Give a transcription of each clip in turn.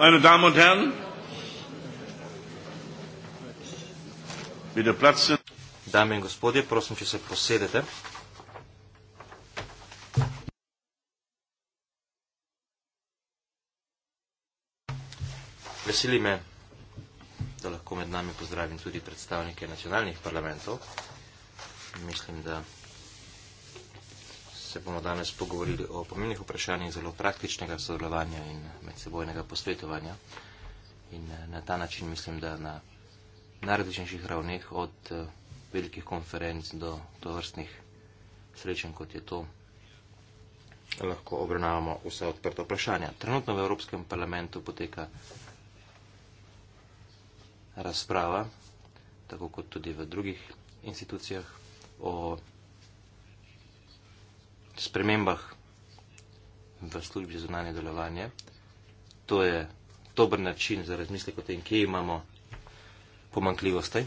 Meine Damen und Herren, bitte Platz Dame in gospodje, prosim, če se posedete. Veseli me, da lahko med nami pozdravim tudi predstavnike nacionalnih parlamentov. Mislim, da se bomo danes pogovorili o pomembnih vprašanjih zelo praktičnega sodelovanja in medsebojnega posvetovanja. In eh, na ta način mislim, da na najrazličnejših ravneh, od eh, velikih konferenc do tovrstnih srečen, kot je to, lahko obravnavamo vse odprta vprašanja. Trenutno v Evropskem parlamentu poteka razprava, tako kot tudi v drugih institucijah, o spremembah v službi za zunanje delovanje. To je dober način za razmislek o tem, kje imamo pomankljivosti.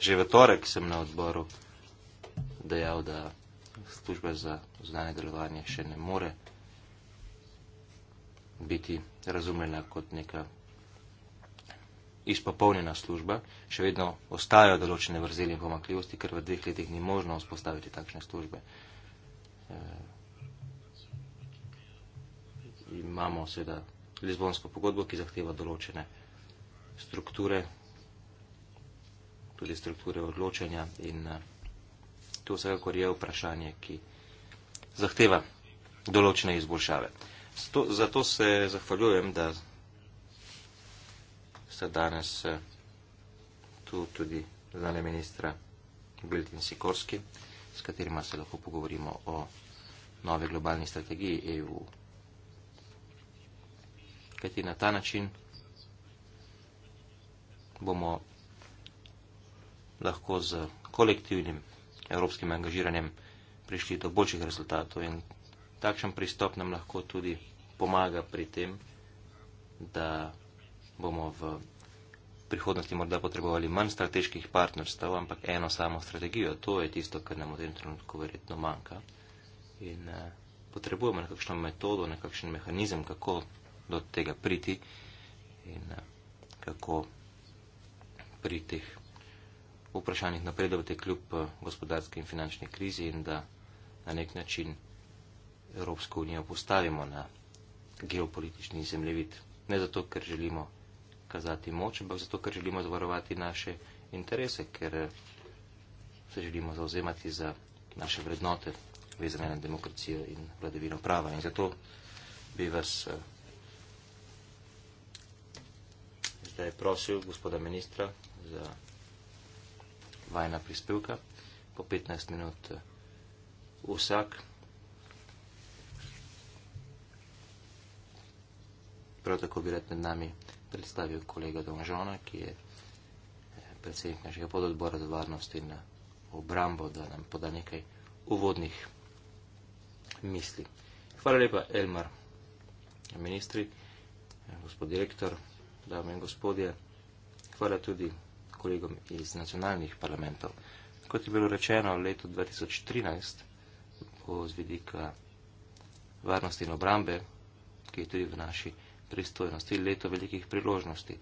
Že v torek sem na odboru dejal, da služba za zunanje delovanje še ne more biti razumljena kot neka izpopolnjena služba, še vedno ostajajo določene vrzeli in pomakljivosti, ker v dveh letih ni možno vzpostaviti takšne službe. E, imamo seveda Lizbonsko pogodbo, ki zahteva določene strukture, tudi strukture odločanja in eh, to vsekakor je vprašanje, ki zahteva določene izboljšave. Zato se zahvaljujem, da sta danes eh, tu tudi zunanja ministra Bled in Sikorski, s katerima se lahko pogovorimo o nove globalni strategiji EU. Kajti na ta način bomo lahko z kolektivnim evropskim angažiranjem prišli do boljših rezultatov in takšen pristop nam lahko tudi pomaga pri tem, da bomo v prihodnosti morda potrebovali manj strateških partnerstv, ampak eno samo strategijo. To je tisto, kar nam v tem trenutku verjetno manjka. In eh, potrebujemo nekakšno metodo, nekakšen mehanizem, kako do tega priti in eh, kako pri teh vprašanjih napredovati kljub eh, gospodarske in finančne krizi in da na nek način Evropsko unijo postavimo na geopolitični zemljevid. Ne zato, ker želimo pokazati moč, ampak zato, ker želimo zavarovati naše interese, ker se želimo zauzemati za naše vrednote, vezane na demokracijo in vladavino prava. In zato bi vas uh, zdaj prosil, gospoda ministra, za vajna prispevka po 15 minut uh, vsak. Prav tako bi rad med nami predstavil kolega Domžona, ki je eh, predsednik našega pododbora za varnost in eh, obrambo, da nam poda nekaj uvodnih misli. Hvala lepa, Elmar, ministri, eh, gospod direktor, dame in gospodje. Hvala tudi kolegom iz nacionalnih parlamentov. Kot je bilo rečeno, leto 2013 bo z vidika varnosti in obrambe, ki je tudi v naši pristojnosti, leto velikih priložnosti.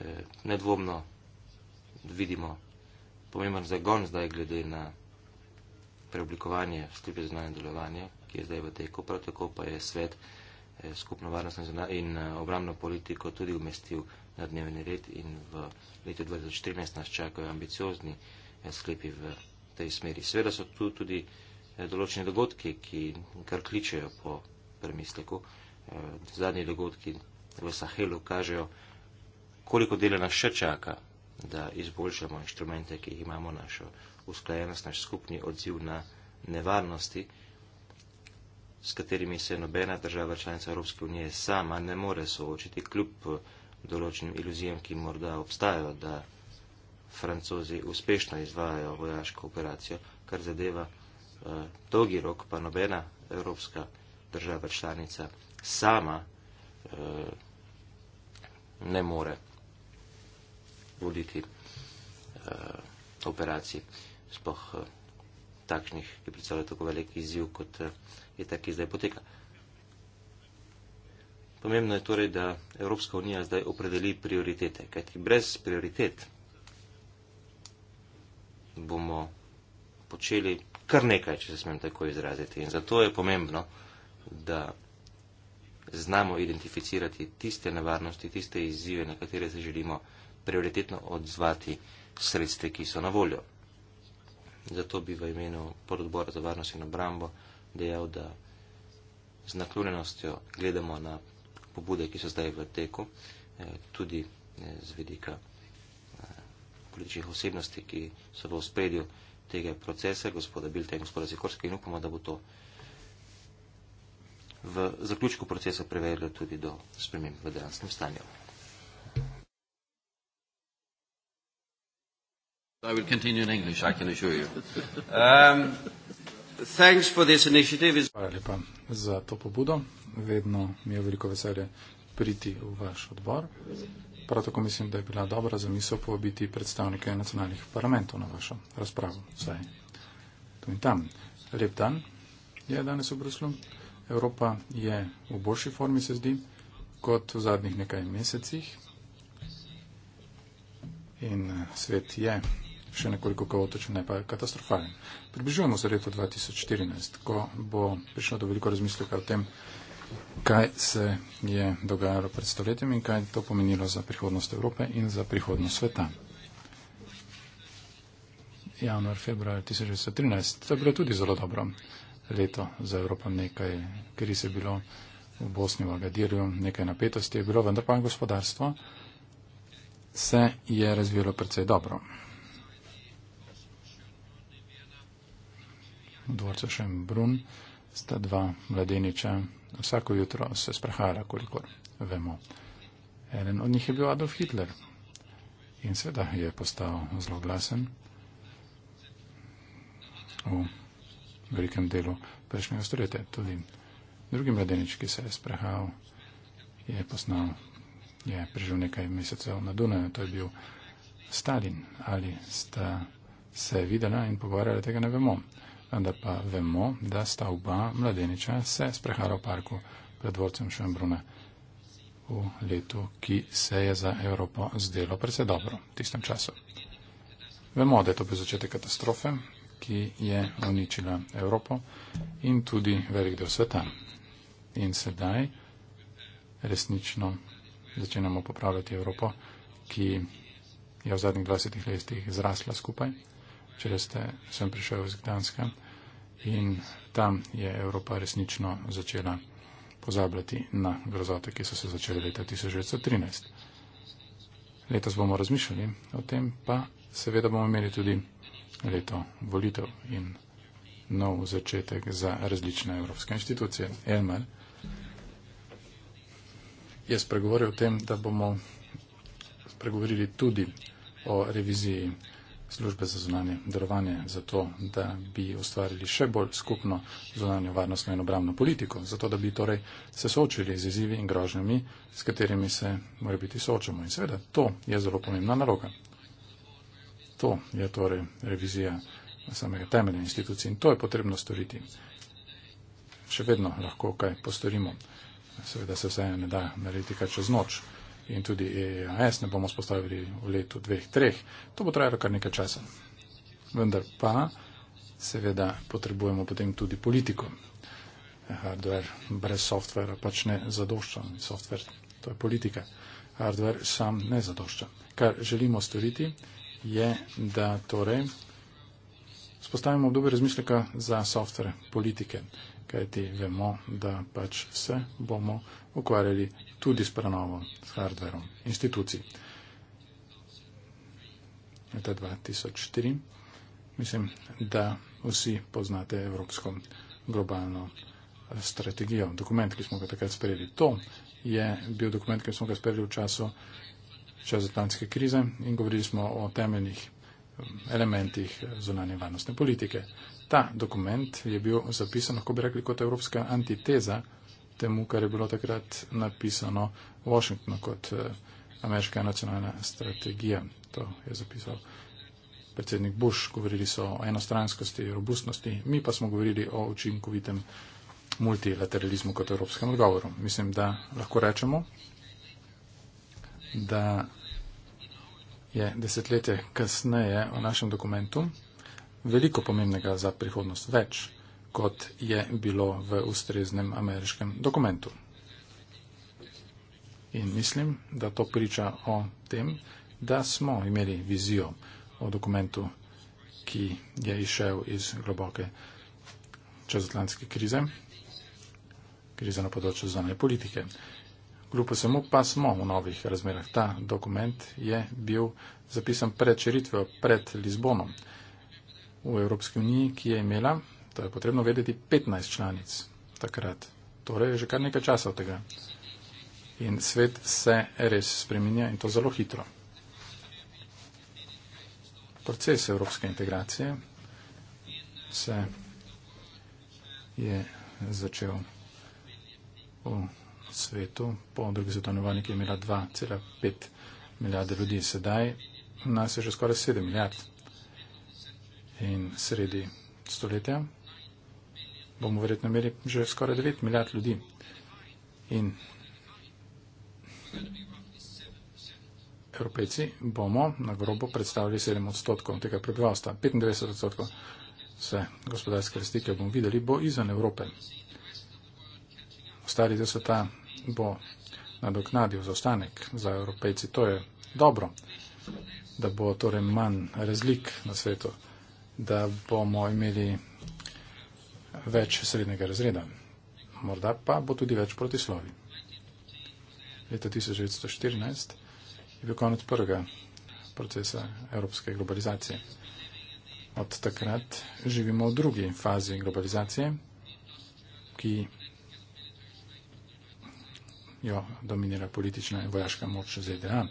E, nedvomno vidimo pomemben zagon zdaj glede na preoblikovanje skupaj za znanje delovanje, ki je zdaj v teku, prav tako pa je svet e, skupno varnostno in eh, obramno politiko tudi umestil na dnevni red in v letu 2014 nas čakajo ambiciozni e, sklepi v tej smeri. Sveda so tu tudi določeni dogodki, ki kar kličejo po premisleku. Eh, zadnji dogodki v Sahelu kažejo, koliko dela nas še čaka, da izboljšamo inštrumente, ki jih imamo, našo usklajenost, naš skupni odziv na nevarnosti, s katerimi se nobena država članica Evropske unije sama ne more soočiti, kljub eh, določenim iluzijam, ki morda obstajajo, da francozi uspešno izvajajo vojaško operacijo, kar zadeva eh, dolgi rok, pa nobena evropska država članica sama uh, ne more voditi uh, operacij spoh uh, eh, takšnih, ki predstavljajo tako velik izziv, kot uh, je ta, ki zdaj poteka. Pomembno je torej, da Evropska unija zdaj opredeli prioritete, kajti brez prioritet bomo počeli kar nekaj, če se smem tako izraziti. In zato je pomembno, da znamo identificirati tiste nevarnosti, tiste izzive, na katere se želimo prioritetno odzvati sredstve, ki so na voljo. Zato bi v imenu pododbora za varnost in obrambo dejal, da z naklonjenostjo gledamo na pobude, ki so zdaj v teku, eh, tudi eh, z vidika eh, političnih osebnosti, ki so v ospredju tega procesa, gospoda Bilte in gospoda Zikorske in upamo, da bo to v zaključku procesa prevedlo tudi do sprememb v dejanskem stanju. I will continue in English, I can assure you. Um, thanks for this initiative. Hvala lepa za to pobudo. Vedno mi je veliko veselje priti v vaš odbor. Prav tako mislim, da je bila dobra zamisel povabiti predstavnike nacionalnih parlamentov na vašo razpravo. Vsaj tu in tam. Lep dan je danes v Bruslu. Evropa je v boljši formi, se zdi, kot v zadnjih nekaj mesecih. In eh, svet je še nekoliko kaotičen, ne pa katastrofalen. Približujemo se leto 2014, ko bo prišlo do veliko razmisleka o tem, kaj se je dogajalo pred stoletjem in kaj to pomenilo za prihodnost Evrope in za prihodnost sveta. Januar, februar 2013, to je bilo tudi zelo dobro leto za Evropo, nekaj kriz je bilo v Bosni, v Agadirju, nekaj napetosti je bilo, vendar pa gospodarstvo se je razvijalo precej dobro. V dvorcu Šembrun sta dva mladeniča vsako jutro se sprehajala, kolikor vemo. Eden od njih je bil Adolf Hitler in seveda je postal zelo glasen. V velikem delu prejšnjega stoletja. Tudi drugi mladenič, ki se je sprehajal, je poznal, je prežil nekaj mesecev na Dunaju, to je bil Stalin. Ali sta se videla in pogovarjala, tega ne vemo. Vendar pa vemo, da sta oba mladeniča se sprehajala v parku pred dvorcem Šembruna v letu, ki se je za Evropo zdelo predvsej dobro v tistem času. Vemo, da je to bil začetek katastrofe, ki je uničila Evropo in tudi velik del sveta. In sedaj resnično začenjamo popravljati Evropo, ki je v zadnjih 20 letih zrasla skupaj. Če veste, sem prišel iz Gdanska in tam je Evropa resnično začela pozabljati na grozote, ki so se začele leta 1913. Letos bomo razmišljali o tem, pa seveda bomo imeli tudi leto volitev in nov začetek za različne evropske institucije. Elmar je spregovoril o tem, da bomo spregovorili tudi o reviziji službe za zunanje delovanje, zato da bi ustvarili še bolj skupno zunanjo varnostno in obramno politiko, zato da bi torej se soočili z izzivi in grožnjami, s katerimi se mora biti soočamo. In seveda, to je zelo pomembna naloga. To je torej revizija samega temelja institucij in to je potrebno storiti. Še vedno lahko kaj postorimo. Seveda se vse ne da narediti kaj čez noč in tudi EAS ne bomo spostavili v letu dveh, treh. To bo trajalo kar nekaj časa. Vendar pa seveda potrebujemo potem tudi politiko. Hardware brez softvera pač ne zadošča. Software to je politika. Hardware sam ne zadošča. Kar želimo storiti je, da torej spostavimo obdobje razmisleka za softvere, politike, kajti vemo, da pač se bomo ukvarjali tudi s prenovo, s hardverom institucij. Leta 2004 mislim, da vsi poznate evropsko globalno eh, strategijo, dokument, ki smo ga takrat sprejeli. To je bil dokument, ki smo ga sprejeli v času čezatlantske krize in govorili smo o temeljnih um, elementih eh, zunanje varnostne politike. Ta dokument je bil zapisan, lahko bi rekli, kot evropska antiteza temu, kar je bilo takrat napisano v Washingtonu kot eh, ameriška nacionalna strategija. To je zapisal predsednik Bush. Govorili so o enostranskosti, robustnosti, mi pa smo govorili o učinkovitem multilateralizmu kot evropskem odgovoru. Mislim, da lahko rečemo, da je desetletje kasneje v našem dokumentu veliko pomembnega za prihodnost več, kot je bilo v ustreznem ameriškem dokumentu. In mislim, da to priča o tem, da smo imeli vizijo o dokumentu, ki je išel iz globoke čezatlantske krize, krize na področju zvane politike. Lupo Semuk pa smo v novih razmerah. Ta dokument je bil zapisan pred širitvijo, pred Lizbonom v Evropski uniji, ki je imela, to je potrebno vedeti, 15 članic takrat. Torej je že kar nekaj časa od tega. In svet se res spreminja in to zelo hitro. Proces evropske integracije se je začel v svetu, po drugi svetovni vojni, ki je imela 2,5 milijarde ljudi, sedaj nas je že skoraj 7 milijard. In sredi stoletja bomo verjetno imeli že skoraj 9 milijard ljudi. In Evropejci bomo na grobo predstavili 7 odstotkov tega prebivalstva, 95 odstotkov vse gospodarske rasti, ki jo bomo videli, bo izven Evrope. Ostali del sveta bo nadoknadil zostanek za evropejci. To je dobro, da bo torej manj razlik na svetu, da bomo imeli več srednjega razreda. Morda pa bo tudi več protislovi. Leta 1914 je bil konec prvega procesa evropske globalizacije. Od takrat živimo v drugi fazi globalizacije, ki jo dominira politična in vojaška moč ZDA.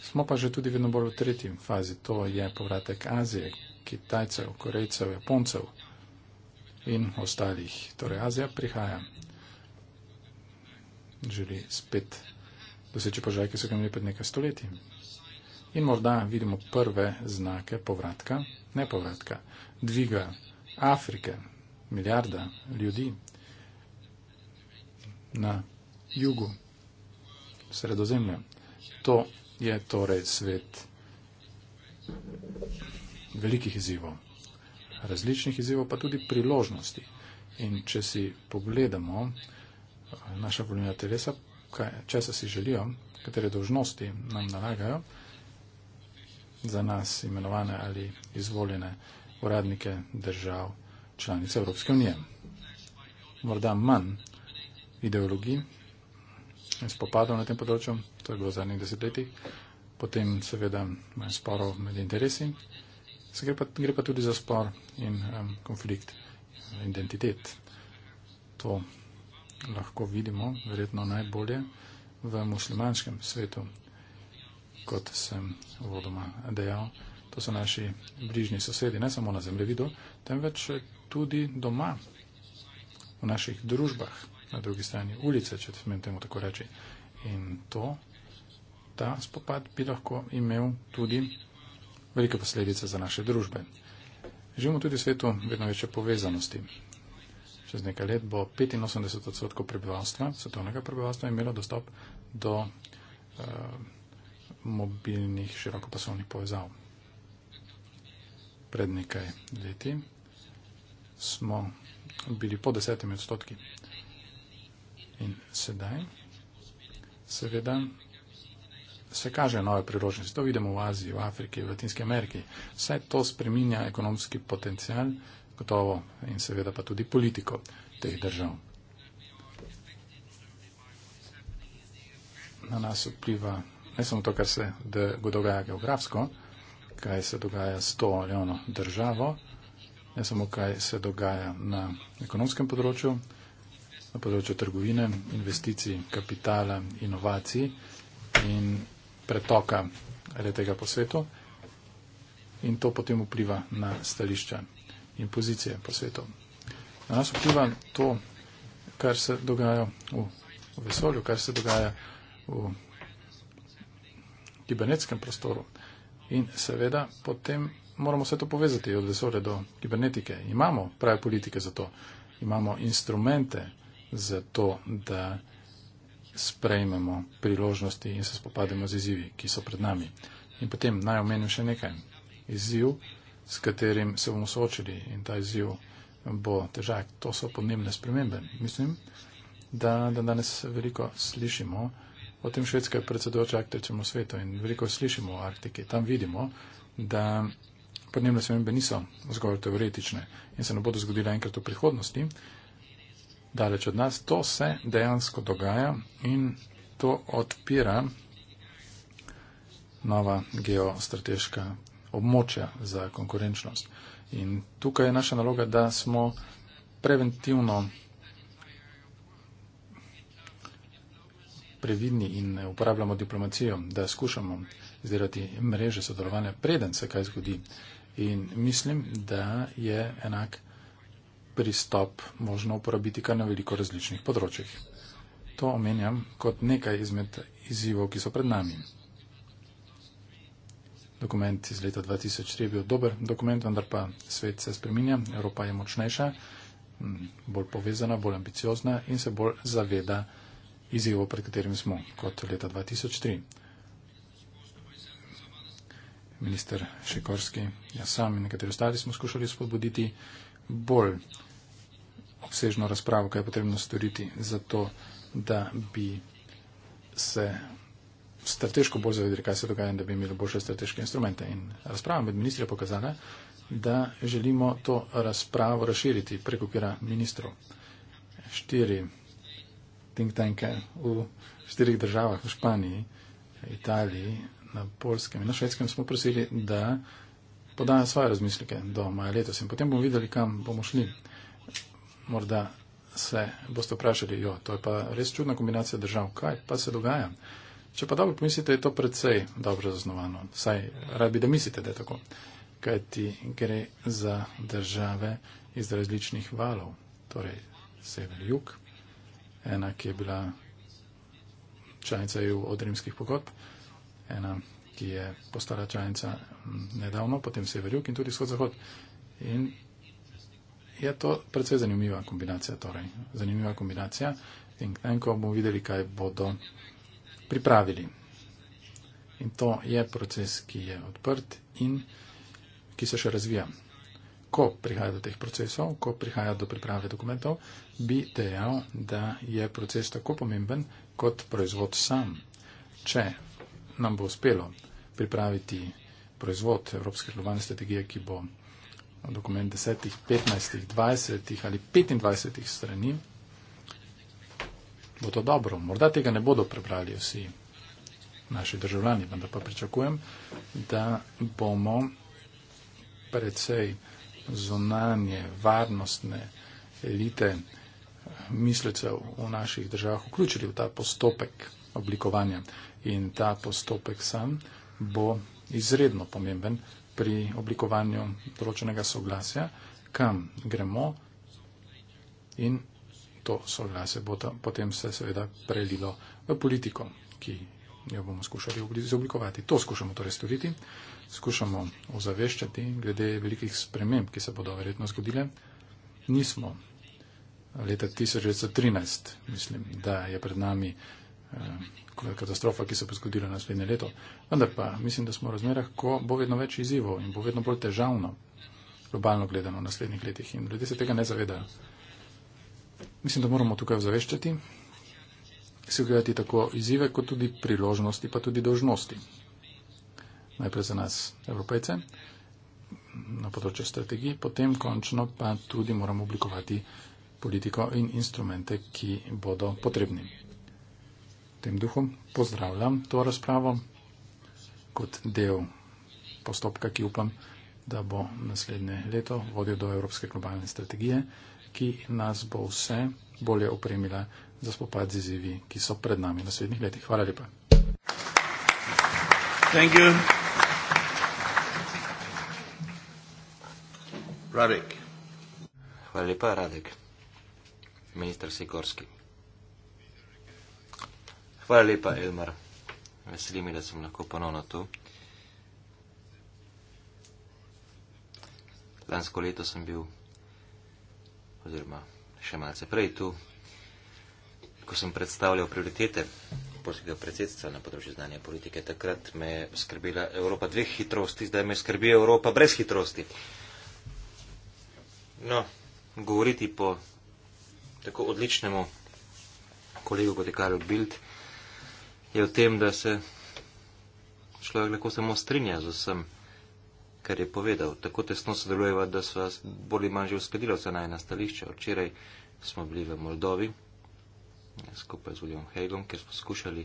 Smo pa že tudi vedno bolj v tretji fazi, to je povratek Azije, Kitajcev, Korejcev, Japoncev in ostalih. Torej Azija prihaja, želi spet doseči požaj, ki so ga imeli pred nekaj stoletji. In morda vidimo prve znake povratka, ne povratka, dviga Afrike, milijarda ljudi na jugu sredozemlja. To je torej svet velikih izzivov, različnih izzivov, pa tudi priložnosti. In če si pogledamo eh, naša polnjena telesa, če se si želijo, katere dožnosti nam nalagajo, za nas imenovane ali izvoljene uradnike držav članice Evropske unije. Morda manj ideologij, spopadov na tem področju, to je bilo v zadnjih desetletjih, potem seveda manj sporov med interesi, se gre pa, gre pa tudi za spor in um, konflikt eh, identitet. To lahko vidimo verjetno najbolje v muslimanskem svetu, kot sem vodoma dejal. To so naši bližnji sosedi, ne samo na zemljevidu, temveč tudi doma, v naših družbah na drugi strani ulice, če se men temu tako reči. In to, ta spopad bi lahko imel tudi velike posledice za naše družbe. Živimo tudi v svetu vedno večje povezanosti. Čez nekaj let bo 85 odstotkov prebivalstva, svetovnega prebivalstva, imelo dostop do uh, mobilnih širokopasovnih povezav. Pred nekaj leti smo bili po desetimi odstotki. In sedaj, seveda, se kaže nove priložnosti. To vidimo v Aziji, v Afriki, v Latinski Ameriki. Vse to spreminja ekonomski potencial, gotovo, in seveda pa tudi politiko teh držav. Na nas vpliva ne samo to, kar se dogaja geografsko, kaj se dogaja s to ali ono državo, ne samo kaj se dogaja na ekonomskem področju, na področju trgovine, investicij, kapitala, inovacij in pretoka letega po svetu. In to potem vpliva na stališča in pozicije po svetu. Na nas vpliva to, kar se dogaja v vesolju, kar se dogaja v kibernetskem prostoru. In seveda potem moramo vse to povezati od vesolja do kibernetike. Imamo prave politike za to. Imamo instrumente, za to, da sprejmemo priložnosti in se spopademo z izzivi, ki so pred nami. In potem naj omenim še nekaj. Izziv, s katerim se bomo soočili in ta izziv bo težak, to so podnebne spremembe. Mislim, da, da danes veliko slišimo o tem švedske predsedujoče aktrečemu svetu in veliko slišimo o Arktiki. Tam vidimo, da podnebne spremembe niso zgolj teoretične in se ne bodo zgodile enkrat v prihodnosti daleč od nas, to se dejansko dogaja in to odpira nova geostrateška območja za konkurenčnost. In tukaj je naša naloga, da smo preventivno previdni in uporabljamo diplomacijo, da skušamo izdelati mreže sodelovanja, preden se kaj zgodi. In mislim, da je enak pristop možno uporabiti kar na veliko različnih področjih. To omenjam kot nekaj izmed izzivov, ki so pred nami. Dokument iz leta 2003 je bil dober dokument, vendar pa svet se spreminja, Evropa je močnejša, bolj povezana, bolj ambiciozna in se bolj zaveda izzivov, pred katerimi smo kot leta 2003. Minister Šekorski, jaz sam in nekateri ostali smo skušali spodbuditi bolj obsežno razpravo, kaj je potrebno storiti za to, da bi se strateško bolj zavedali, kaj se dogaja in da bi imeli boljše strateške instrumente. In razprava med ministri je pokazala, da želimo to razpravo razširiti preko kira ministrov. Štiri think tanke v štirih državah, v Španiji, Italiji, na Polskem in na Švedskem smo prosili, da podajo svoje razmislike do maja letos in potem bomo videli, kam bomo šli morda se boste vprašali, jo, to je pa res čudna kombinacija držav, kaj pa se dogaja. Če pa dobro pomislite, je to predvsej dobro zaznovano. Saj rad bi, da mislite, da je tako. Kaj ti gre za države iz različnih valov, torej sever, jug, ena, ki je bila članica EU od rimskih pogodb, ena, ki je postala članica nedavno, potem sever, jug in tudi vzhod, zahod. In je to predvsej zanimiva kombinacija. Torej. Zanimiva kombinacija. In tam, ko bomo videli, kaj bodo pripravili. In to je proces, ki je odprt in ki se še razvija. Ko prihaja do teh procesov, ko prihaja do priprave dokumentov, bi dejal, da je proces tako pomemben kot proizvod sam. Če nam bo uspelo pripraviti proizvod Evropske globalne strategije, ki bo No, dokument 10, 15, 20 ali 25 strani, bo to dobro. Morda tega ne bodo prebrali vsi naši državljani, vendar pa pričakujem, da bomo predvsej zunanje varnostne elite eh, mislecev v naših državah vključili v ta postopek oblikovanja. In ta postopek sam bo izredno pomemben pri oblikovanju določenega soglasja, kam gremo in to soglasje bo ta, potem se seveda prelilo v politiko, ki jo bomo skušali izoblikovati. To skušamo torej storiti, skušamo ozaveščati glede velikih sprememb, ki se bodo verjetno zgodile. Nismo leta 1913, mislim, da je pred nami Eh, katastrofa, ki se bo zgodila naslednje leto. Vendar pa mislim, da smo v razmerah, ko bo vedno več izzivov in bo vedno bolj težavno, globalno gledano, v naslednjih letih. In ljudje se tega ne zavedajo. Mislim, da moramo tukaj ozaveščati, si ogledati tako izzive, kot tudi priložnosti, pa tudi dožnosti. Najprej za nas, evropejce, na področju strategij, potem končno pa tudi moramo oblikovati politiko in instrumente, ki bodo potrebni. V tem duhu pozdravljam to razpravo kot del postopka, ki upam, da bo naslednje leto vodil do Evropske globalne strategije, ki nas bo vse bolje opremila za spopad z izzivi, ki so pred nami v naslednjih letih. Hvala lepa. Thank you. Radek. Hvala lepa, Radek. Ministr Sikorski. Hvala lepa, Elmar. Veseli me, da sem lahko ponovno tu. Lansko leto sem bil, oziroma še malce prej tu, ko sem predstavljal prioritete polskega predsedstva na področju znanja politike. Takrat me je skrbila Evropa dveh hitrosti, zdaj me skrbi Evropa brez hitrosti. No, govoriti po tako odličnemu kolegu kot je Karl Bild je v tem, da se človek lahko samo strinja z vsem, kar je povedal. Tako tesno sodelujeva, da so vas bolj in manj že uskladila vse najna stališča. Včeraj smo bili v Moldovi skupaj z Uljom Hegom, ker smo skušali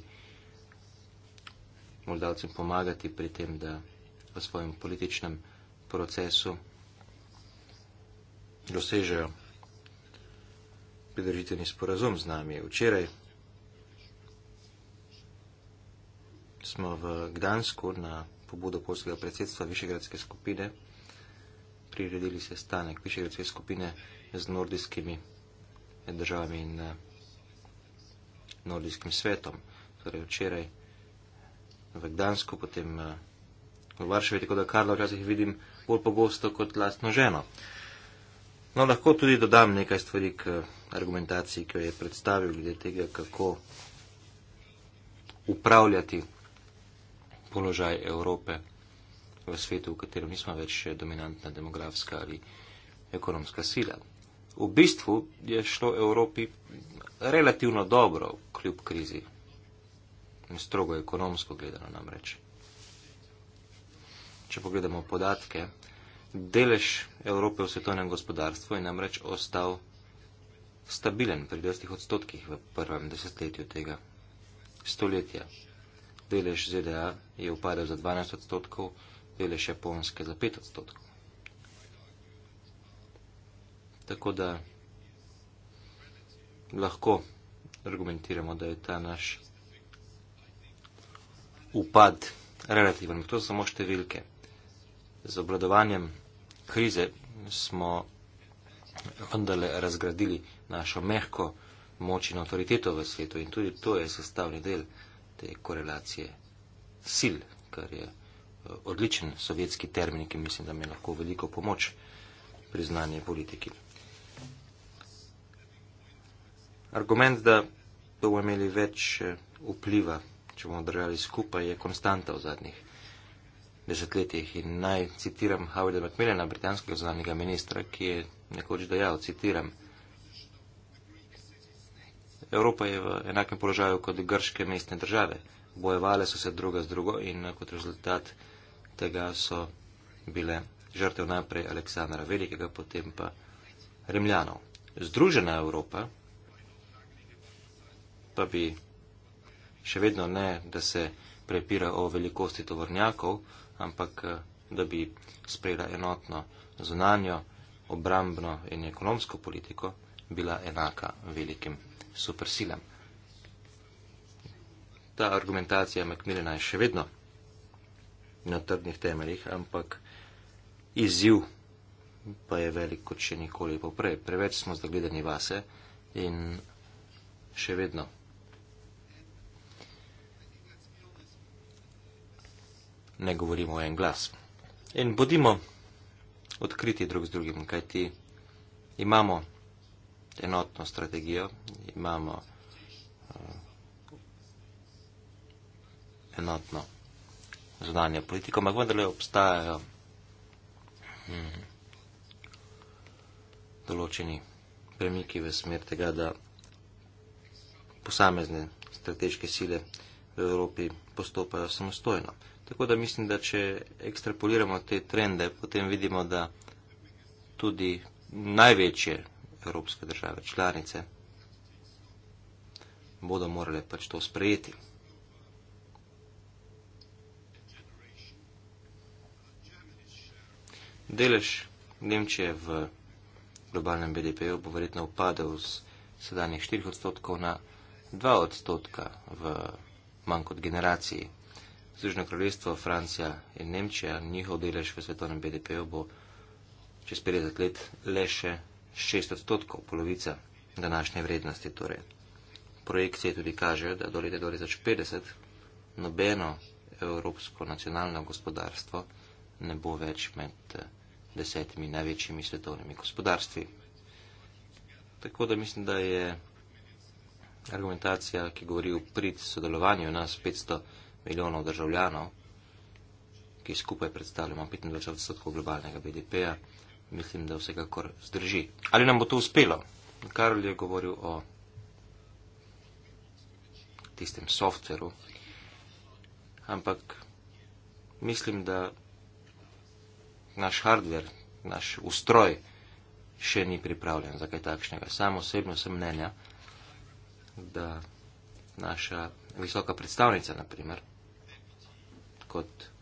Moldavcem pomagati pri tem, da v svojem političnem procesu dosežejo pridržiteni sporazum z nami. Včeraj smo v Gdansku na pobudo polskega predsedstva Višegradske skupine priredili sestanek Višegradske skupine z nordijskimi državami in eh, nordijskim svetom. Torej včeraj v Gdansku, potem eh, v Varšavi, tako da Karla včasih vidim bolj pogosto kot lastno ženo. No, lahko tudi dodam nekaj stvari k eh, argumentaciji, ki jo je predstavil glede tega, kako upravljati položaj Evrope v svetu, v katerem nismo več dominantna demografska ali ekonomska sila. V bistvu je šlo Evropi relativno dobro kljub krizi, strogo ekonomsko gledano namreč. Če pogledamo podatke, delež Evrope v svetovnem gospodarstvu je namreč ostal stabilen pri 20 odstotkih v prvem desetletju tega stoletja delež ZDA je upadel za 12 odstotkov, delež Japonske za 5 odstotkov. Tako da lahko argumentiramo, da je ta naš upad relativen. To so samo številke. Z obladovanjem krize smo vendarle razgradili našo mehko moč in avtoriteto v svetu in tudi to je sestavni del te korelacije sil, kar je eh, odličen sovjetski termin, ki mislim, da mi lahko veliko pomoč pri znanje politiki. Argument, da bomo imeli več eh, vpliva, če bomo držali skupaj, je konstanta v zadnjih desetletjih. In naj citiram Howarda Macmillana, britanskega zunanjega ministra, ki je nekoč dejal, citiram, Evropa je v enakem položaju kot grške mestne države. Bojevale so se druga z drugo in eh, kot rezultat tega so bile žrtev najprej Aleksandra Velikega, potem pa Rimljanov. Združena Evropa pa bi še vedno ne, da se prepira o velikosti tovornjakov, ampak eh, da bi sprejela enotno zunanjo, obrambno in ekonomsko politiko bila enaka velikim supersilam. Ta argumentacija Macmillana je še vedno na trdnih temeljih, ampak izziv pa je velik kot še nikoli poprej. Preveč smo zagledani vase in še vedno. Ne govorimo o en glas. In bodimo odkriti drug z drugim, kajti imamo enotno strategijo, imamo uh, enotno zunanje politiko, ampak vendarle obstajajo hmm, določeni premiki v smer tega, da posamezne strateške sile v Evropi postopajo samostojno. Tako da mislim, da če ekstrapoliramo te trende, potem vidimo, da tudi največje evropske države članice bodo morale pač to sprejeti. Delež Nemčije v globalnem BDP-u bo verjetno upadel z sedanjih 4 odstotkov na 2 odstotka v manj kot generaciji. Združeno kraljestvo, Francija in Nemčija, njihov delež v svetovnem BDP-u bo čez 50 let le še 6 odstotkov, polovica današnje vrednosti. Torej. Projekcije tudi kažejo, da do leta 2050 nobeno evropsko nacionalno gospodarstvo ne bo več med eh, desetimi največjimi svetovnimi gospodarstvi. Tako da mislim, da je argumentacija, ki govori v prid sodelovanju nas 500 milijonov državljanov, ki skupaj predstavljamo 25 odstotkov globalnega BDP-ja, mislim, da vsekakor zdrži. Ali nam bo to uspelo? Karl je govoril o tistem softveru, ampak mislim, da naš hardver, naš ustroj še ni pripravljen za kaj takšnega. Sam osebno sem mnenja, da naša visoka predstavnica, naprimer, kot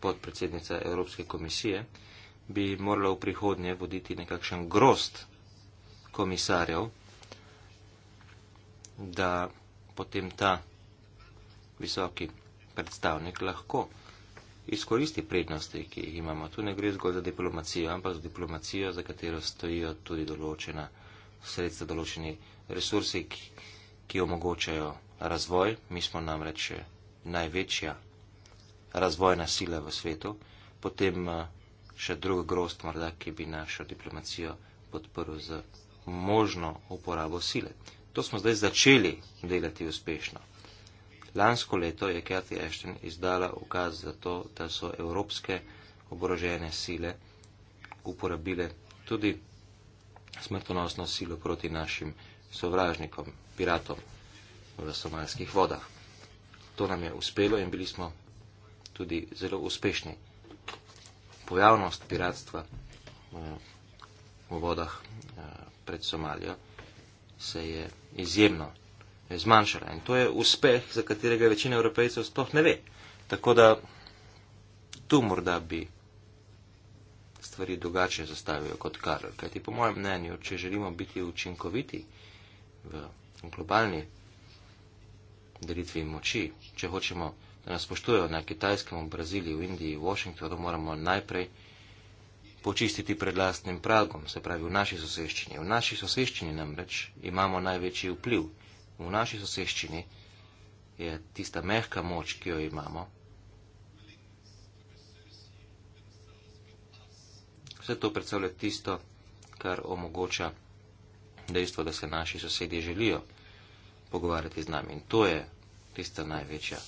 podpredsednica Evropske komisije, bi morala v prihodnje voditi nekakšen grost komisarjev, da potem ta visoki predstavnik lahko izkoristi prednosti, ki jih imamo. Tu ne gre zgolj za diplomacijo, ampak za diplomacijo, za katero stojijo tudi določena sredstva, določeni resursi, ki, ki omogočajo razvoj. Mi smo namreč največja razvojna sila v svetu, potem eh, še drug grost morda, ki bi našo diplomacijo podprl z možno uporabo sile. To smo zdaj začeli delati uspešno. Lansko leto je Kathy Ashton izdala ukaz za to, da so evropske oborožene sile uporabile tudi smrtonosno silo proti našim sovražnikom, piratom v somalskih vodah. To nam je uspelo in bili smo tudi zelo uspešni. Pojavnost piratstva eh, v vodah eh, pred Somalijo se je izjemno zmanjšala in to je uspeh, za katerega večina evropejcev sploh ne ve. Tako da tu morda bi stvari drugače zastavijo kot kar. Kajti po mojem mnenju, če želimo biti učinkoviti v globalni delitvi moči, če hočemo da nas poštujejo na Kitajskem, v Braziliji, v Indiji, v Washingtonu, moramo najprej počistiti pred lastnim pragom, se pravi v naši soseščini. V naši soseščini namreč imamo največji vpliv. V naši soseščini je tista mehka moč, ki jo imamo. Vse to predstavlja tisto, kar omogoča dejstvo, da se naši sosedje želijo pogovarjati z nami. In to je tista največja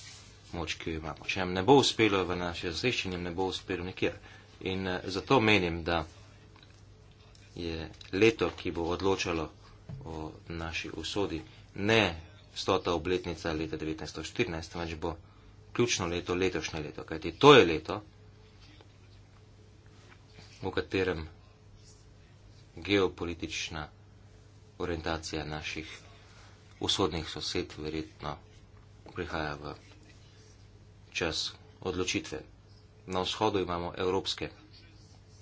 moč, ki jo imamo. Če nam ne bo uspelo v naši razrešenju, ne bo uspelo nikjer. In eh, zato menim, da je leto, ki bo odločalo o naši usodi, ne stota obletnica leta 1914, temveč bo ključno leto, letošnje leto. Kajti to je leto, v katerem geopolitična orientacija naših usodnih sosed verjetno prihaja v čas odločitve. Na vzhodu imamo evropske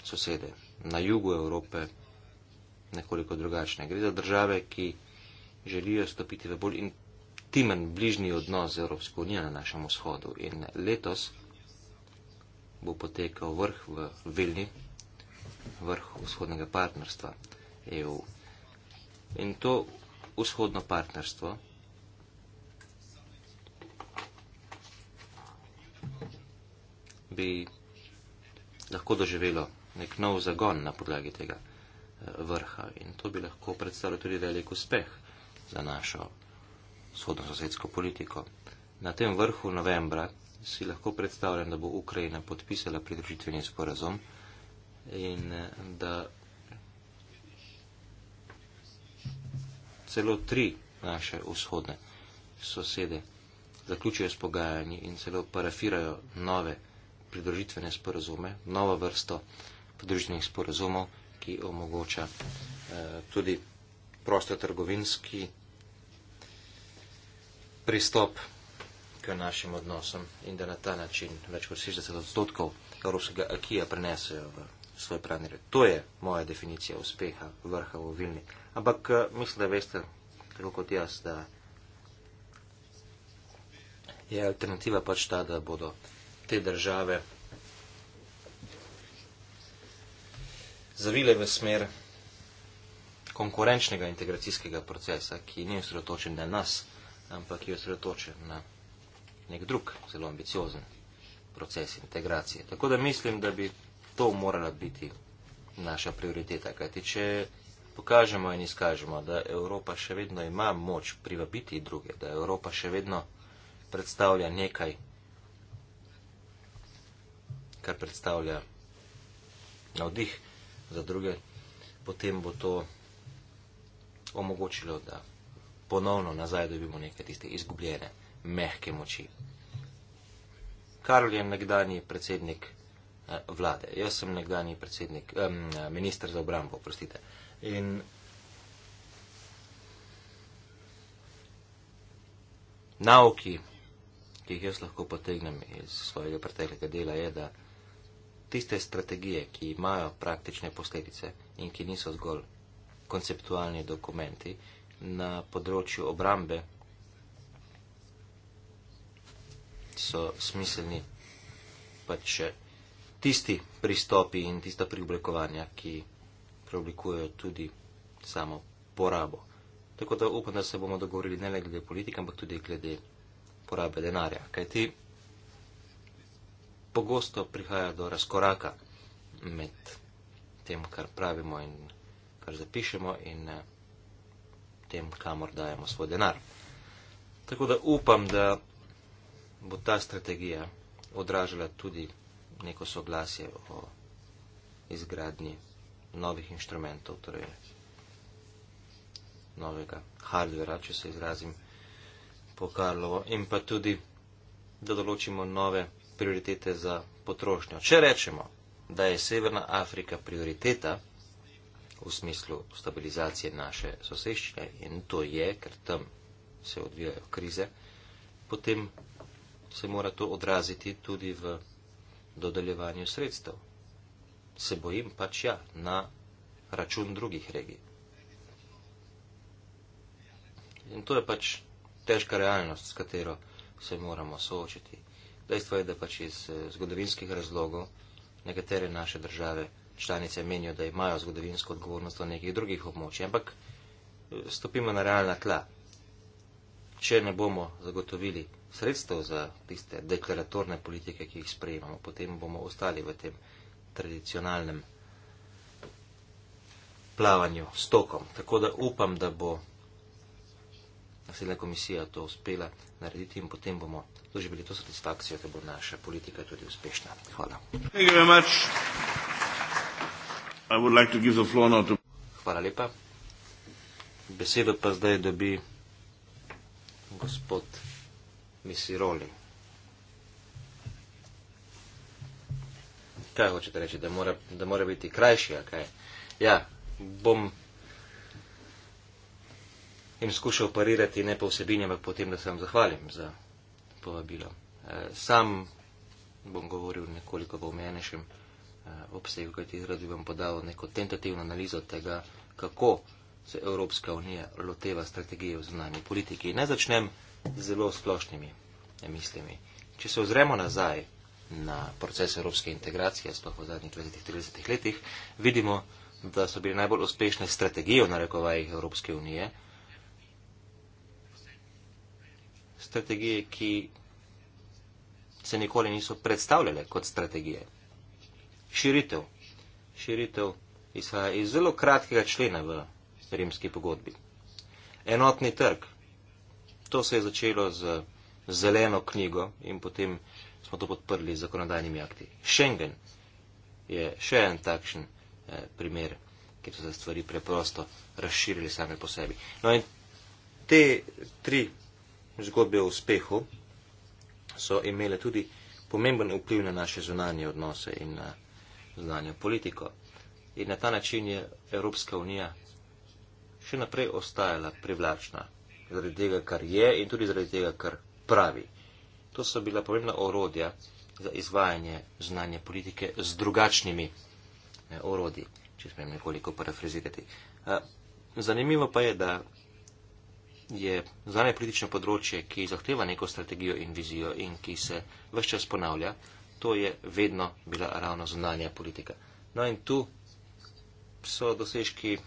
sosede, na jugu Evrope nekoliko drugačne. Gre za države, ki želijo stopiti v bolj intimen bližnji odnos z Evropsko unijo na našem vzhodu. In letos bo potekal vrh v Vilni, vrh vzhodnega partnerstva EU. In to vzhodno partnerstvo bi lahko doživelo nek nov zagon na podlagi tega eh, vrha in to bi lahko predstavljalo tudi velik uspeh za našo vzhodno-sosedsko politiko. Na tem vrhu novembra si lahko predstavljam, da bo Ukrajina podpisala pridružitveni sporazum in eh, da celo tri naše vzhodne sosede zaključijo s pogajanji in celo parafirajo nove pridružitvene sporozume, novo vrsto pridružitvenih sporozumov, ki omogoča eh, tudi prostotrgovinski pristop k našim odnosom in da na ta način več kot 60 odstotkov evropskega akija prenesejo v svoj pravni red. To je moja definicija uspeha vrha v Vilni. Ampak eh, mislim, da veste, tako kot jaz, da je alternativa pač ta, da bodo te države zavile v smer konkurenčnega integracijskega procesa, ki ni osredotočen na nas, ampak je osredotočen na nek drug zelo ambiciozen proces integracije. Tako da mislim, da bi to morala biti naša prioriteta, kajti če pokažemo in izkažemo, da Evropa še vedno ima moč privabiti druge, da Evropa še vedno predstavlja nekaj kar predstavlja navdih za druge, potem bo to omogočilo, da ponovno nazaj dobimo neke tiste izgubljene, mehke moči. Karol je nekdani predsednik eh, vlade, jaz sem nekdani predsednik, eh, minister za obrambo, prostite. In nauki, ki jih jaz lahko potegnem iz svojega preteklega dela, je, da tiste strategije, ki imajo praktične posledice in ki niso zgolj konceptualni dokumenti na področju obrambe, so smiselni pač tisti pristopi in tista preoblikovanja, ki preoblikujejo tudi samo porabo. Tako da upam, da se bomo dogovorili ne le glede politike, ampak tudi glede porabe denarja. Kajti pogosto prihaja do razkoraka med tem, kar pravimo in kar zapišemo in eh, tem, kamor dajemo svoj denar. Tako da upam, da bo ta strategija odražala tudi neko soglasje o izgradnji novih inštrumentov, torej novega hardvera, če se izrazim po Karlovo, in pa tudi, da določimo nove prioritete za potrošnjo. Če rečemo, da je Severna Afrika prioriteta v smislu stabilizacije naše soseščine in to je, ker tam se odvijajo krize, potem se mora to odraziti tudi v dodeljevanju sredstev. Se bojim pač ja, na račun drugih regij. In to je pač težka realnost, s katero se moramo soočiti. Dejstvo je, da pač iz eh, zgodovinskih razlogov nekatere naše države članice menijo, da imajo zgodovinsko odgovornost v nekih drugih območjih. Ampak eh, stopimo na realna tla. Če ne bomo zagotovili sredstev za tiste deklaratorne politike, ki jih sprejemamo, potem bomo ostali v tem tradicionalnem plavanju s tokom. Tako da upam, da bo da se je komisija to uspela narediti in potem bomo doživeli to satisfakcijo, da bo naša politika tudi uspešna. Hvala. Hvala lepa. Besedo pa zdaj dobi gospod Misiroli. Kaj hočete reči, da mora, da mora biti krajši, ali kaj? Ja, bom jim skušal parirati ne po vsebini, ampak potem, da se vam zahvalim za povabilo. Eh, sam bom govoril nekoliko v omenjenem eh, obsegu, kajti rad bi vam podal neko tentativno analizo tega, kako se Evropska unija loteva strategije v zunanji politiki. Naj začnem z zelo splošnimi mislimi. Če se ozremo nazaj na proces evropske integracije, sploh v zadnjih 20-30 letih, vidimo, da so bile najbolj uspešne strategije v narekovajih Evropske unije, strategije, ki se nikoli niso predstavljale kot strategije. Širitev. Širitev izhaja iz zelo kratkega člena v rimski pogodbi. Enotni trg. To se je začelo z zeleno knjigo in potem smo to podprli z zakonodajnimi akti. Schengen je še en takšen eh, primer, kjer so se stvari preprosto razširili same po sebi. No in te tri zgodbe o uspehu so imele tudi pomemben vpliv na naše zunanje odnose in na zunanjo politiko. In na ta način je Evropska unija še naprej ostajala privlačna zaradi tega, kar je in tudi zaradi tega, kar pravi. To so bila pomembna orodja za izvajanje znanja politike z drugačnimi eh, orodji, če smem nekoliko parafrazirati. Eh, zanimivo pa je, da je zame politično področje, ki zahteva neko strategijo in vizijo in ki se vse čas ponavlja, to je vedno bila ravno zunanja politika. No in tu so dosežki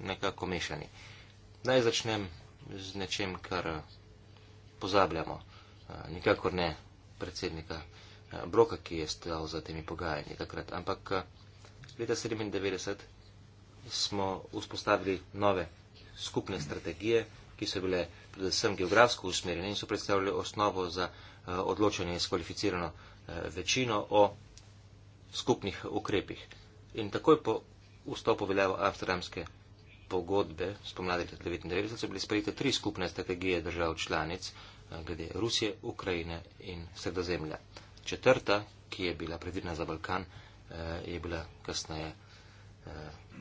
nekako mešani. Naj začnem z nečem, kar eh, pozabljamo, eh, nikakor ne predsednika eh, Broka, ki je stal za temi pogajanji takrat, ampak leta 1997 smo vzpostavili nove skupne strategije, ki so bile predvsem geografsko usmerjene in so predstavljale osnovo za eh, odločanje s kvalificirano eh, večino o skupnih ukrepih. In takoj po vstopu veljavo Amsterdamske pogodbe spomladi 1999 so bile sprejete tri skupne strategije držav članic eh, glede Rusije, Ukrajine in Sredozemlja. Četrta, ki je bila predvidena za Balkan, je bila kasneje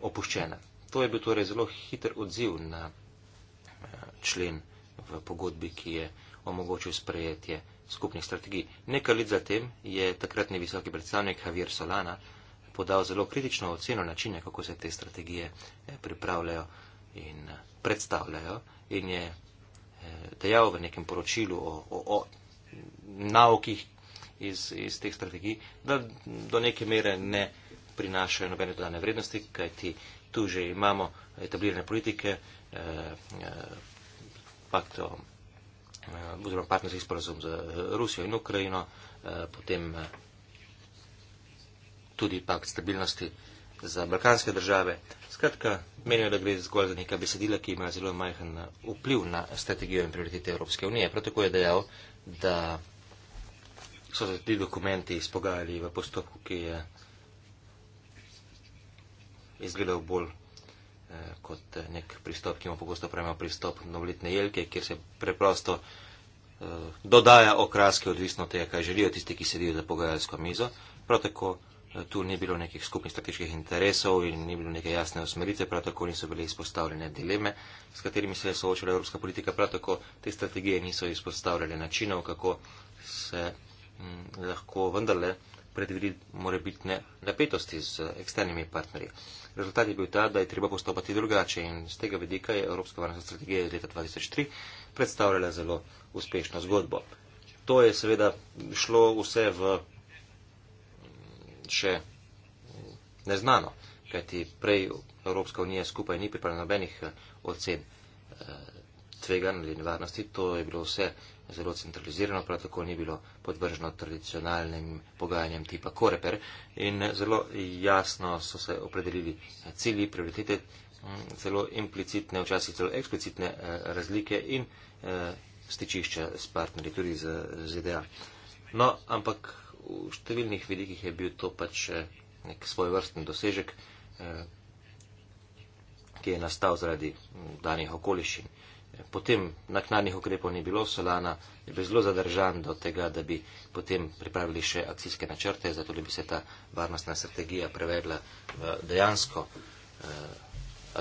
opuščena. To je bil torej zelo hiter odziv na člen v pogodbi, ki je omogočil sprejetje skupnih strategij. Nekaj let zatem je takratni visoki predstavnik Javier Solana podal zelo kritično oceno načine, kako se te strategije eh, pripravljajo in eh, predstavljajo in je eh, dejal v nekem poročilu o, o, o naukih iz, iz teh strategij, da do neke mere ne prinašajo nobene dodane vrednosti, kajti tu že imamo etablirane politike, pakto, eh, oziroma partnerski sporazum z eh, Rusijo in Ukrajino, eh, potem tudi pakt stabilnosti za balkanske države. Skratka, menijo, da gre zgolj za neka besedila, ki imajo zelo majhen vpliv na strategijo in prioritete Evropske unije. Prav tako je dejal, da so se ti dokumenti izpogajali v postopku, ki je izgledal bolj Eh, kot nek pristop, ki mu pogosto pravimo pristop novoletne jelke, kjer se preprosto eh, dodaja okraske odvisno od tega, kaj želijo tisti, ki sedijo za pogajalsko mizo. Prav tako eh, tu ni bilo nekih skupnih strateških interesov in ni bilo neke jasne usmeritve, prav tako niso bile izpostavljene dileme, s katerimi se je soočala evropska politika, prav tako te strategije niso izpostavljale načinov, kako se hm, lahko vendarle predvidi morebitne napetosti z eh, eksternimi partnerji. Eh, Rezultat je bil ta, da je treba postopati drugače in z tega vidika je Evropska varnostna strategija iz leta 2003 predstavljala zelo uspešno zgodbo. To je seveda šlo vse v mm, še neznano, kajti prej Evropska unija skupaj ni pripravljena nobenih eh, ocen eh, tvegan ali nevarnosti, to je bilo vse zelo centralizirano, prav tako ni bilo podvrženo tradicionalnim pogajanjem tipa Koreper in eh, zelo jasno so se opredelili eh, cilji, prioritete, mm, zelo implicitne, včasih celo eksplicitne eh, razlike in stičišča s partnerji, tudi z ZDA. No, ampak v številnih vidikih je bil to pač nek svoj vrsten dosežek, ki je nastal zaradi danih okoliščin. Potem naknadnih ukrepov ni bilo, Solana je bil zelo zadržan do tega, da bi potem pripravili še akcijske načrte, zato da bi se ta varnostna strategija prevedla v dejansko eh,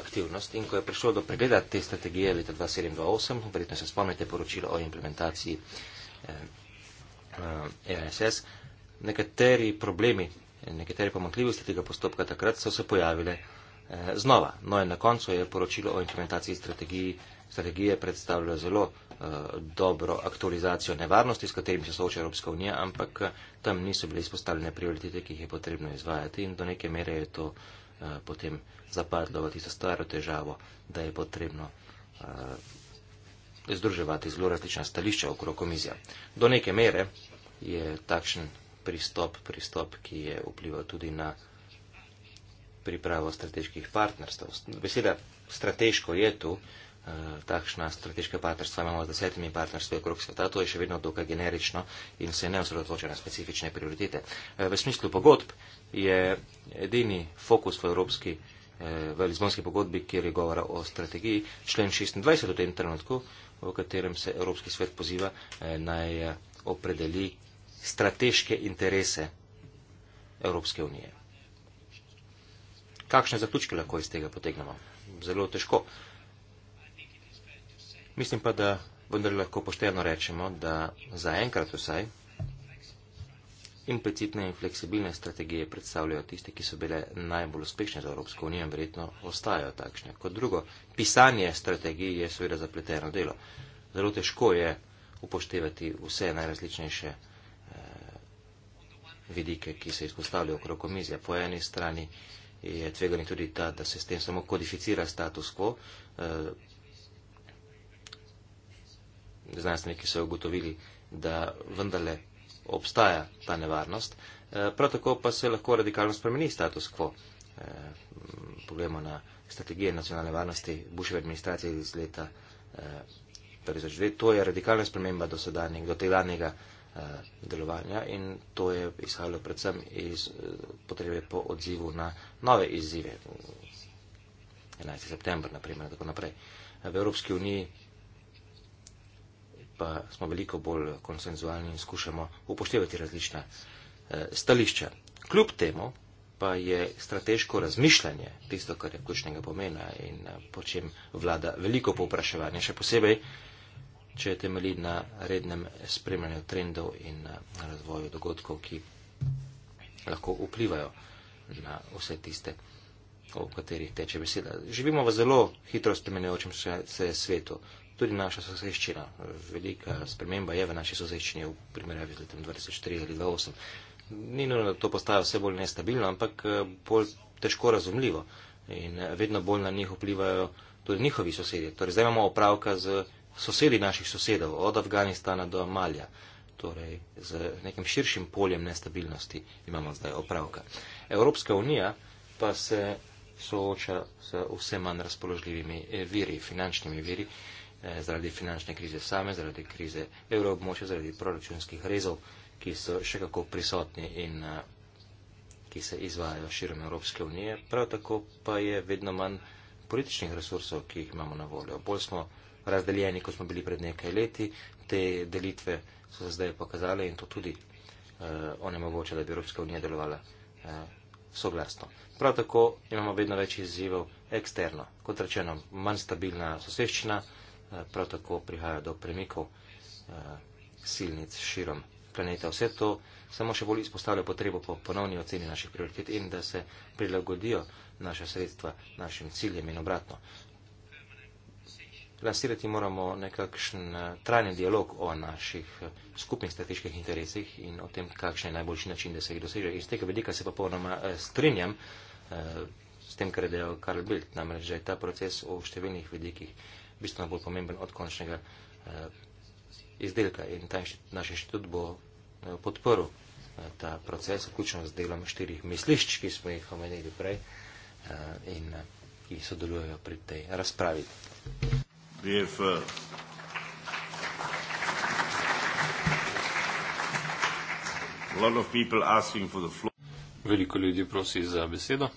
aktivnost. In ko je prišlo do pregleda te strategije leta 2007-2008, verjetno se spomnite poročilo o implementaciji ESS, eh, eh, e nekateri problemi, nekateri pomankljivosti tega postopka takrat so se pojavile. Eh, znova. No in na koncu je poročilo o implementaciji strategiji, strategije predstavljalo zelo eh, dobro aktualizacijo nevarnosti, s katerimi se sooča Evropska unija, ampak eh, tam niso bile izpostavljene prioritete, ki jih je potrebno izvajati in do neke mere je to potem zapadlo v tisto staro težavo, da je potrebno združevati zelo različna stališča okrog komizija. Do neke mere je takšen pristop, pristop, ki je vplival tudi na pripravo strateških partnerstv. Beseda strateško je tu, eh, takšna strateška partnerstva imamo z desetimi partnerstvi okrog sveta, to je še vedno dokaj generično in se ne osredotoča na specifične prioritete. Eh, v smislu pogodb je edini fokus v Evropski eh, v Lizbonski pogodbi, kjer je govora o strategiji, člen 26 v tem trenutku, v katerem se Evropski svet poziva, naj opredeli strateške interese Evropske unije kakšne zaključke lahko iz tega potegnemo? Zelo težko. Mislim pa, da vendar lahko pošteno rečemo, da zaenkrat vsaj implicitne in fleksibilne strategije predstavljajo tiste, ki so bile najbolj uspešne za Evropsko unijo in verjetno ostajajo takšne. Kot drugo, pisanje strategij je seveda zapleteno delo. Zelo težko je upoštevati vse najrazličnejše eh, vidike, ki se izpostavljajo okrog komizija. Po eni strani je tvegan tudi ta, da se s tem samo kodificira status quo. Eh, znanstveniki so ugotovili, da vendarle obstaja ta nevarnost. Eh, prav tako pa se lahko radikalno spremeni status quo. Eh, poglejmo na strategije nacionalne varnosti Bushove administracije iz leta 2002. To je radikalna sprememba do sedanjega, do tega danjega Eh, delovanja in to je izhajalo predvsem iz eh, potrebe po odzivu na nove izzive. 11. september, naprimer, in tako naprej. V Evropski uniji pa smo veliko bolj konsenzualni in skušamo upoštevati različna eh, stališča. Kljub temu pa je strateško razmišljanje tisto, kar je ključnega pomena in po čem vlada veliko povpraševanja, še posebej če je temelji na rednem spremljanju trendov in eh, razvoju dogodkov, ki lahko vplivajo na vse tiste, o katerih teče beseda. Živimo v zelo hitro spremenjajočem se svetu. Tudi naša soseščina, velika sprememba je v naši soseščini v primerjavi z letom 2004 ali 2008. Ni nujno, da to postaja vse bolj nestabilno, ampak eh, bolj težko razumljivo. In eh, vedno bolj na njih vplivajo tudi njihovi sosedje. Torej, zdaj imamo opravka z sosedi naših sosedov, od Afganistana do Amalja, torej z nekim širšim poljem nestabilnosti imamo zdaj opravka. Evropska unija pa se sooča z vse manj razpoložljivimi eh, viri, finančnimi viri, eh, zaradi finančne krize same, zaradi krize evroobmoča, zaradi proračunskih rezov, ki so še kako prisotni in eh, ki se izvajajo širom Evropske unije. Prav tako pa je vedno manj političnih resursov, ki jih imamo na voljo. Bolj smo razdeljeni, kot smo bili pred nekaj leti. Te delitve so se zdaj pokazale in to tudi uh, eh, onemogoča, da bi Evropska unija delovala uh, soglasno. Prav tako imamo vedno več izzivov eksterno. Kot rečeno, manj stabilna soseščina, uh, prav tako prihaja do premikov uh, silnic širom planeta. Vse to samo še bolj izpostavlja potrebo po ponovni oceni naših prioritet in da se prilagodijo naša sredstva našim ciljem in obratno lansirati moramo nekakšen eh, trajni dialog o naših eh, skupnih strateških interesih in o tem, kakšen je najboljši način, da se jih doseže. Iz tega vedika se popolnoma eh, strinjam s tem, kar je dejal Karl Bild, namreč že ta proces v številnih vedikih bistveno bolj pomemben od končnega izdelka in ta inštitut, naš inštitut bo podporil ta proces, vključno z delom štirih mislišč, ki smo jih omenili prej in ki sodelujejo pri tej razpravi. DF. Veliko ljudi prosi za besedo.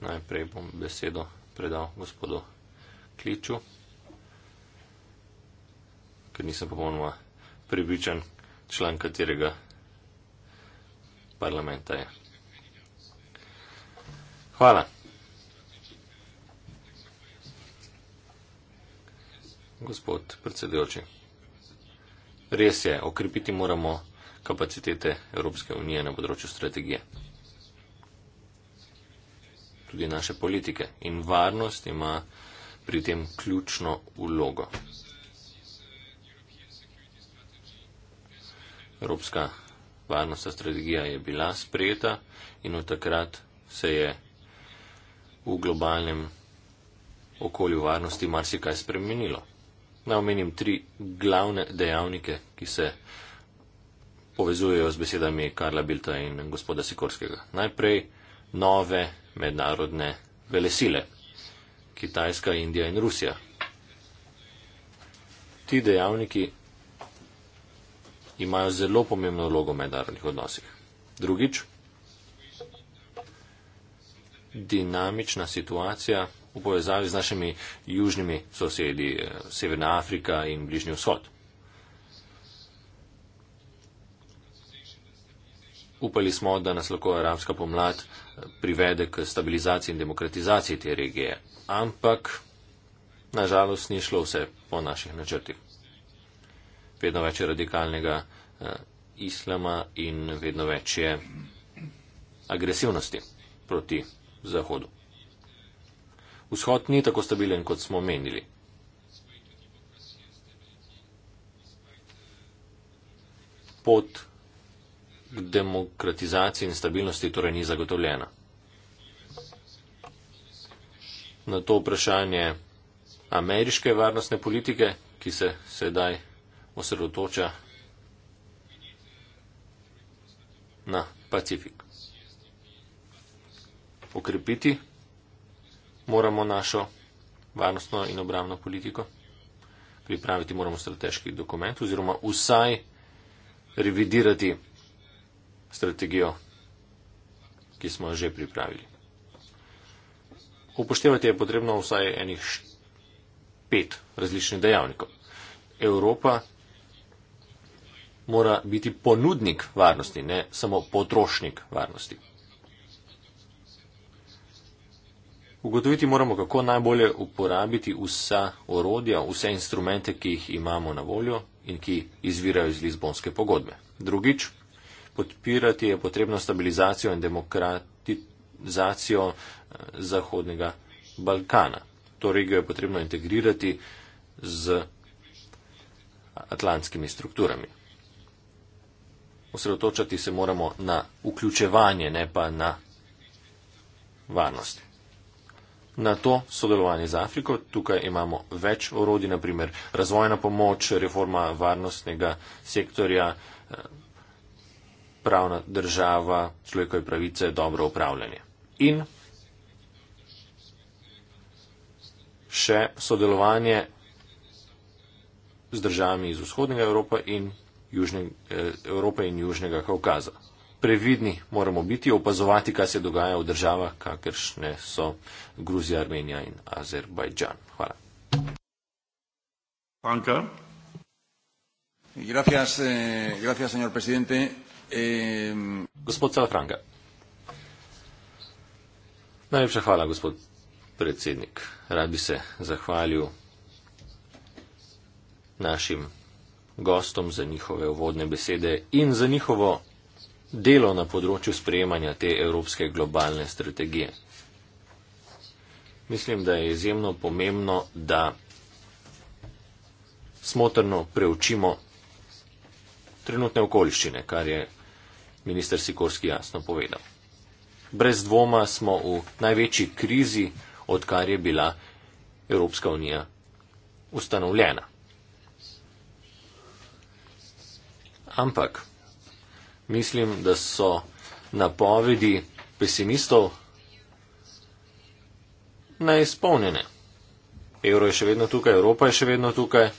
Najprej bom besedo predal gospodu Kliču, ker nisem popolnoma pribičan član katerega parlamenta je. Hvala. gospod predsedujoči. Res je, okrepiti moramo kapacitete Evropske unije na področju strategije. Tudi naše politike in varnost ima pri tem ključno ulogo. Evropska varnostna strategija je bila sprejeta in od takrat se je v globalnem okolju varnosti marsikaj spremenilo. Naj omenim tri glavne dejavnike, ki se povezujejo z besedami Karla Bilta in gospoda Sikorskega. Najprej nove mednarodne velesile - Kitajska, Indija in Rusija. Ti dejavniki imajo zelo pomembno vlogo v mednarodnih odnosih. Drugič, dinamična situacija v povezavi z našimi južnimi sosedi, eh, Severna Afrika in Bližnji vzhod. Upali smo, da nas lahko arabska pomlad eh, privede k stabilizaciji in demokratizaciji te regije, ampak nažalost ni šlo vse po naših načrtih. Vedno več je radikalnega uh, islama in vedno več je agresivnosti proti Zahodu. Vzhod ni tako stabilen, kot smo menili. Pot k demokratizaciji in stabilnosti torej ni zagotovljena. Na to vprašanje ameriške varnostne politike, ki se sedaj osredotoča na Pacifik. Okrepiti moramo našo varnostno in obramno politiko. Pripraviti moramo strateški dokument oziroma vsaj revidirati strategijo, ki smo jo že pripravili. Upoštevati je potrebno vsaj enih pet različnih dejavnikov. Evropa mora biti ponudnik varnosti, ne samo potrošnik varnosti. Ugotoviti moramo, kako najbolje uporabiti vsa orodja, vse instrumente, ki jih imamo na voljo in ki izvirajo iz Lizbonske pogodbe. Drugič, podpirati je potrebno stabilizacijo in demokratizacijo eh, Zahodnega Balkana. To regijo je potrebno integrirati z atlantskimi strukturami. Osredotočati se moramo na vključevanje, ne pa na varnost na to sodelovanje z Afriko. Tukaj imamo več orodij, naprimer razvojna pomoč, reforma varnostnega sektorja, eh, pravna država, človekove pravice, dobro upravljanje. In še sodelovanje z državami iz vzhodnega Evropa in južne, eh, Evrope in Južnega Kaukaza previdni moramo biti, opazovati, kaj se dogaja v državah, kakršne so Gruzija, Armenija in Azerbajdžan. Hvala. Anka. Gracias, eh, gracias, señor presidente. Eh... Gospod Salafranga. Najlepša hvala, gospod predsednik. Rad bi se zahvalil našim gostom za njihove uvodne besede in za njihovo delo na področju sprejemanja te evropske globalne strategije. Mislim, da je izjemno pomembno, da smotrno preučimo trenutne okoliščine, kar je minister Sikorski jasno povedal. Brez dvoma smo v največji krizi, odkar je bila Evropska unija ustanovljena. Ampak mislim, da so napovedi pesimistov neizpolnjene. Evro je še vedno tukaj, Evropa je še vedno tukaj,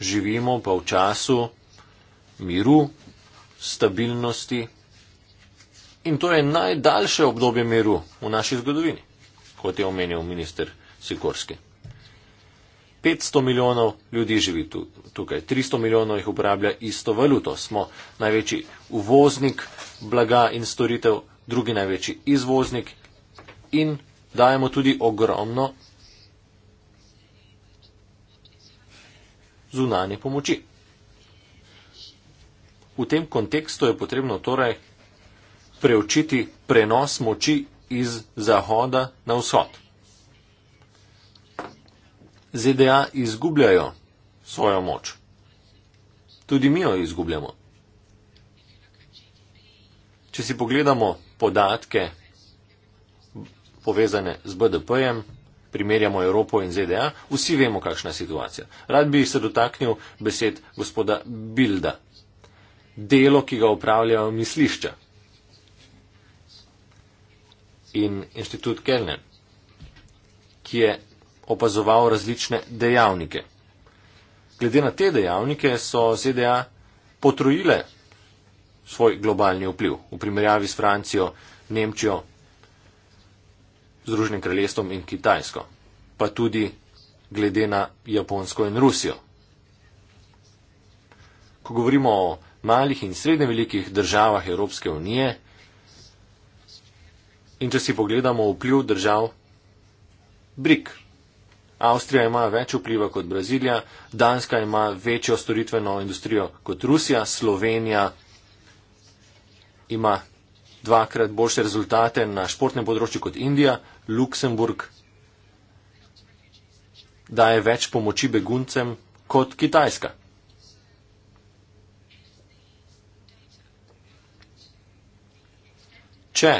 živimo pa v času miru, stabilnosti in to je najdaljše obdobje miru v naši zgodovini, kot je omenil minister Sikorski. 500 milijonov ljudi živi tu, tukaj, 300 milijonov jih uporablja isto valuto. Smo največji uvoznik blaga in storitev, drugi največji izvoznik in dajemo tudi ogromno zunanje pomoči. V tem kontekstu je potrebno torej preučiti prenos moči iz Zahoda na vzhod. ZDA izgubljajo svojo moč. Tudi mi jo izgubljamo. Če si pogledamo podatke povezane z BDP-jem, primerjamo Evropo in ZDA, vsi vemo, kakšna je situacija. Rad bi se dotaknil besed gospoda Bilda. Delo, ki ga upravljajo mislišča in inštitut Kelner, ki je opazoval različne dejavnike. Glede na te dejavnike so ZDA potrojile svoj globalni vpliv v primerjavi s Francijo, Nemčijo, Združenim kraljestvom in Kitajsko, pa tudi glede na Japonsko in Rusijo. Ko govorimo o malih in srednje velikih državah Evropske unije in če si pogledamo vpliv držav BRIK, Avstrija ima več vpliva kot Brazilija, Danska ima večjo storitveno industrijo kot Rusija, Slovenija ima dvakrat boljše rezultate na športnem področju kot Indija, Luksemburg daje več pomoči beguncem kot Kitajska. Če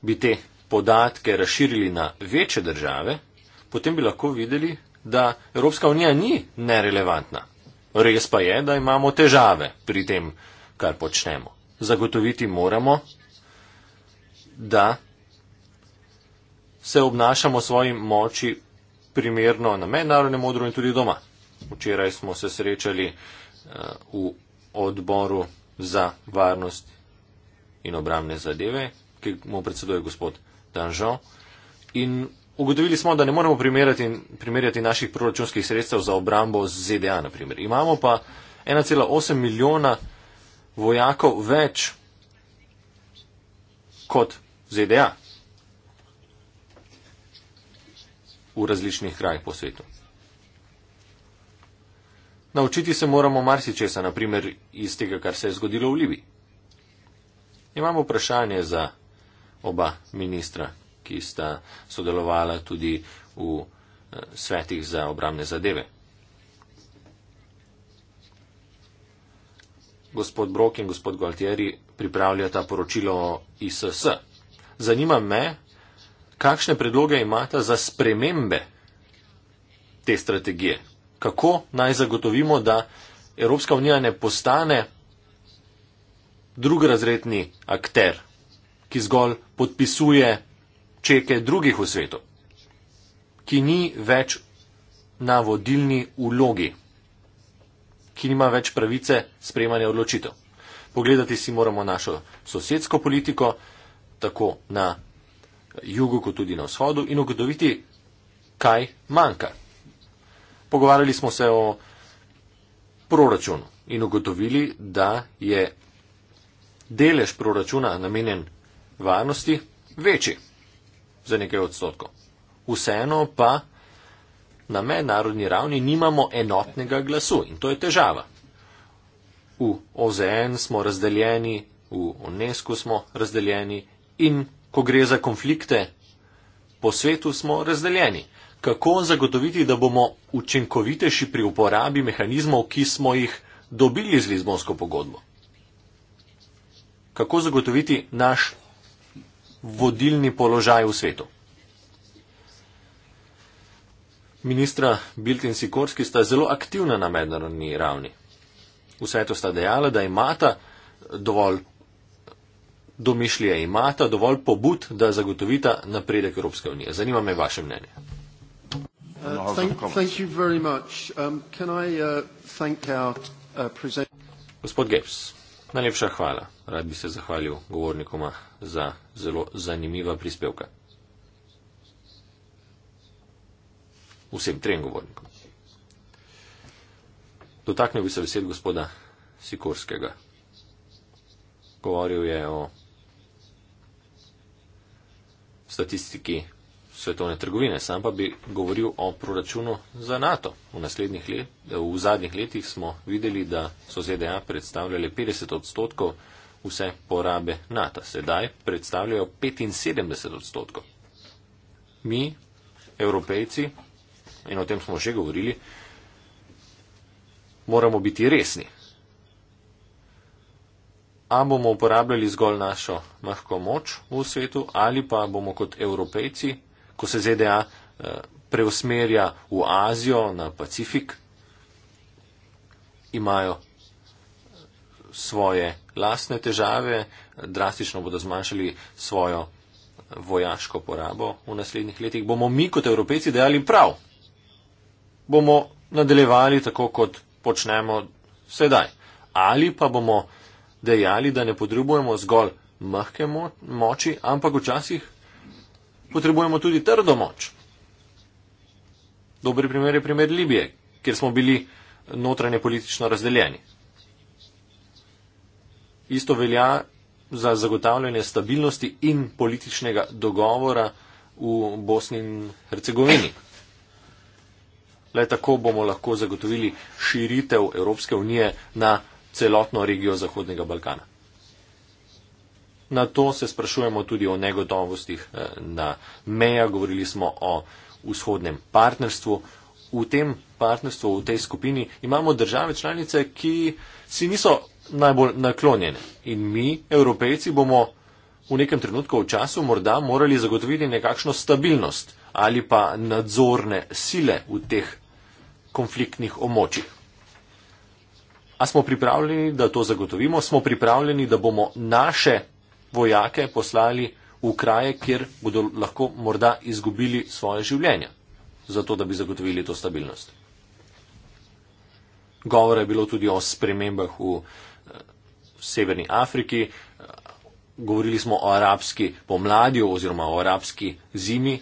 bi te podatke razširili na večje države, potem bi lahko videli, da Evropska unija ni nerelevantna. Res pa je, da imamo težave pri tem, kar počnemo. Zagotoviti moramo, da se obnašamo svoji moči primerno na mednarodnem odru in tudi doma. Včeraj smo se srečali eh, v odboru za varnost in obramne zadeve, ki mu predseduje gospod Danžo. In Ugotovili smo, da ne moremo primerjati, primerjati naših proračunskih sredstev za obrambo z ZDA, naprimer. Imamo pa 1,8 milijona vojakov več kot ZDA v različnih krajih po svetu. Naučiti se moramo marsičesa, naprimer iz tega, kar se je zgodilo v Libiji. Imamo vprašanje za oba ministra ki sta sodelovala tudi v eh, svetih za obramne zadeve. Gospod Brok in gospod Gualtieri pripravljata poročilo o ISS. Zanima me, kakšne predloge imata za spremembe te strategije. Kako naj zagotovimo, da Evropska unija ne postane drugorazredni akter, ki zgolj podpisuje čeke drugih v svetu, ki ni več na vodilni ulogi, ki nima več pravice sprejmanja odločitev. Pogledati si moramo našo sosedsko politiko, tako na jugu, kot tudi na vzhodu, in ugotoviti, kaj manjka. Pogovarjali smo se o proračunu in ugotovili, da je delež proračuna namenjen varnosti večji za nekaj odstotkov. Vseeno pa na mednarodni ravni nimamo enotnega glasu in to je težava. V OZN smo razdeljeni, v UNESCO smo razdeljeni in ko gre za konflikte po svetu smo razdeljeni. Kako zagotoviti, da bomo učinkovitejši pri uporabi mehanizmov, ki smo jih dobili z Lizbonsko pogodbo? Kako zagotoviti naš vodilni položaj v svetu. Ministra Bilt in Sikorski sta zelo aktivna na mednarodni ravni. V svetu sta dejala, da imata dovolj domišljije, imata dovolj pobud, da zagotovita napredek Evropske unije. Zanima me vaše mnenje. Uh, thank, thank um, I, uh, out, uh, present... Gospod Gibbs. Najlepša hvala. Rad bi se zahvalil govornikoma za zelo zanimiva prispevka. Vsem trem govornikom. Dotaknil bi se besed gospoda Sikorskega. Govoril je o statistiki svetovne trgovine. Sam pa bi govoril o proračunu za NATO. V, let, v zadnjih letih smo videli, da so ZDA predstavljali 50 odstotkov vse porabe NATO. Sedaj predstavljajo 75 odstotkov. Mi, evropejci, in o tem smo že govorili, moramo biti resni. A bomo uporabljali zgolj našo mahko moč v svetu ali pa bomo kot evropejci ko se ZDA eh, preusmerja v Azijo, na Pacifik, imajo eh, svoje lasne težave, drastično bodo zmanjšali svojo eh, vojaško porabo v naslednjih letih. Bomo mi kot evropejci dejali prav? Bomo nadaljevali tako, kot počnemo sedaj? Ali pa bomo dejali, da ne potrebujemo zgolj mehke moči, ampak včasih potrebujemo tudi trdo moč. Dobri primer je primer Libije, kjer smo bili notranje politično razdeljeni. Isto velja za zagotavljanje stabilnosti in političnega dogovora v Bosni in Hercegovini. Le tako bomo lahko zagotovili širitev Evropske unije na celotno regijo Zahodnega Balkana. Na to se sprašujemo tudi o negotovostih eh, na meja, govorili smo o vzhodnem partnerstvu. V tem partnerstvu, v tej skupini imamo države članice, ki si niso najbolj naklonjene. In mi, evropejci, bomo v nekem trenutku v času morda morali zagotoviti nekakšno stabilnost ali pa nadzorne sile v teh konfliktnih območjih. A smo pripravljeni, da to zagotovimo? Smo pripravljeni, da bomo naše vojake poslali v kraje, kjer bodo lahko morda izgubili svoje življenje, zato da bi zagotovili to stabilnost. Govora je bilo tudi o spremembah v, v eh, Severni Afriki, govorili smo o arabski pomladi oziroma o arabski zimi.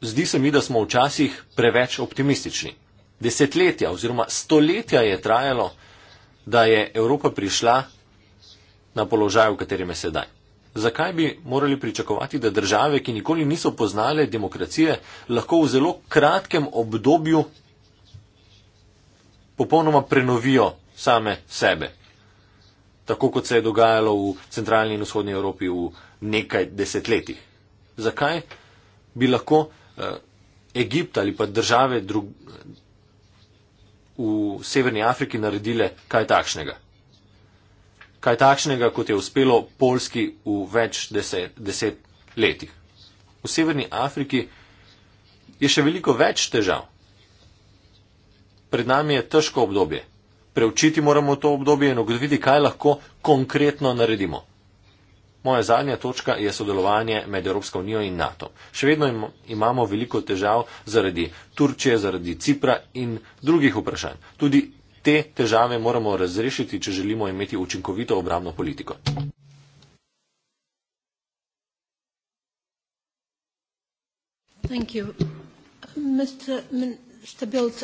Zdi se mi, da smo včasih preveč optimistični. Desetletja oziroma stoletja je trajalo, da je Evropa prišla na položaju, v katerem je sedaj. Zakaj bi morali pričakovati, da države, ki nikoli niso poznale demokracije, lahko v zelo kratkem obdobju popolnoma prenovijo same sebe? Tako kot se je dogajalo v centralni in vzhodni Evropi v nekaj desetletjih. Zakaj bi lahko eh, Egipt ali pa države drug, v severni Afriki naredile kaj takšnega? kaj takšnega, kot je uspelo Polski v več deset, deset letih. V Severni Afriki je še veliko več težav. Pred nami je težko obdobje. Preučiti moramo to obdobje in ugotoviti, kaj lahko konkretno naredimo. Moja zadnja točka je sodelovanje med Evropsko unijo in NATO. Še vedno imamo veliko težav zaradi Turčije, zaradi Cipra in drugih vprašanj. Tudi Te težave moramo razrešiti, če želimo imeti učinkovito obramno politiko.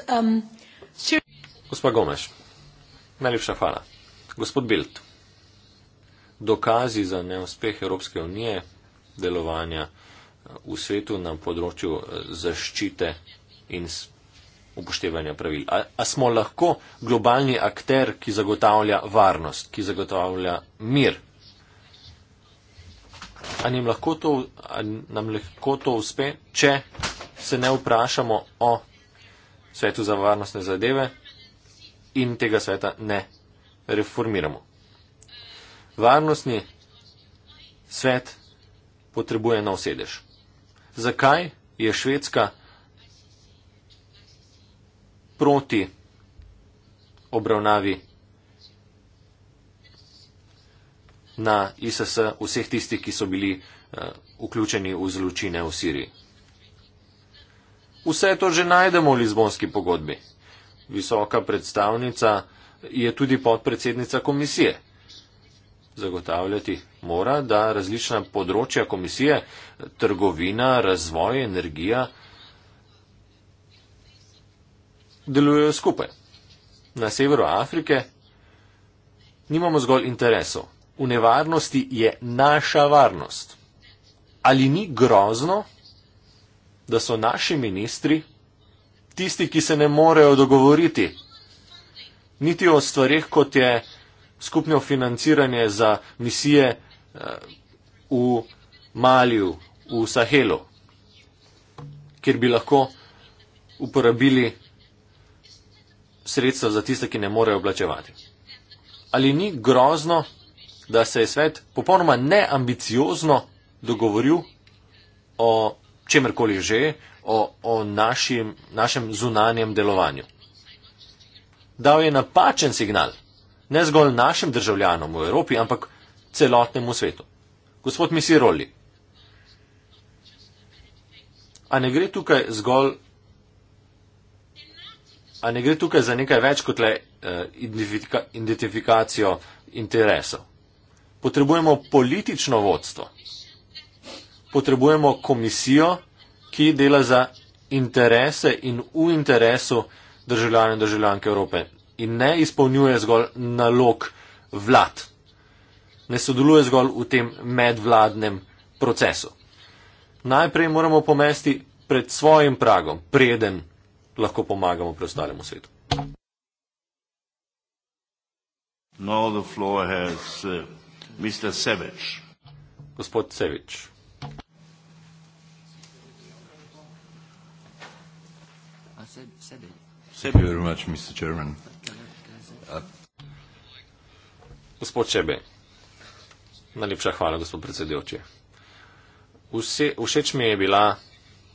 Um, Gospa Gomeš, najlepša hvala. Gospod Bild, dokazi za neuspeh Evropske unije delovanja uh, v svetu na področju uh, zaščite in upoštevanja pravil. A, a smo lahko globalni akter, ki zagotavlja varnost, ki zagotavlja mir? A, lahko to, a nam lahko to uspe, če se ne vprašamo o svetu za varnostne zadeve in tega sveta ne reformiramo? Varnostni svet potrebuje nov sedež. Zakaj je švedska proti obravnavi na ISS vseh tistih, ki so bili eh, vključeni v zločine v Siriji. Vse to že najdemo v Lizbonski pogodbi. Visoka predstavnica je tudi podpredsednica komisije. Zagotavljati mora, da različna področja komisije, trgovina, razvoj, energija, delujejo skupaj. Na severu Afrike nimamo zgolj interesov. V nevarnosti je naša varnost. Ali ni grozno, da so naši ministri tisti, ki se ne morejo dogovoriti niti o stvarih, kot je skupno financiranje za misije eh, v Maliju, v Sahelu, kjer bi lahko uporabili sredstva za tiste, ki ne morejo oblačevati. Ali ni grozno, da se je svet popolnoma neambiciozno dogovoril o čemrkoli že, o, o našim, našem zunanjem delovanju? Dal je napačen signal, ne zgolj našim državljanom v Evropi, ampak celotnemu svetu. Gospod Misiroli, a ne gre tukaj zgolj A ne gre tukaj za nekaj več kot le eh, identifikacijo interesov. Potrebujemo politično vodstvo. Potrebujemo komisijo, ki dela za interese in v interesu državljanov in državljank Evrope in ne izpolnjuje zgolj nalog vlad, ne sodeluje zgolj v tem medvladnem procesu. Najprej moramo pomesti pred svojim pragom, preden lahko pomagamo preostalemu svetu. Now the floor has uh, Mr. Savic. Gospod Savic. Thank you very much, Mr. Chairman. Uh, gospod Čebe, najlepša hvala, gospod predsedujoči. Všeč mi je bila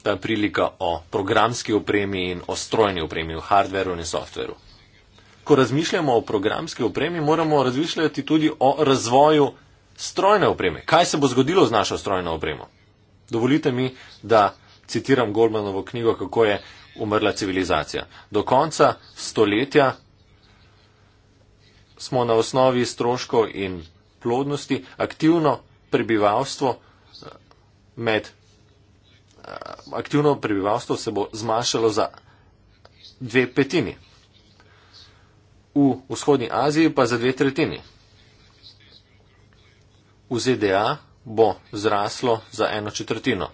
Ta eh, prilika o programski opremi in o strojni opremi v hardveru in softveru. Ko razmišljamo o programski opremi, moramo razmišljati tudi o razvoju strojne opreme. Kaj se bo zgodilo z našo strojno opremo? Dovolite mi, da citiram Goldmanovo knjigo, kako je umrla civilizacija. Do konca stoletja smo na osnovi stroškov in plodnosti aktivno prebivalstvo eh, med Eh, aktivno prebivalstvo se bo zmanjšalo za dve petini, v vzhodnji Aziji pa za dve tretjini. V ZDA bo zraslo za eno četrtino.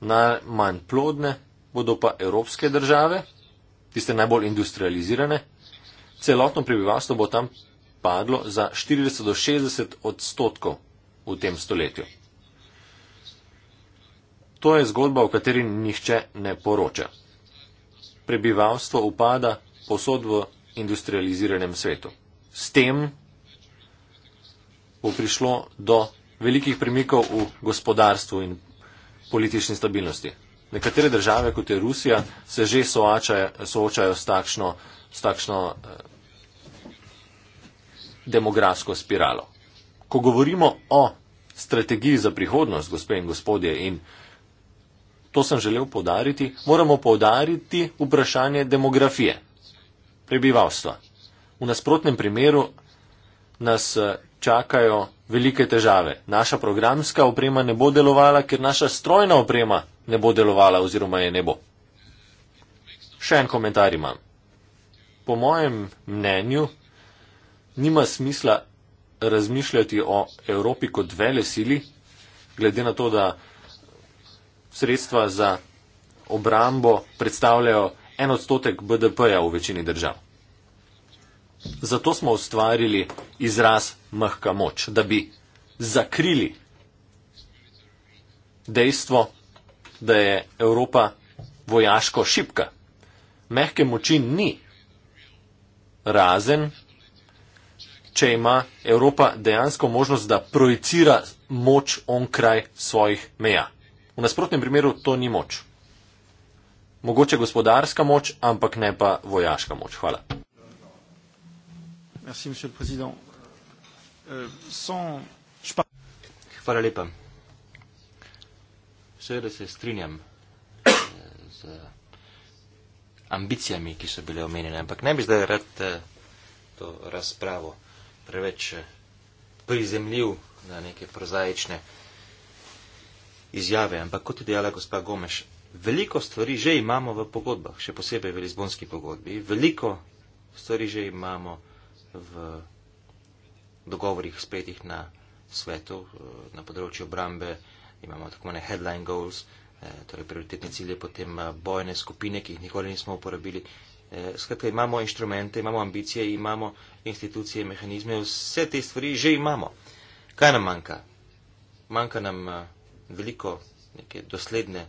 Najmanj plodne bodo pa evropske države, tiste najbolj industrializirane. Celotno prebivalstvo bo tam padlo za 40 do 60 odstotkov v tem stoletju. To je zgodba, o kateri nihče ne poroča. Prebivalstvo upada posod v industrializiranem svetu. S tem bo prišlo do velikih premikov v gospodarstvu in politični stabilnosti. Nekatere države, kot je Rusija, se že soočajo, soočajo s takšno, s takšno eh, demografsko spiralo. Ko govorimo o strategiji za prihodnost, gospe in gospodje, in eh, to sem želel povdariti, moramo povdariti vprašanje demografije, prebivalstva. V nasprotnem primeru nas eh, čakajo velike težave. Naša programska oprema ne bo delovala, ker naša strojna oprema ne bo delovala oziroma je ne bo. Še en komentar imam. Po mojem mnenju nima smisla razmišljati o Evropi kot vele sili, glede na to, da sredstva za obrambo predstavljajo en odstotek BDP-ja v večini držav. Zato smo ustvarili izraz mehka moč, da bi zakrili dejstvo, da je Evropa vojaško šipka. Mehke moči ni razen, če ima Evropa dejansko možnost, da projicira moč onkraj svojih meja. V nasprotnem primeru to ni moč. Mogoče gospodarska moč, ampak ne pa vojaška moč. Hvala. Merci, uh, špa... Hvala lepa. Seveda se strinjam eh, z ambicijami, ki so bile omenjene, ampak ne bi zdaj rad eh, to razpravo preveč eh, prizemljiv na neke prozaične izjave, ampak kot je dejala gospa Gomeš, veliko stvari že imamo v pogodbah, še posebej v Lizbonski pogodbi, veliko stvari že imamo v dogovorih spetih na svetu, eh, na področju obrambe, imamo tako imene headline goals, eh, torej prioritetne cilje, potem eh, bojne skupine, ki jih nikoli nismo uporabili. Skratka, imamo inštrumente, imamo ambicije, imamo institucije, mehanizme, vse te stvari že imamo. Kaj nam manjka? Manjka nam veliko neke dosledne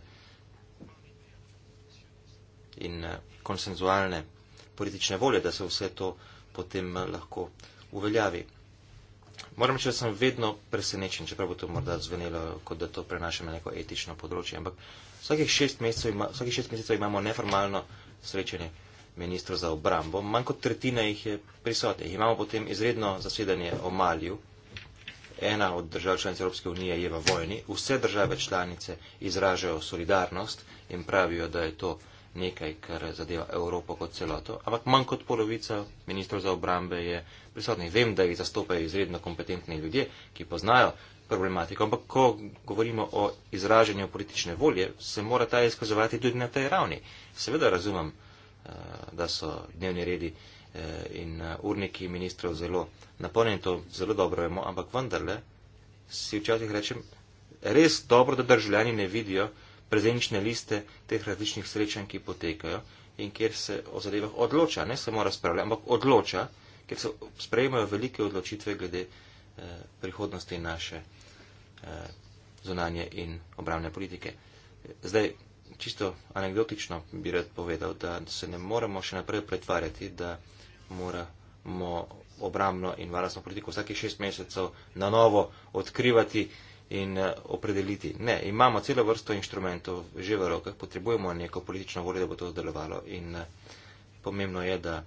in eh, konsenzualne politične volje, da se vse to potem eh, lahko uveljavi. Moram reči, da sem vedno presenečen, čeprav bo to morda zvenelo, kot da to prenašam na neko etično področje, ampak vsakih šest mesecev, ima, vsakih šest mesecev imamo neformalno srečanje ministrov za obrambo, manj kot tretjina jih je prisotnih. Imamo potem izredno zasedanje o Malju, ena od držav članic Evropske unije je v vojni, vse države članice izražajo solidarnost in pravijo, da je to nekaj, kar zadeva Evropo kot celoto, ampak manj kot polovica ministrov za obrambe je prisotnih. Vem, da jih zastopajo izredno kompetentni ljudje, ki poznajo problematiko, ampak ko govorimo o izraženju politične volje, se mora ta izkazovati tudi na tej ravni. Seveda razumem, eh, da so dnevni redi Eh, in eh, urniki ministrov zelo napolnjeni, to zelo dobro vemo, ampak vendarle si včasih rečem, res dobro, da državljani ne vidijo prezenične liste teh različnih srečanj, ki potekajo in kjer se o zadevah odloča, ne samo razpravlja, ampak odloča, ker se sprejemajo velike odločitve glede eh, prihodnosti naše eh, zunanje in obramne politike. Zdaj, čisto anegdotično bi rad povedal, da se ne moremo še naprej pretvarjati, da moramo obramno in varnostno politiko vsake šest mesecev na novo odkrivati in eh, opredeliti. Ne, imamo celo vrsto inštrumentov že v rokah, potrebujemo neko politično voljo, da bo to delovalo in eh, pomembno je, da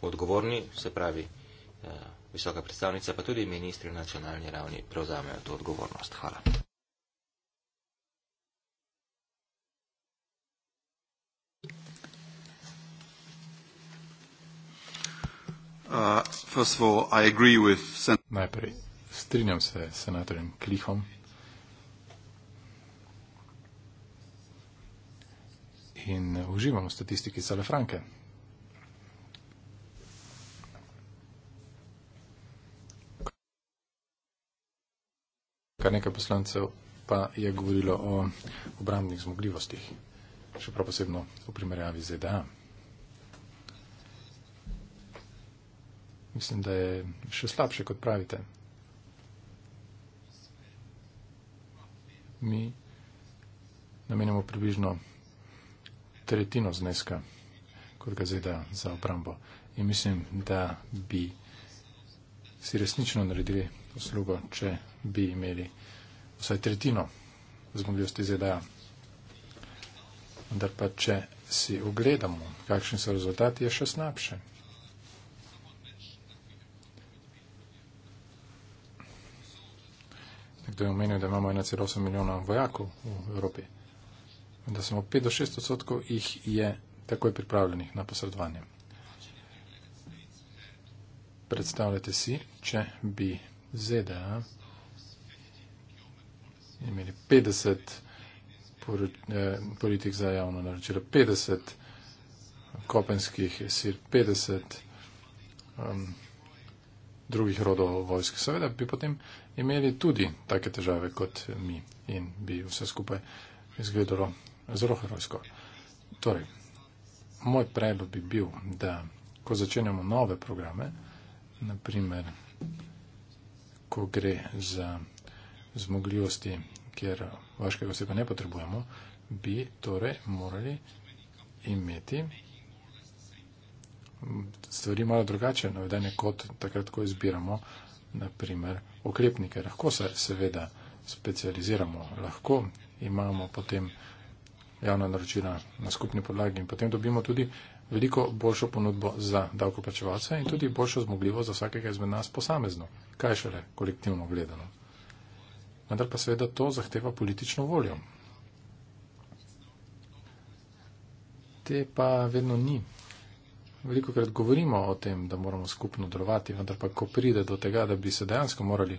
odgovorni, se pravi eh, visoka predstavnica, pa tudi ministri na nacionalni ravni prevzamejo to odgovornost. Hvala. Uh, Najprej strinjam se s senatorjem Klihom. In uživam v statistiki Salafranke. Kar nekaj poslancev pa je govorilo o obrambnih zmogljivostih, še prav posebno v primerjavi z ZDA. Mislim, da je še slabše, kot pravite. Mi namenjamo približno tretjino zneska, kot ga zveda za obrambo. In mislim, da bi si resnično naredili uslugo, če bi imeli vsaj tretjino zmogljivosti ZDA. Vendar pa, če si ogledamo, kakšni so rezultati, je še slabše. Nekdo je omenil, da imamo 1,8 milijona vojakov v Evropi. Da samo 5 do 6 odstotkov jih je takoj pripravljenih na posredovanje. Predstavljate si, če bi ZDA imeli 50 eh, politik za javno naročilo, 50 kopenskih sir, 50 um, drugih rodov vojske. Seveda bi potem imeli tudi take težave kot mi in bi vse skupaj izgledalo zelo herojsko. Torej, moj predlog bi bil, da ko začenjamo nove programe, naprimer, ko gre za zmogljivosti, kjer vaškega oseba ne potrebujemo, bi torej morali imeti stvari malo drugače navedene kot takrat, ko izbiramo naprimer oklepnike. Lahko se seveda specializiramo, lahko imamo potem javna naročila na skupni podlagi in potem dobimo tudi veliko boljšo ponudbo za davkoplačevalce in tudi boljšo zmogljivost za vsakega izmed nas posamezno, kaj šele kolektivno gledano. Vendar pa seveda to zahteva politično voljo. Te pa vedno ni veliko krat govorimo o tem, da moramo skupno delovati, vendar pa ko pride do tega, da bi se dejansko morali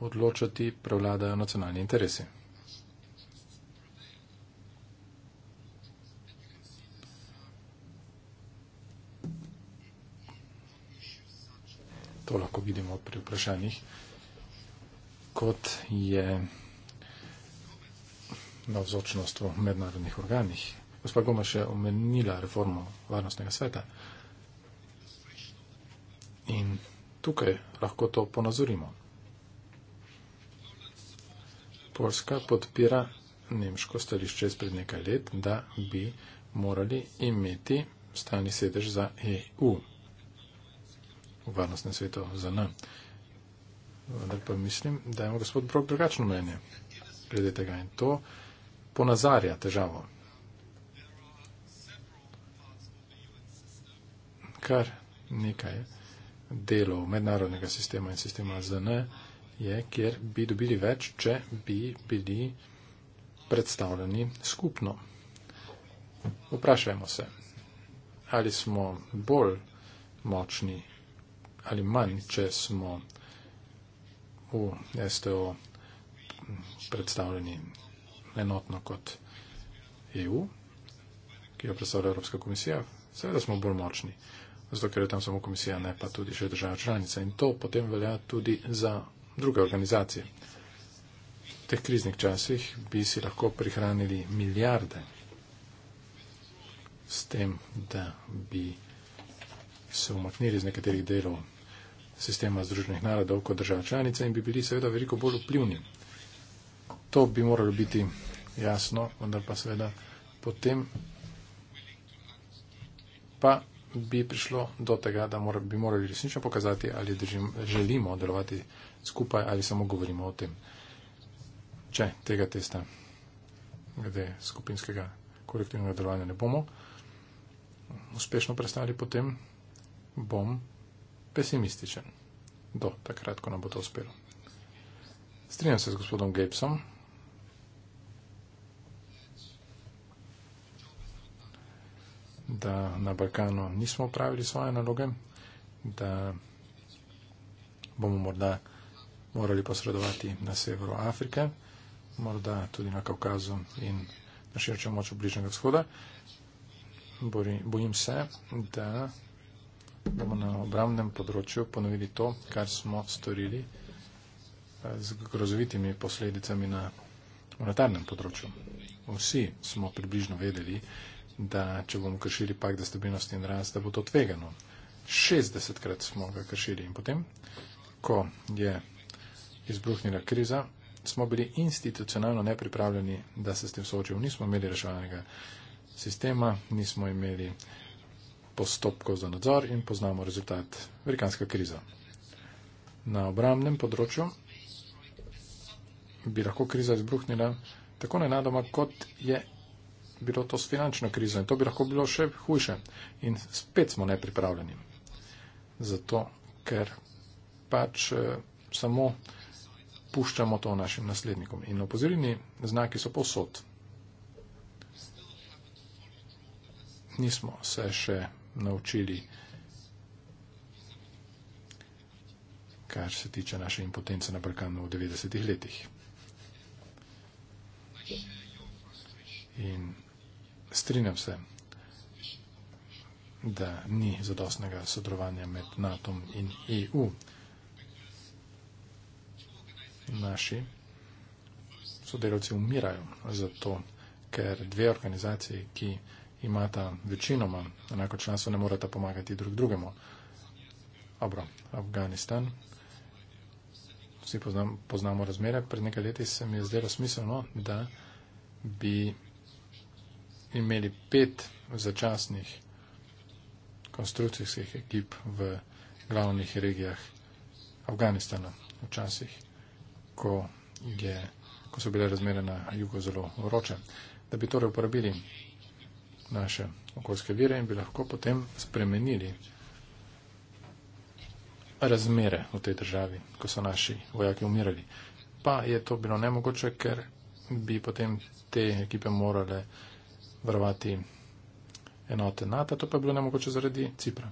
odločati, prevladajo nacionalni interesi. To lahko vidimo pri vprašanjih, kot je navzočnost v mednarodnih organih. Gospa Goma še omenila reformo varnostnega sveta. In tukaj lahko to ponazorimo. Poljska podpira nemško stališče izpred nekaj let, da bi morali imeti stani sedež za EU. V varnostnem svetu za nam. Vendar pa mislim, da ima gospod Brok drugačno mnenje glede tega in to ponazarja težavo. Kar nekaj je delov mednarodnega sistema in sistema ZN je, kjer bi dobili več, če bi bili predstavljeni skupno. Vprašajmo se, ali smo bolj močni ali manj, če smo v STO predstavljeni enotno kot EU, ki jo predstavlja Evropska komisija. Seveda smo bolj močni zato ker je tam samo komisija, ne pa tudi še država članica. In to potem velja tudi za druge organizacije. V teh kriznih časih bi si lahko prihranili milijarde s tem, da bi se umaknili iz nekaterih delov sistema Združenih narodov kot država članica in bi bili seveda veliko bolj vplivni. To bi moralo biti jasno, vendar pa seveda potem pa bi prišlo do tega, da mora, bi morali resnično pokazati, ali držim, želimo delovati skupaj ali samo govorimo o tem. Če tega testa, glede skupinskega kolektivnega delovanja, ne bomo uspešno prestali, potem bom pesimističen do takrat, ko nam bo to uspelo. Strinjam se z gospodom Gabesom. da na Balkanu nismo upravili svoje naloge, da bomo morda morali posredovati na severu Afrike, morda tudi na Kaukazu in na širšem moču Bližnjega vzhoda. Bori, bojim se, da bomo na obramnem področju ponovili to, kar smo storili eh, z grozovitimi posledicami na monetarnem področju. Vsi smo približno vedeli, da če bomo kršili pakt za stabilnost in rast, da bo to tvegano. 60krat smo ga kršili in potem, ko je izbruhnila kriza, smo bili institucionalno nepripravljeni, da se s tem soočimo. Nismo imeli reševalnega sistema, nismo imeli postopkov za nadzor in poznamo rezultat. Velikanska kriza. Na obramnem področju bi lahko kriza izbruhnila tako nenadoma, kot je bilo to s finančno krizo in to bi lahko bilo še hujše. In spet smo nepripravljeni. Zato, ker pač eh, samo puščamo to našim naslednikom. In opozorjeni znaki so posod. Nismo se še naučili, kar se tiče naše impotence na Balkanu v 90-ih letih. In Strinjam se, da ni zadostnega sodelovanja med NATO in EU. Naši sodelavci umirajo zato, ker dve organizacije, ki imata večinoma enako članstvo, ne morata pomagati drug drugemu. Dobro, Afganistan. Vsi poznamo, poznamo razmere. Pred nekaj leti se mi je zdelo smiselno, da bi imeli pet začasnih konstrukcijskih ekip v glavnih regijah Afganistana v časih, ko, je, ko so bile razmere na jugu zelo vroče. Da bi torej uporabili naše okoljske vire in bi lahko potem spremenili razmere v tej državi, ko so naši vojaki umirali. Pa je to bilo nemogoče, ker bi potem te ekipe morale vrvati enote NATO, to pa je bilo nemogoče zaradi Cipra.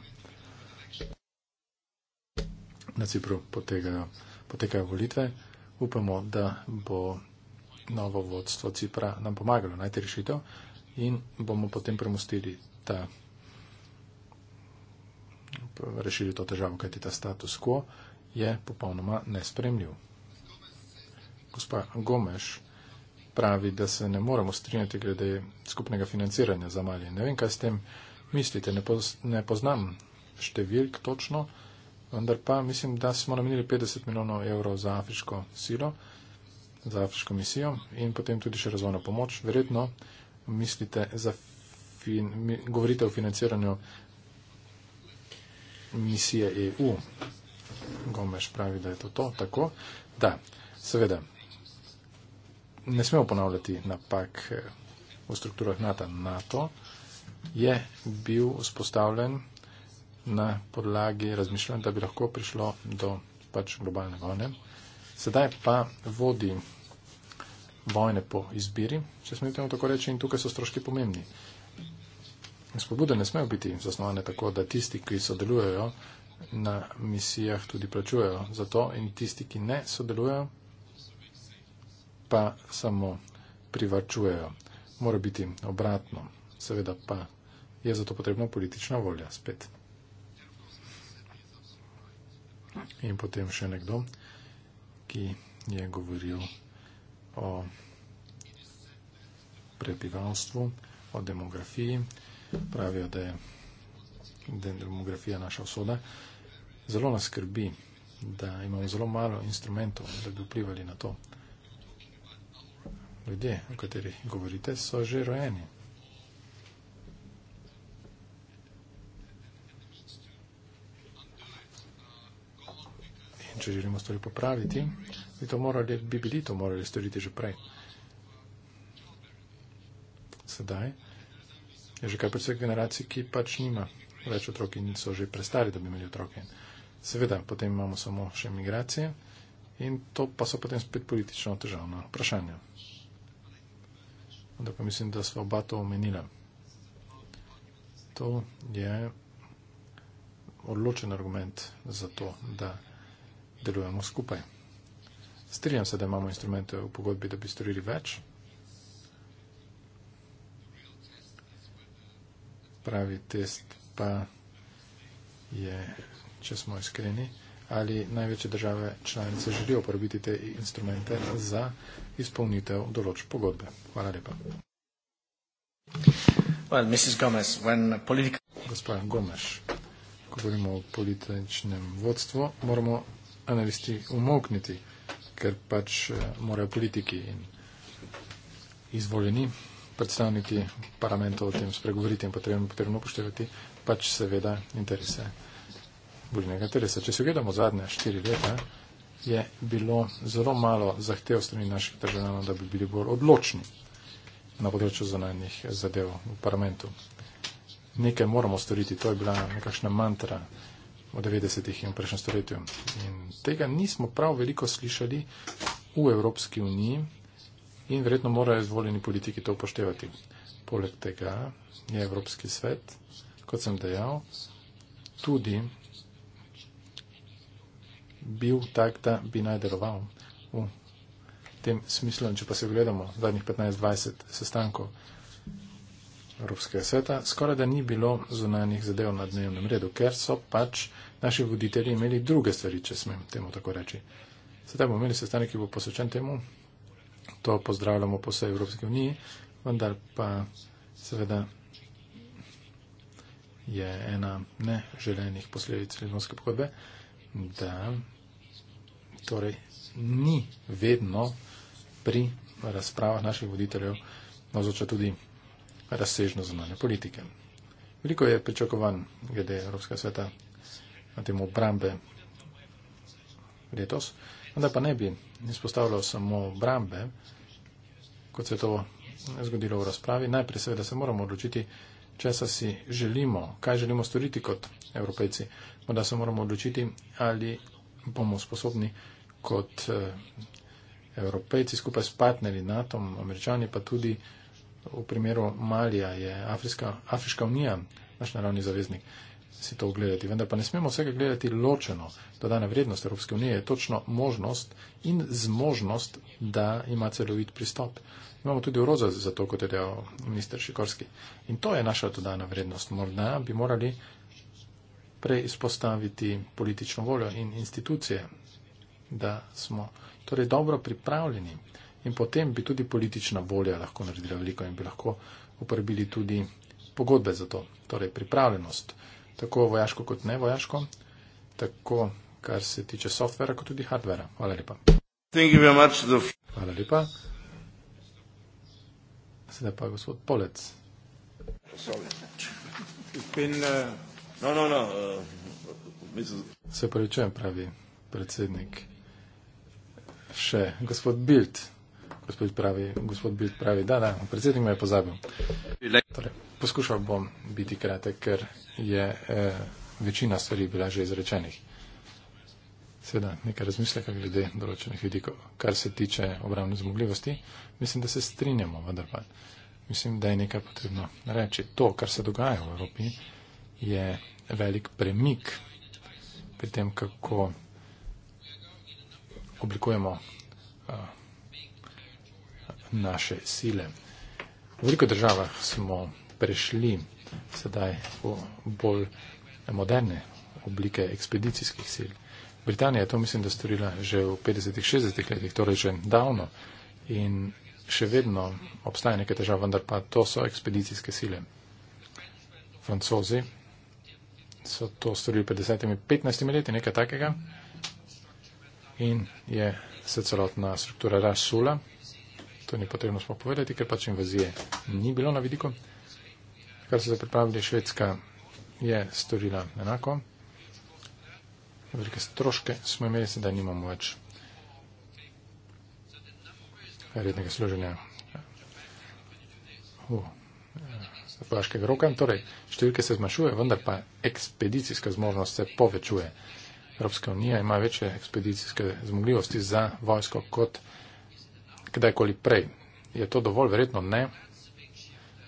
Na Cipru potekajo, potekajo volitve. Upamo, da bo novo vodstvo Cipra nam pomagalo najti rešitev in bomo potem premustili ta rešili to težavo, kajti ta status quo je popolnoma nespremljiv. Gospa Gomeš pravi, da se ne moremo strinjati glede skupnega financiranja za Mali. Ne vem, kaj s tem mislite, ne, poz, ne poznam številk točno, vendar pa mislim, da smo namenili 50 milijonov evrov za afriško silo, za afriško misijo in potem tudi še razvojno pomoč. Verjetno mislite, fin, govorite o financiranju misije EU. Gomeš pravi, da je to to, tako. Da, seveda ne smemo ponavljati napak eh, v strukturah NATO. NATO je bil vzpostavljen na podlagi razmišljanja, da bi lahko prišlo do pač globalne vojne. Sedaj pa vodi vojne po izbiri, če smemo tako reči, in tukaj so stroški pomembni. Spobude ne smejo biti zasnovane tako, da tisti, ki sodelujejo na misijah, tudi plačujejo za to in tisti, ki ne sodelujejo, pa samo privačujejo. Mora biti obratno. Seveda pa je zato potrebna politična volja spet. In potem še nekdo, ki je govoril o prebivalstvu, o demografiji. Pravijo, da je demografija naša usoda. Zelo nas skrbi, da imamo zelo malo instrumentov, da bi vplivali na to ljudje, o katerih govorite, so že rojeni. In če želimo stvari popraviti, bi, to morali, bi bili to morali storiti že prej. Sedaj je že kar precej generacij, ki pač nima več otrok in so že prestari, da bi imeli otroke. Seveda, potem imamo samo še migracije in to pa so potem spet politično težavna vprašanja. Onda pa mislim da sva oba to omenila. To je odločen argument za to, da delujemo skupaj. Strijam se, da imamo instrumente v pogodbi, da bi storili več. Pravi test pa je, če smo iskreni, ali največje države članice želijo uporabiti te instrumente za izpolnitev določ pogodbe. Hvala lepa. Well, Mrs. Gomez, when political... Gospod Gomez, ko govorimo o političnem vodstvu, moramo analisti umokniti, ker pač eh, morajo politiki in izvoljeni predstavniki parlamentov o tem spregovoriti in potrebno upoštevati pač seveda interese bližnjega telesa. Če se gledamo zadnje štiri leta, je bilo zelo malo zahtev strani naših državljanov, da bi bili bolj odločni na področju zonanjih zadev v parlamentu. Nekaj moramo storiti, to je bila nekakšna mantra v 90-ih in v prejšnjem stoletju. In tega nismo prav veliko slišali v Evropski uniji in verjetno morajo izvoljeni politiki to upoštevati. Poleg tega je Evropski svet, kot sem dejal, tudi bil tak, da bi naj deloval v tem smislu. Če pa se gledamo zadnjih 15-20 sestankov Evropskega sveta, skoraj da ni bilo zunanjih zadev na dnevnem redu, ker so pač naši voditelji imeli druge stvari, če smem temu tako reči. Sedaj bomo imeli sestanek, ki bo posvečen temu. To pozdravljamo po vsej Evropski uniji, vendar pa seveda je ena neželenih posledic Lizbonske pogodbe, da torej ni vedno pri razpravah naših voditeljev navzoča tudi razsežno zunanje politike. Veliko je pričakovan glede Evropskega sveta na temo obrambe letos, vendar pa ne bi izpostavljal samo obrambe, kot se je to zgodilo v razpravi. Najprej seveda se moramo odločiti, česa si želimo, kaj želimo storiti kot evropejci. Morda se moramo odločiti, ali bomo sposobni kot eh, evropejci skupaj s partnerji NATO, američani pa tudi v primeru Malija je Afriska, Afriška unija naš naravni zaveznik si to ogledati. Vendar pa ne smemo vsega gledati ločeno. Dodana vrednost Evropske unije je točno možnost in zmožnost, da ima celovit pristop. Imamo tudi uroza za to, kot je dejal minister Šikorski. In to je naša dodana vrednost. Morda bi morali preizpostaviti politično voljo in institucije, da smo torej dobro pripravljeni in potem bi tudi politična volja lahko naredila veliko in bi lahko uporabili tudi pogodbe za to, torej pripravljenost, tako vojaško kot ne vojaško, tako kar se tiče softvera kot tudi hardvera. Hvala lepa. Hvala lepa. Sedaj pa gospod Polec. Sorry. It's been, uh... No, no, no. Uh, Se pravi, če je pravi predsednik, še gospod Bild. Gospod, pravi, gospod Bild pravi, da, da, predsednik me je pozabil. Torej, poskušal bom biti kratek, ker je eh, večina stvari bila že izrečenih. Seveda, nekaj razmisleka glede določenih vidikov. Kar se tiče obravne zmogljivosti, mislim, da se strinjamo, vendar pa mislim, da je nekaj potrebno reči. To, kar se dogaja v Evropi, je velik premik pri tem, kako oblikujemo uh, naše sile. V veliko državah smo prešli sedaj v bolj moderne oblike ekspedicijskih sil. Britanija je to, mislim, da storila že v 50-ih, 60-ih letih, torej že davno in še vedno obstaja nekaj težav, vendar pa to so ekspedicijske sile. Francozi so to storili pred 10-15 leti, nekaj takega. In je se celotna struktura rasula. To ni potrebno smo povedati, ker pač invazije ni bilo na vidiku. Kar so se pripravili, Švedska je storila enako. Velike stroške smo imeli, sedaj nimamo več rednega služenja. Uh vojaškega roka, torej številke se zmanjšuje, vendar pa ekspedicijska zmožnost se povečuje. Evropska unija ima večje ekspedicijske zmogljivosti za vojsko kot kdajkoli prej. Je to dovolj, verjetno ne,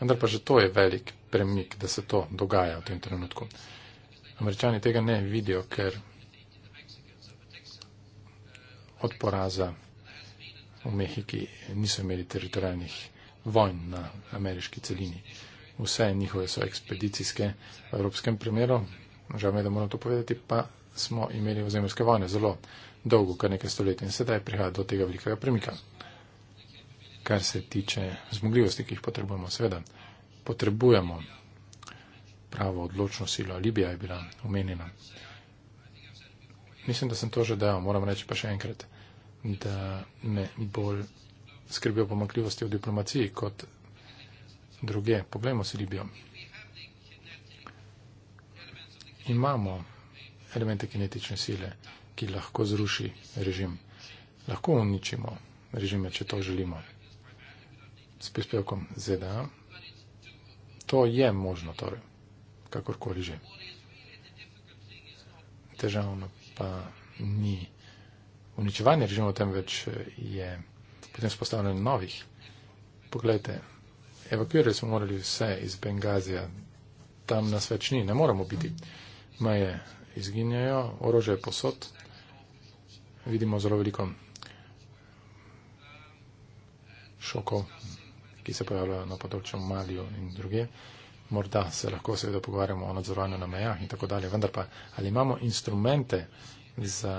vendar pa že to je velik premik, da se to dogaja v tem trenutku. Američani tega ne vidijo, ker od poraza v Mehiki niso imeli teritorijalnih vojn na ameriški celini vse njihove so ekspedicijske v evropskem primeru. Žal me, da moram to povedati, pa smo imeli ozemljske vojne zelo dolgo, kar nekaj stoletij in sedaj prihaja do tega velikega premika. Kar se tiče zmogljivosti, ki jih potrebujemo, seveda potrebujemo pravo odločno silo. Libija je bila omenjena. Mislim, da sem to že dejal, moram reči pa še enkrat, da me bolj skrbijo pomakljivosti v diplomaciji kot druge. Poglejmo si Libijo. Imamo elemente kinetične sile, ki lahko zruši režim. Lahko uničimo režime, če to želimo. S prispevkom ZDA. To je možno, torej, kakorkoli že. Težavno pa ni uničevanje režimov, temveč je potem spostavljanje novih. Poglejte, evakuirali smo morali vse iz Bengazija, tam nas več ni, ne moramo biti. Meje izginjajo, orože je posod, vidimo zelo veliko šokov, ki se pojavljajo na področju Malijo in druge. Morda se lahko seveda pogovarjamo o nadzorovanju na mejah in tako dalje, vendar pa ali imamo instrumente za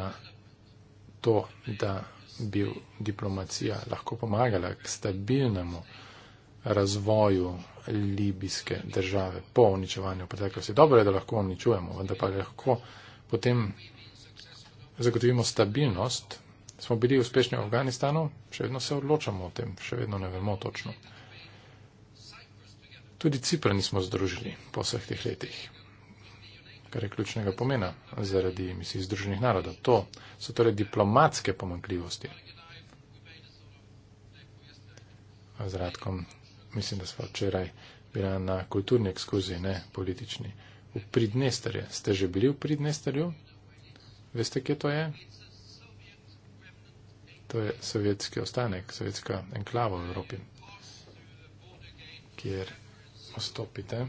to, da bi diplomacija lahko pomagala k stabilnemu razvoju libijske države po uničevanju preteklosti. Dobro je, da lahko uničujemo, vendar pa lahko potem zagotovimo stabilnost. Smo bili uspešni v Afganistanu, še vedno se odločamo o tem, še vedno ne vemo točno. Tudi Cipra nismo združili po vseh teh letih, kar je ključnega pomena zaradi misij Združenih narodov. To so torej diplomatske pomankljivosti. Z radkom mislim, da smo včeraj bila na kulturni ekskluziji, ne politični, v Pridnesterju. Ste že bili v Pridnesterju? Veste, kje to je? To je sovjetski ostanek, sovjetska enklava v Evropi, kjer vstopite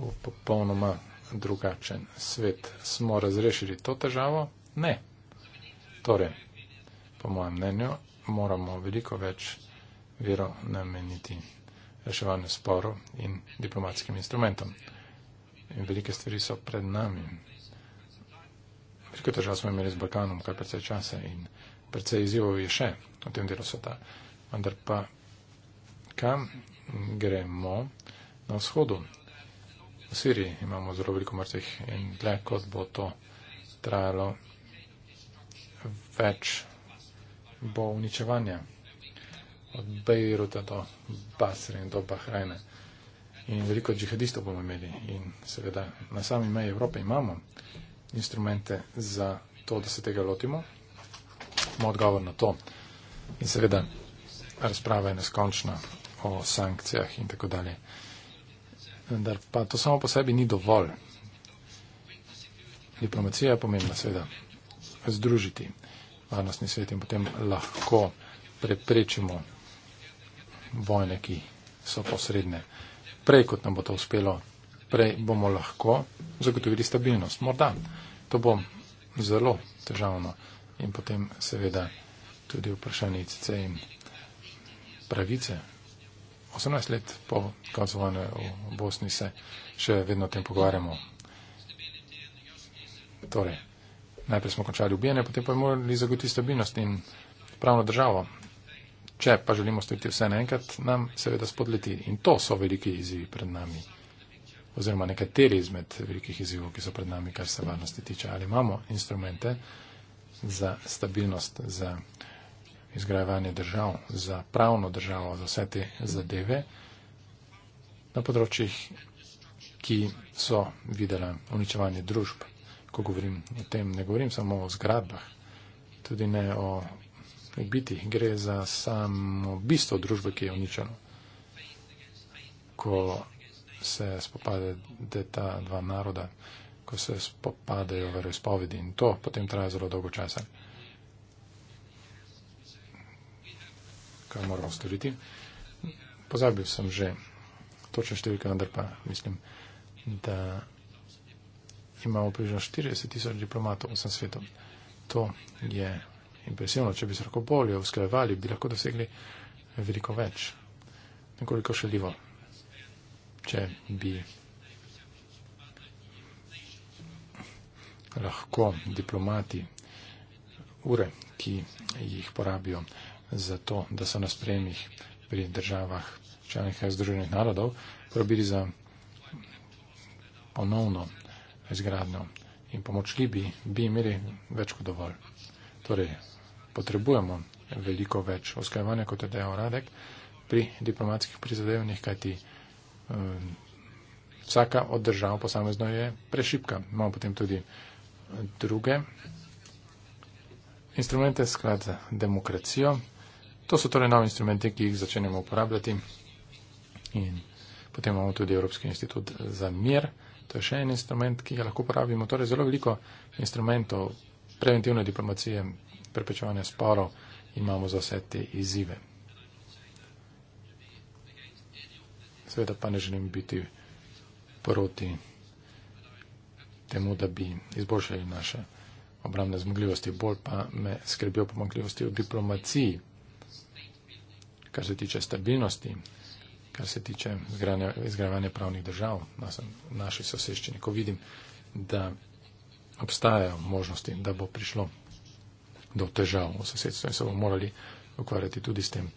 v popolnoma drugačen svet. Smo razrešili to težavo? Ne. Torej, po mojem mnenju, moramo veliko več vero nameniti reševanju sporov in diplomatskim instrumentom. In velike stvari so pred nami. Veliko težav smo imeli z Balkanom, kar precej časa in precej izzivov je še v tem delu sveta. Vendar pa kam gremo na vzhodu? V Siriji imamo zelo veliko mrtvih in dlje kot bo to trajalo več bo uničevanja od Bejruta do Basre in do Bahrajna. In veliko džihadistov bomo imeli. In seveda na sami meji Evrope imamo instrumente za to, da se tega lotimo. Moj odgovor na to. In seveda razprava je neskončna o sankcijah in tako dalje. Vendar pa to samo po sebi ni dovolj. Diplomacija je pomembna, seveda, združiti varnostni svet in potem lahko preprečimo vojne, ki so posredne. Prej, kot nam bo to uspelo, prej bomo lahko zagotovili stabilnost. Morda to bo zelo težavno in potem seveda tudi vprašanje CC in pravice. 18 let po koncu vojne v Bosni se še vedno o tem pogovarjamo. Torej, najprej smo končali ubijanje, potem pa morali zagotoviti stabilnost in pravno državo. Če pa želimo storiti vse naenkrat, nam seveda spodleti. In to so veliki izzivi pred nami. Oziroma nekateri izmed velikih izzivov, ki so pred nami, kar se varnosti tiče. Ali imamo instrumente za stabilnost, za izgrajevanje držav, za pravno državo, za vse te zadeve na področjih, ki so videla uničevanje družb. Ko govorim o tem, ne govorim samo o zgradbah, tudi ne o ubiti, gre za samo bistvo družbe, ki je uničeno. Ko se spopadajo ta dva naroda, ko se spopadajo veroizpovedi in to potem traja zelo dolgo časa. Kaj moramo storiti? Pozabil sem že točno številka, vendar pa mislim, da imamo približno 40 tisoč diplomatov v vsem svetu. To je impresivno, če bi se lahko bolje usklajevali, bi lahko dosegli veliko več. Nekoliko šaljivo, če bi lahko diplomati ure, ki jih porabijo za to, da so na spremih pri državah članih Združenih narodov, porabili za ponovno izgradnjo in pomoč Libiji, bi imeli več kot dovolj. Torej, potrebujemo veliko več usklajevanja, kot je dejal Radek, pri diplomatskih prizadevanjih, kajti um, vsaka od držav posamezno je prešipka. Imamo potem tudi druge instrumente, sklad za demokracijo. To so torej novi instrumenti, ki jih začenjamo uporabljati. In potem imamo tudi Evropski institut za mir. To je še en instrument, ki ga lahko uporabimo. Torej, zelo veliko instrumentov preventivne diplomacije, preprečevanja sporov, imamo za vse te izzive. Sveda pa ne želim biti proti temu, da bi izboljšali naše obramne zmogljivosti, bolj pa me skrbijo pomagljivosti v diplomaciji, kar se tiče stabilnosti, kar se tiče izgrajevanja pravnih držav na naši soseščini. Ko vidim, da obstajajo možnosti, da bo prišlo do težav v sosedstvu in se bomo morali ukvarjati tudi s tem.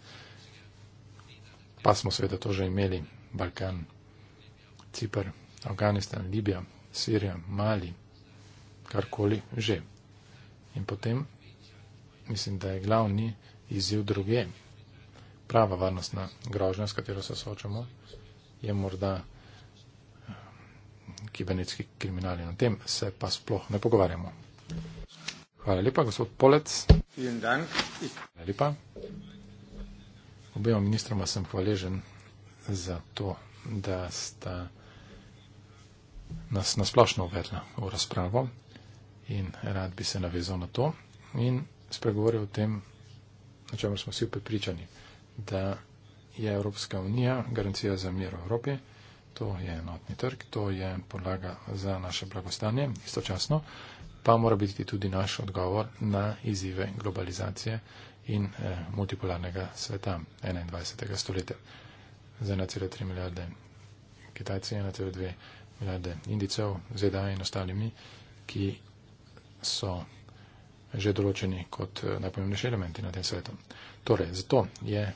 Pa smo seveda to že imeli, Balkan, Cipr, Afganistan, Libija, Sirija, Mali, karkoli že. In potem mislim, da je glavni izziv druge. Prava varnostna grožnja, s katero se soočamo, je morda kibernetski kriminal in o tem se pa sploh ne pogovarjamo. Hvala lepa, gospod Polec. Hvala lepa. Obema ministroma sem hvaležen za to, da sta nas nasplošno uvedla v razpravo in rad bi se navezal na to in spregovoril o tem, na čemer smo vsi pripričani, da je Evropska unija garancija za mir v Evropi to je enotni trg, to je podlaga za naše blagostanje, istočasno pa mora biti tudi naš odgovor na izzive globalizacije in eh, multipolarnega sveta 21. stoletja. Za 1,3 milijarde Kitajcev, 1,2 milijarde Indicev, ZDA in ostalimi, ki so že določeni kot eh, najpomembnejši elementi na tem svetu. Torej, zato je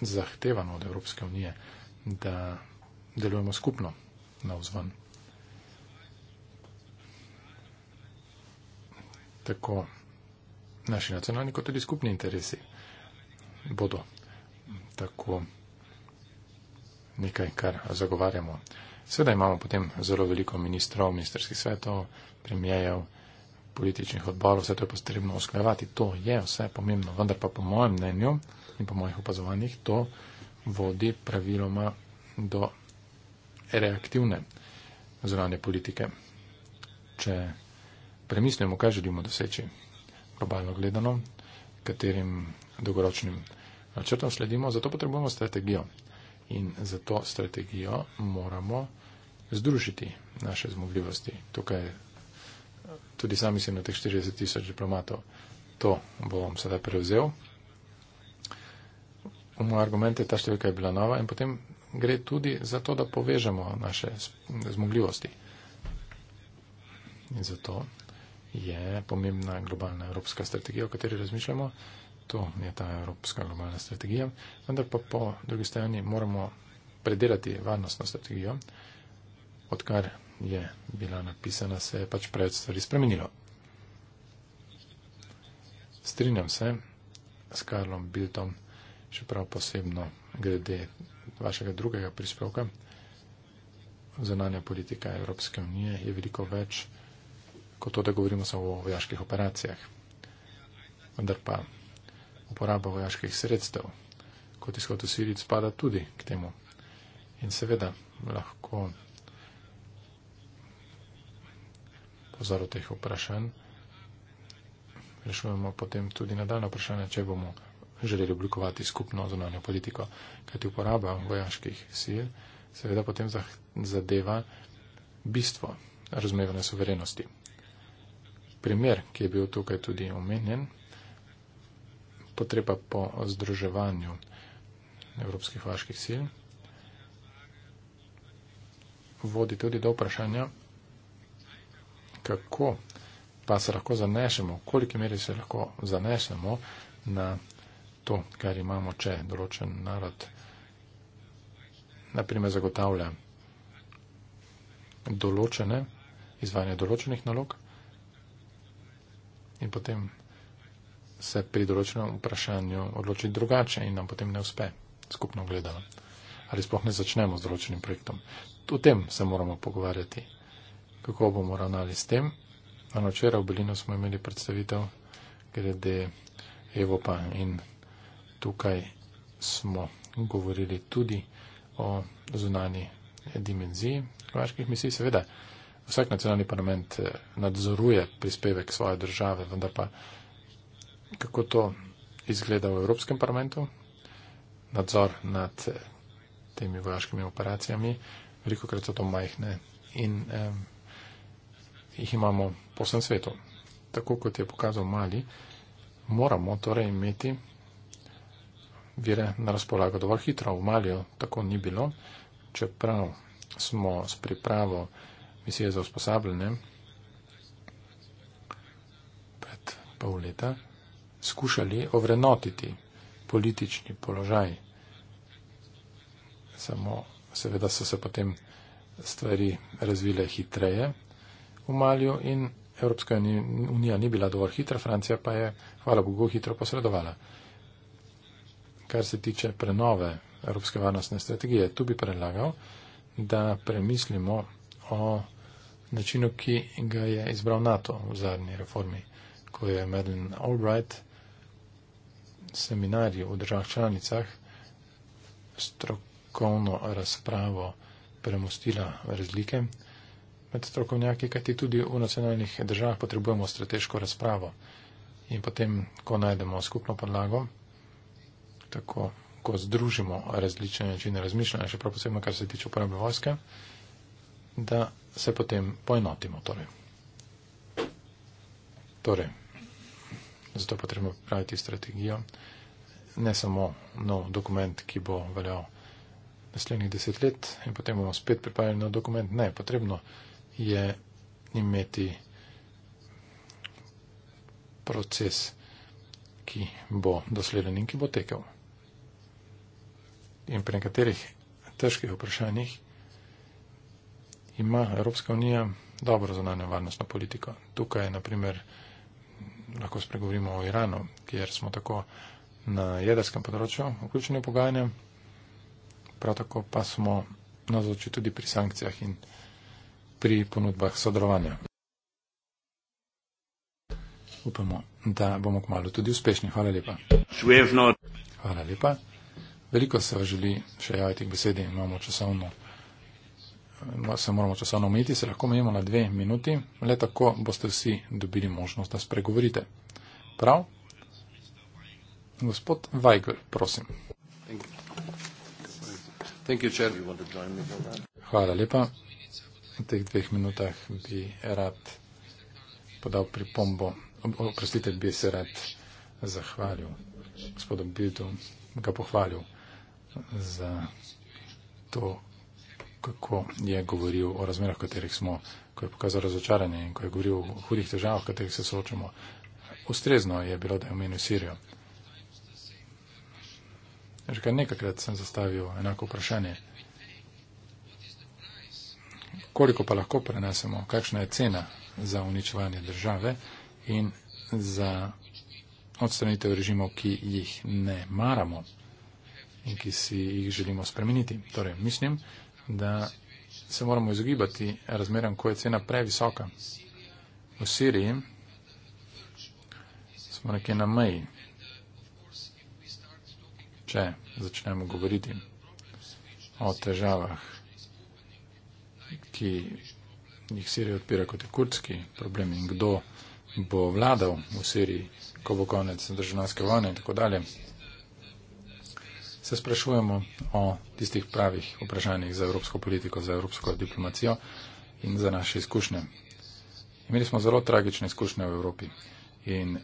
zahtevano od Evropske unije, da delujemo skupno na vzven. Tako naši nacionalni kot tudi skupni interesi bodo tako nekaj, kar zagovarjamo. Sveda imamo potem zelo veliko ministrov, ministerskih svetov, premijejev, političnih odborov, vse to je potrebno usklajevati. To je vse pomembno, vendar pa po mojem mnenju in po mojih opazovanjih to vodi praviloma do reaktivne zvanje politike. Če premislimo, kaj želimo doseči, globalno gledano, katerim dolgoročnim načrtom sledimo, zato potrebujemo strategijo. In za to strategijo moramo združiti naše zmogljivosti. Tukaj tudi sami sem na teh 40 tisoč diplomatov. To bom sedaj prevzel. Moj argument je, ta številka je bila nova in potem gre tudi za to, da povežemo naše zmogljivosti. In zato je pomembna globalna evropska strategija, o kateri razmišljamo. To je ta evropska globalna strategija. Vendar pa po drugi strani moramo predelati varnostno strategijo, odkar je bila napisana, se je pač preveč stvari spremenilo. Strinjam se s Karlom Biltom, še prav posebno glede vašega drugega prispevka. Zunanja politika Evropske unije je veliko več kot to, da govorimo samo o vojaških operacijah. Vendar pa uporaba vojaških sredstev kot izhod v Siriji spada tudi k temu. In seveda lahko pozor teh vprašanj rešujemo potem tudi nadaljne vprašanja, če bomo želeli oblikovati skupno zunanjo politiko. Kajti uporaba vojaških sil seveda potem zadeva bistvo razumevanja soverenosti. Primer, ki je bil tukaj tudi omenjen, potreba po združevanju evropskih vojaških sil, vodi tudi do vprašanja, kako pa se lahko zanesemo, koliki meri se lahko zanesemo na to, kar imamo, če določen narod naprimer zagotavlja določene, izvajanje določenih nalog in potem se pri določenem vprašanju odloči drugače in nam potem ne uspe skupno gledano. Ali sploh ne začnemo z določenim projektom. O tem se moramo pogovarjati, kako bomo ravnali s tem. Ano včeraj v Belinu smo imeli predstavitev glede Evopa in tukaj smo govorili tudi o zunani dimenziji vaških misij. Seveda, vsak nacionalni parlament eh, nadzoruje prispevek svoje države, vendar pa kako to izgleda v Evropskem parlamentu, nadzor nad eh, temi vojaškimi operacijami, veliko krat so to majhne in eh, jih imamo po vsem svetu. Tako kot je pokazal Mali, moramo torej imeti vire na razpolago dovolj hitro. V Malijo tako ni bilo, čeprav smo s pripravo misije za usposabljanje pred pol leta skušali ovrenotiti politični položaj. Samo seveda so se potem stvari razvile hitreje v Malju in Evropska unija ni bila dovolj hitra, Francija pa je, hvala Bogu, hitro posredovala kar se tiče prenove Evropske varnostne strategije. Tu bi predlagal, da premislimo o načinu, ki ga je izbral NATO v zadnji reformi, ko je Madeleine Albright seminarji v državah članicah strokovno razpravo premustila razlike med strokovnjaki, kajti tudi v nacionalnih državah potrebujemo strateško razpravo. In potem, ko najdemo skupno podlago, tako, ko združimo različne načine razmišljanja, še prav posebno, kar se tiče uporabe vojske, da se potem poenotimo. Torej. torej, zato je potrebno praviti strategijo, ne samo nov dokument, ki bo veljal naslednjih deset let in potem bomo spet pripravljeni na dokument. Ne, potrebno je imeti proces, ki bo dosleden in ki bo tekel in pri nekaterih težkih vprašanjih ima Evropska unija dobro zunanjo varnostno politiko. Tukaj, naprimer, lahko spregovorimo o Iranu, kjer smo tako na jedrskem področju vključeni v pogajanja, prav tako pa smo nazoči tudi pri sankcijah in pri ponudbah sodelovanja. Upamo, da bomo kmalo tudi uspešni. Hvala lepa. Hvala lepa. Veliko se želi še javiti k besedi, imamo časovno. Se moramo časovno omejiti, se lahko omejimo na dve minuti, le tako boste vsi dobili možnost, da spregovorite. Prav? Gospod Weigl, prosim. Hvala lepa. V teh dveh minutah bi rad podal pripombo, oprostite, bi se rad zahvalil gospodu Bildu, ga pohvalil za to, kako je govoril o razmerah, v katerih smo, ko je pokazal razočaranje in ko je govoril o hudih težavah, v katerih se soočamo. Ustrezno je bilo, da je omenil Sirijo. Že kar nekajkrat sem zastavil enako vprašanje. Koliko pa lahko prenesemo, kakšna je cena za uničevanje države in za odstranitev režimov, ki jih ne maramo in ki si jih želimo spremeniti. Torej, mislim, da se moramo izogibati razmeram, ko je cena previsoka. V Siriji smo nekje na meji, če začnemo govoriti o težavah, ki jih Sirija odpira kot je kurdski problem in kdo bo vladal v Siriji, ko bo konec državljanske vojne in tako dalje se sprašujemo o tistih pravih vprašanjih za evropsko politiko, za evropsko diplomacijo in za naše izkušnje. Imeli smo zelo tragične izkušnje v Evropi in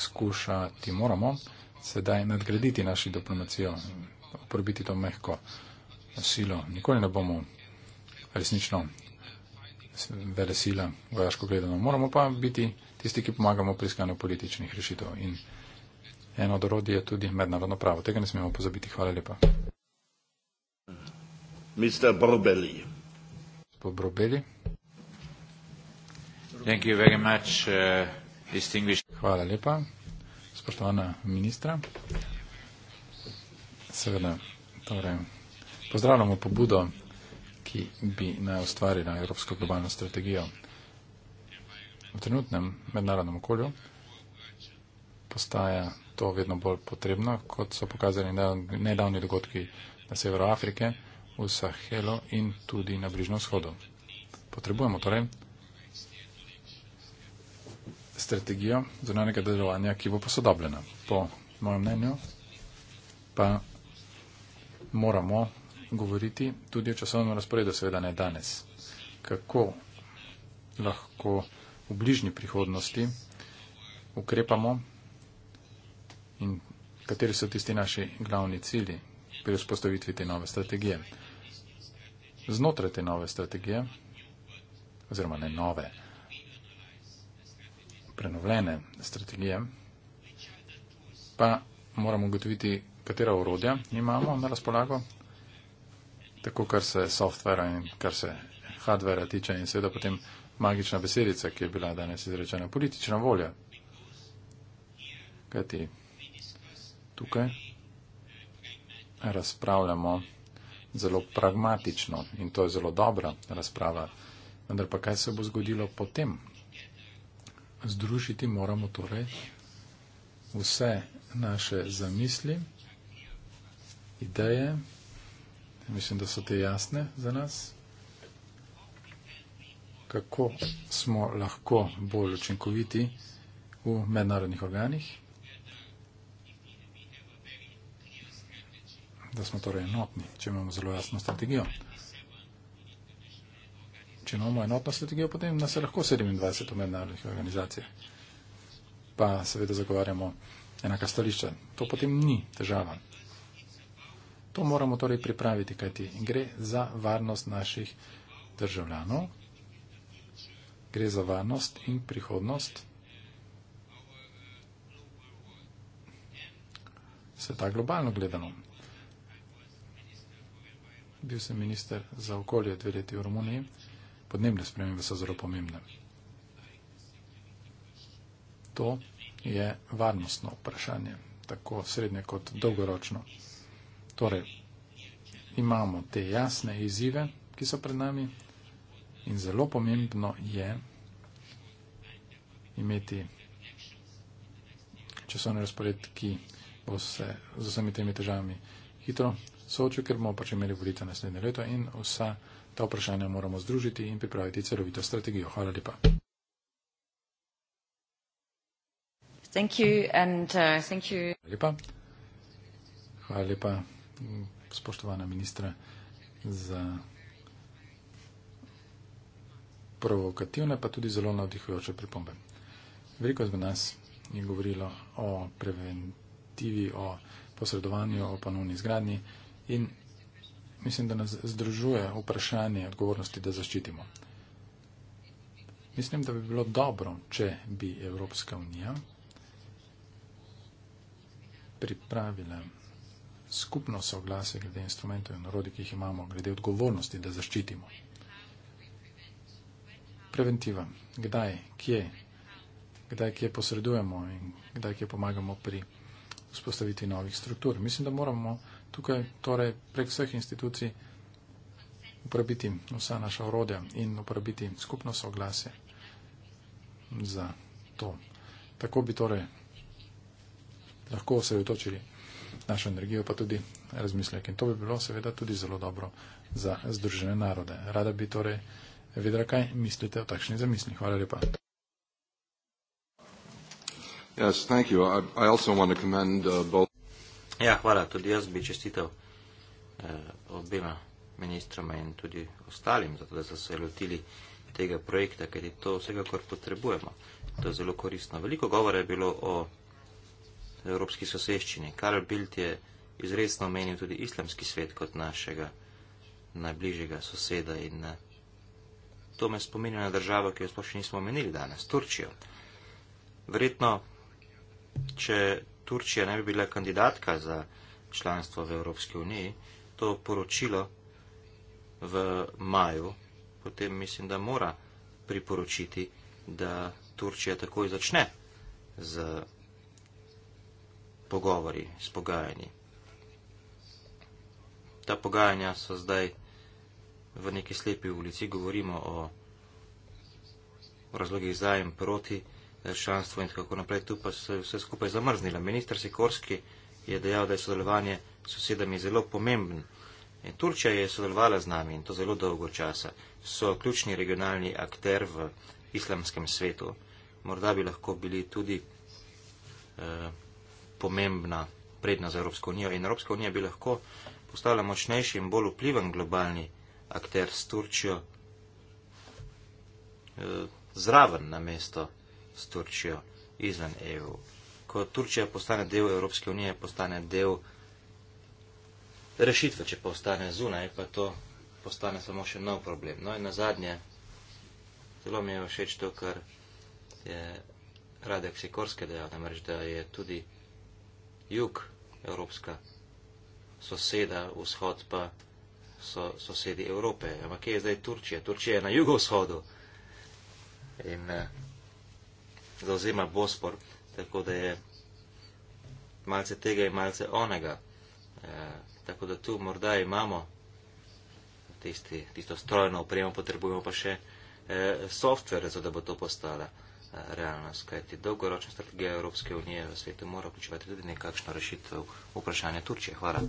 skušati moramo sedaj nadgraditi našo diplomacijo, uporabiti to mehko silo. Nikoli ne bomo resnično vele sila, vojaško gledano. Moramo pa biti tisti, ki pomagamo pri iskanju političnih rešitev. In eno od orodij je tudi mednarodno pravo. Tega ne smemo pozabiti. Hvala lepa. Mr. Brobeli. Gospod Brobeli. Thank you very much, uh, distinguished... Hvala lepa. Spoštovana ministra. Seveda, torej, pozdravljamo pobudo, ki bi naj ustvarila Evropsko globalno strategijo. V trenutnem mednarodnem okolju postaja to vedno bolj potrebno, kot so pokazali nedavni dogodki na severu Afrike, v Sahelu in tudi na Bližnjem vzhodu. Potrebujemo torej strategijo zunanjega delovanja, ki bo posodobljena. Po mojem mnenju pa moramo govoriti tudi o časovnem razporedu, seveda ne danes. Kako lahko v bližnji prihodnosti ukrepamo in kateri so tisti naši glavni cilji pri vzpostavitvi te nove strategije. Znotraj te nove strategije, oziroma ne nove, prenovljene strategije, pa moramo ugotoviti, katera orodja imamo na razpolago, tako kar se softvera in kar se hardvera tiče in seveda potem magična besedica, ki je bila danes izrečena, politična volja. Kajti tukaj razpravljamo zelo pragmatično in to je zelo dobra razprava. Vendar pa kaj se bo zgodilo potem? Združiti moramo torej vse naše zamisli, ideje, mislim, da so te jasne za nas, kako smo lahko bolj učinkoviti v mednarodnih organih, da smo torej enotni, če imamo zelo jasno strategijo. Če imamo enotno strategijo, potem nas je lahko 27 mednarodnih organizacij. Pa seveda zagovarjamo enaka stališča. To potem ni težava. To moramo torej pripraviti, kajti gre za varnost naših državljanov, gre za varnost in prihodnost sveta globalno gledano. Bil sem minister za okolje dve leti v Romuniji. Podnebne spremembe so zelo pomembne. To je varnostno vprašanje, tako srednje kot dolgoročno. Torej, imamo te jasne izzive, ki so pred nami in zelo pomembno je imeti časovni razpored, ki bo se z vsemi temi težavami hitro soočil, ker bomo pač imeli volitev naslednje leto in vsa ta vprašanja moramo združiti in pripraviti celovito strategijo. Hvala lepa. Thank you and, uh, thank you. Hvala lepa. Hvala lepa, spoštovana ministra, za provokativne pa tudi zelo navdihujoče pripombe. Veliko izmed nas je govorilo o preventivi, o posredovanju, o ponovni izgradnji. In mislim, da nas združuje vprašanje odgovornosti, da zaščitimo. Mislim, da bi bilo dobro, če bi Evropska unija pripravila skupno soglasje glede instrumentov in narodi, ki jih imamo, glede odgovornosti, da zaščitimo. Preventiva. Kdaj, kje, kdaj, kje posredujemo in kdaj, kje pomagamo pri vzpostavitvi novih struktur. Mislim, da moramo tukaj torej prek vseh institucij uporabiti vsa naša orodja in uporabiti skupno soglasje za to. Tako bi torej lahko osredotočili našo energijo, pa tudi razmislek. In to bi bilo seveda tudi zelo dobro za združene narode. Rada bi torej vedela, kaj mislite o takšni zamisli. Hvala lepa. Yes, thank you. I, I also want to commend uh, both. Ja, hvala. Tudi jaz bi čestitev eh, obima ministroma in tudi ostalim, zato da so se lotili tega projekta, ker je to vsega, kar potrebujemo. To je zelo koristno. Veliko govora je bilo o evropski soseščini. Karl Bild je izredno omenil tudi islamski svet kot našega najbližjega soseda in eh, to me spominja na državo, ki jo sploh še nismo omenili danes, Turčijo. Verjetno, če Turčija ne bi bila kandidatka za članstvo v Evropski uniji, to poročilo v maju, potem mislim, da mora priporočiti, da Turčija takoj začne z pogovori, s pogajanji. Ta pogajanja so zdaj v neki slepi ulici, govorimo o razlogih za in proti članstvo in tako naprej, tu pa se vse skupaj zamrznilo. Ministr Sikorski je dejal, da je sodelovanje s sosedami zelo pomembno. In Turčija je sodelovala z nami in to zelo dolgo časa. So ključni regionalni akter v islamskem svetu. Morda bi lahko bili tudi eh, pomembna predna za Evropsko unijo in Evropska unija bi lahko postala močnejši in bolj vpliven globalni akter s Turčijo eh, zraven na mesto s Turčijo izven EU. Ko Turčija postane del Evropske unije, postane del rešitve, če pa ostane zunaj, pa to postane samo še nov problem. No in na zadnje, zelo mi je všeč to, kar je Radek Sikorske dejal, namreč, da je tudi jug Evropska soseda, vzhod pa so sosedi Evrope. Ampak kje je zdaj Turčija? Turčija je na jugovzhodu. In uh, zauzema Bospor, tako da je malce tega in malce onega. E, tako da tu morda imamo tisti, tisto strojno opremo, potrebujemo pa še e, softver, zato da bo to postala e, realnost. Kajti dolgoročna strategija Evropske unije v svetu mora vključevati tudi nekakšno rešitev vprašanja Turčije. Hvala.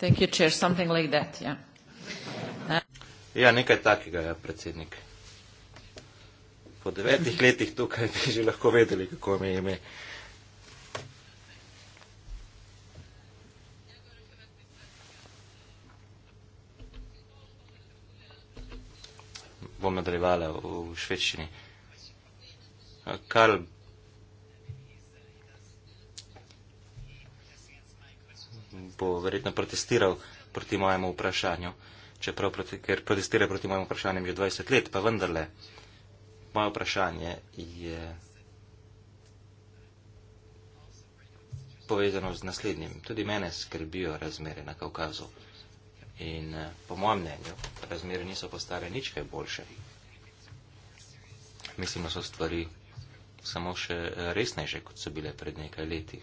Thank you, Chair. Something like that, yeah. Ne? Ja, nekaj takega, ja, predsednik. Po devetih letih tukaj bi že lahko vedeli, kako me ime. Bom nadaljevala v, v švedščini. Karl. bo verjetno protestiral proti mojemu vprašanju čeprav proti, ker protestira proti mojim vprašanjem že 20 let, pa vendarle, moje vprašanje je povezano z naslednjim. Tudi mene skrbijo razmere na Kaukazu in eh, po mojem mnenju razmere niso postale nič kaj boljše. Mislim, da so stvari samo še eh, resnejše, kot so bile pred nekaj leti.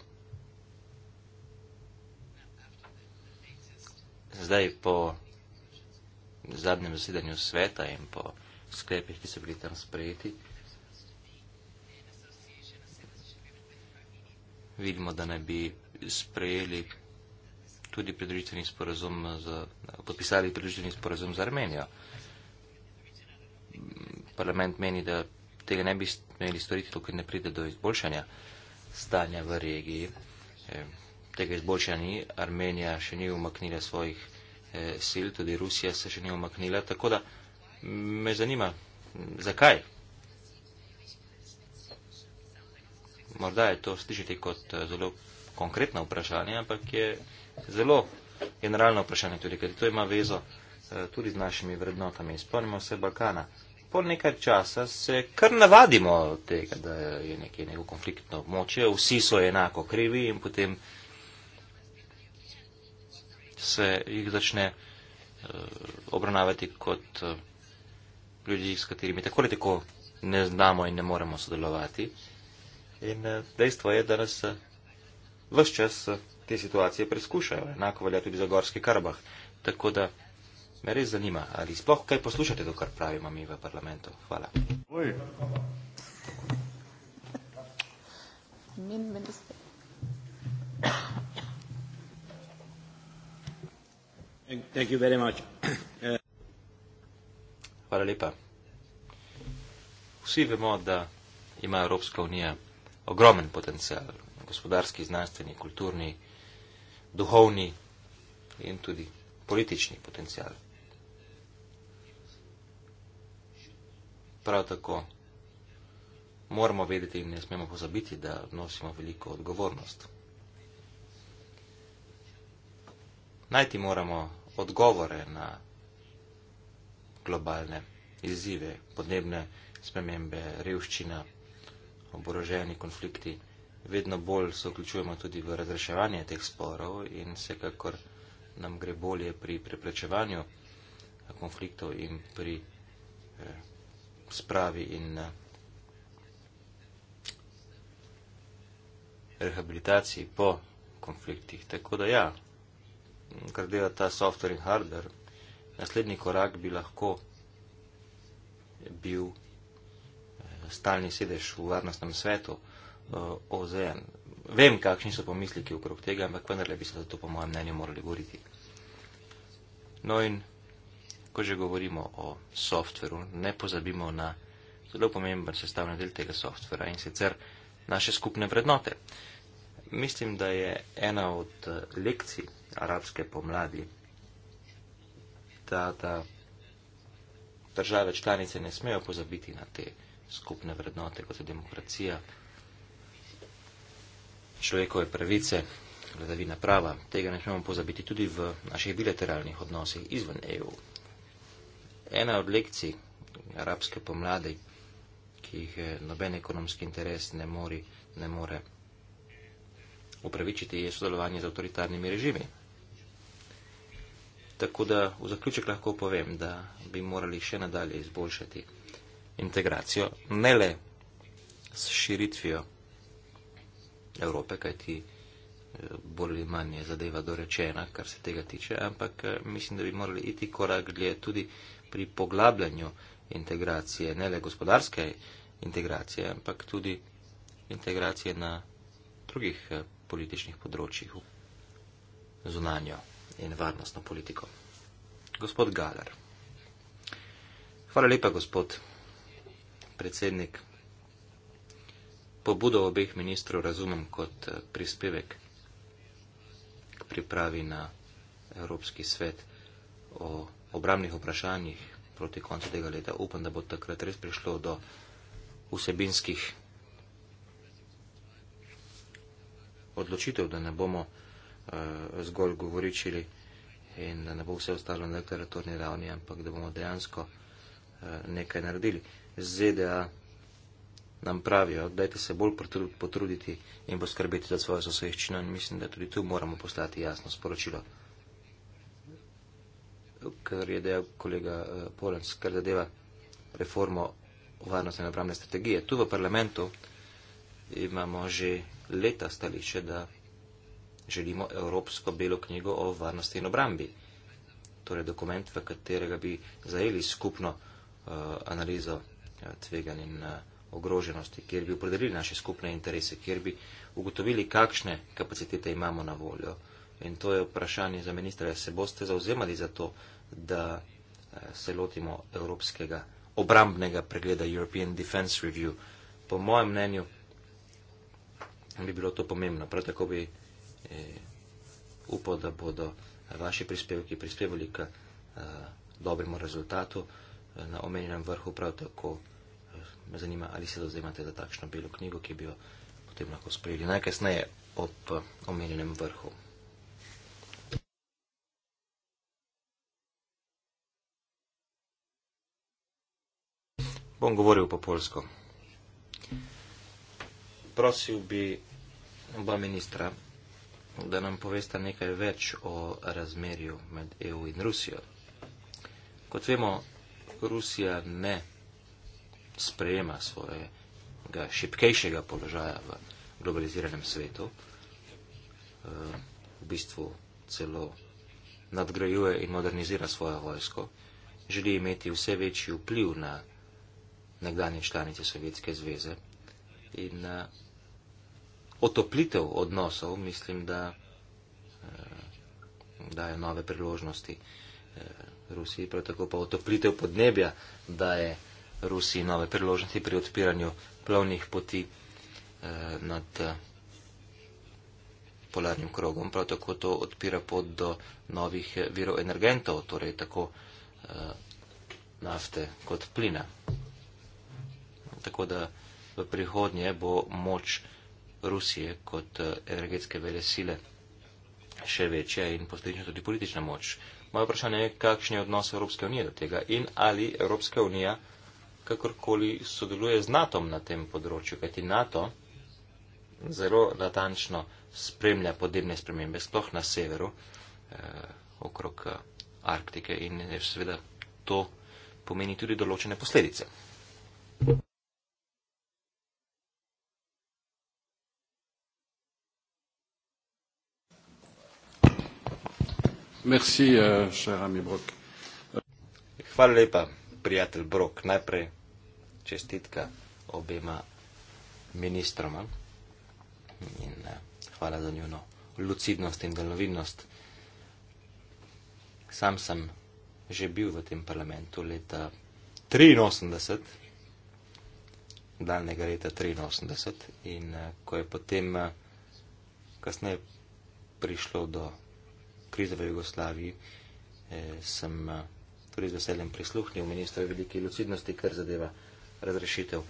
Zdaj po zadnjem zasedanju sveta in po sklepih, ki so bili tam sprejeti, vidimo, da naj bi sprejeli tudi predružitveni sporazum, za, podpisali predružitveni sporazum z Armenijo. Parlament meni, da tega ne bi smeli storiti, dokler ne pride do izboljšanja stanja v regiji. Tega izboljšanja ni, Armenija še ni umaknila svojih Eh, sil, tudi Rusija se še ni omaknila, tako da me zanima, zakaj? Morda je to slišati kot eh, zelo konkretno vprašanje, ampak je zelo generalno vprašanje tudi, ker to ima vezo eh, tudi z našimi vrednotami. Spomnimo se Balkana. Po nekaj časa se kar navadimo tega, da je nekje neko konfliktno območje, vsi so enako krivi in potem se jih začne uh, obravnavati kot uh, ljudi, s katerimi tako ali tako ne znamo in ne moremo sodelovati. In uh, dejstvo je, da nas uh, vse čas uh, te situacije preskušajo. Enako velja tudi za Gorski Karabah. Tako da me res zanima, ali sploh kaj poslušate, to, kar pravimo mi v parlamentu. Hvala. Min minister. Thank you very much. Hvala lepa. Vsi vemo, da ima Evropska unija ogromen potencial, gospodarski, znanstveni, kulturni, duhovni in tudi politični potencial. Prav tako moramo vedeti in ne smemo pozabiti, da nosimo veliko odgovornost. Najti moramo odgovore na globalne izzive, podnebne spremembe, revščina, oboroženi konflikti. Vedno bolj se vključujemo tudi v razreševanje teh sporov in vsekakor nam gre bolje pri preprečevanju konfliktov in pri eh, spravi in eh, rehabilitaciji po konfliktih. Tako da ja, kar dela ta softver in hardver, naslednji korak bi lahko bil eh, stalni sedež v varnostnem svetu eh, OZN. Vem, kakšni so pomisliki okrog tega, ampak vendarle bi se za to, po mojem mnenju, morali govoriti. No in, ko že govorimo o softveru, ne pozabimo na zelo pomemben sestavni del tega softvera in sicer naše skupne vrednote. Mislim, da je ena od eh, lekcij arabske pomladi. Ta, ta države članice ne smejo pozabiti na te skupne vrednote, kot je demokracija, človekove pravice, vladavina prava. Tega ne smemo pozabiti tudi v naših bilateralnih odnosih izven EU. Ena od lekcij arabske pomladi, ki jih eh, noben ekonomski interes ne, mori, ne more upravičiti, je sodelovanje z avtoritarnimi režimi. Tako da v zaključek lahko povem, da bi morali še nadalje izboljšati integracijo, ne le s širitvijo Evrope, kajti eh, bolj ali manj je zadeva dorečena, kar se tega tiče, ampak eh, mislim, da bi morali iti korak dlje tudi pri poglabljanju integracije, ne le gospodarske integracije, ampak tudi integracije na drugih eh, političnih področjih zunanjo in varnostno politiko. Gospod Galer. Hvala lepa, gospod predsednik. Pobudo obeh ministrov razumem kot eh, prispevek k pripravi na Evropski svet o obramnih vprašanjih proti koncu tega leta. Upam, da bo takrat res prišlo do vsebinskih odločitev, da ne bomo Eh, zgolj govoričili in da ne bo vse ostalo na deklaratorni ravni, ampak da bomo dejansko eh, nekaj naredili. ZDA nam pravijo, dajte se bolj potruditi in poskrbeti za svojo soseščino in mislim, da tudi tu moramo postati jasno sporočilo. Ker je dejal kolega eh, Polenc, kar zadeva reformo varnostne in obramne strategije. Tu v parlamentu imamo že leta stališče, da želimo Evropsko belo knjigo o varnosti in obrambi. Torej dokument, v katerega bi zajeli skupno uh, analizo uh, tveganj in uh, ogroženosti, kjer bi opredelili naše skupne interese, kjer bi ugotovili, kakšne kapacitete imamo na voljo. In to je vprašanje za ministra, se boste zauzemali za to, da uh, se lotimo Evropskega obrambnega pregleda European Defense Review. Po mojem mnenju bi bilo to pomembno. Prav tako bi Eh, upal, da bodo vaši prispevki prispevali k eh, dobremu rezultatu. Eh, na omenjenem vrhu prav tako me zanima, ali se dozemate za takšno belo knjigo, ki bi jo potem lahko sprejeli najkasneje ob omenjenem vrhu. Bom govoril po polsko. Prosil bi oba ministra, da nam povesta nekaj več o razmerju med EU in Rusijo. Kot vemo, Rusija ne sprejema svojega šipkejšega položaja v globaliziranem svetu, e, v bistvu celo nadgrajuje in modernizira svojo vojsko, želi imeti vse večji vpliv na nekdanje članice Sovjetske zveze in e, otoplitev odnosov, mislim, da eh, daje nove priložnosti eh, Rusiji, prav tako pa otoplitev podnebja daje Rusiji nove priložnosti pri odpiranju plovnih poti eh, nad eh, polarnim krogom, prav tako to odpira pot do novih eh, virov energentov, torej tako eh, nafte kot plina. Tako da v prihodnje bo moč Rusije kot eh, energetske vele sile še večja in posledično tudi politična moč. Moje vprašanje je, kakšen je odnos Evropske unije do tega in ali Evropska unija kakorkoli sodeluje z NATO na tem področju, kajti NATO zelo natančno spremlja podnebne spremembe, sploh na severu, eh, okrog eh, Arktike in seveda to pomeni tudi določene posledice. Merci, euh, cher ami Brok. Hvala lepa, prijatelj Brok. Najprej čestitka obema ministroma in eh, hvala za njeno lucidnost in delovinnost. Sam sem že bil v tem parlamentu leta 83, daljnega leta 83 in eh, ko je potem eh, kasneje prišlo do krize v Jugoslaviji, eh, sem eh, tudi z veseljem prisluhnil ministru velike lucidnosti, kar zadeva razrešitev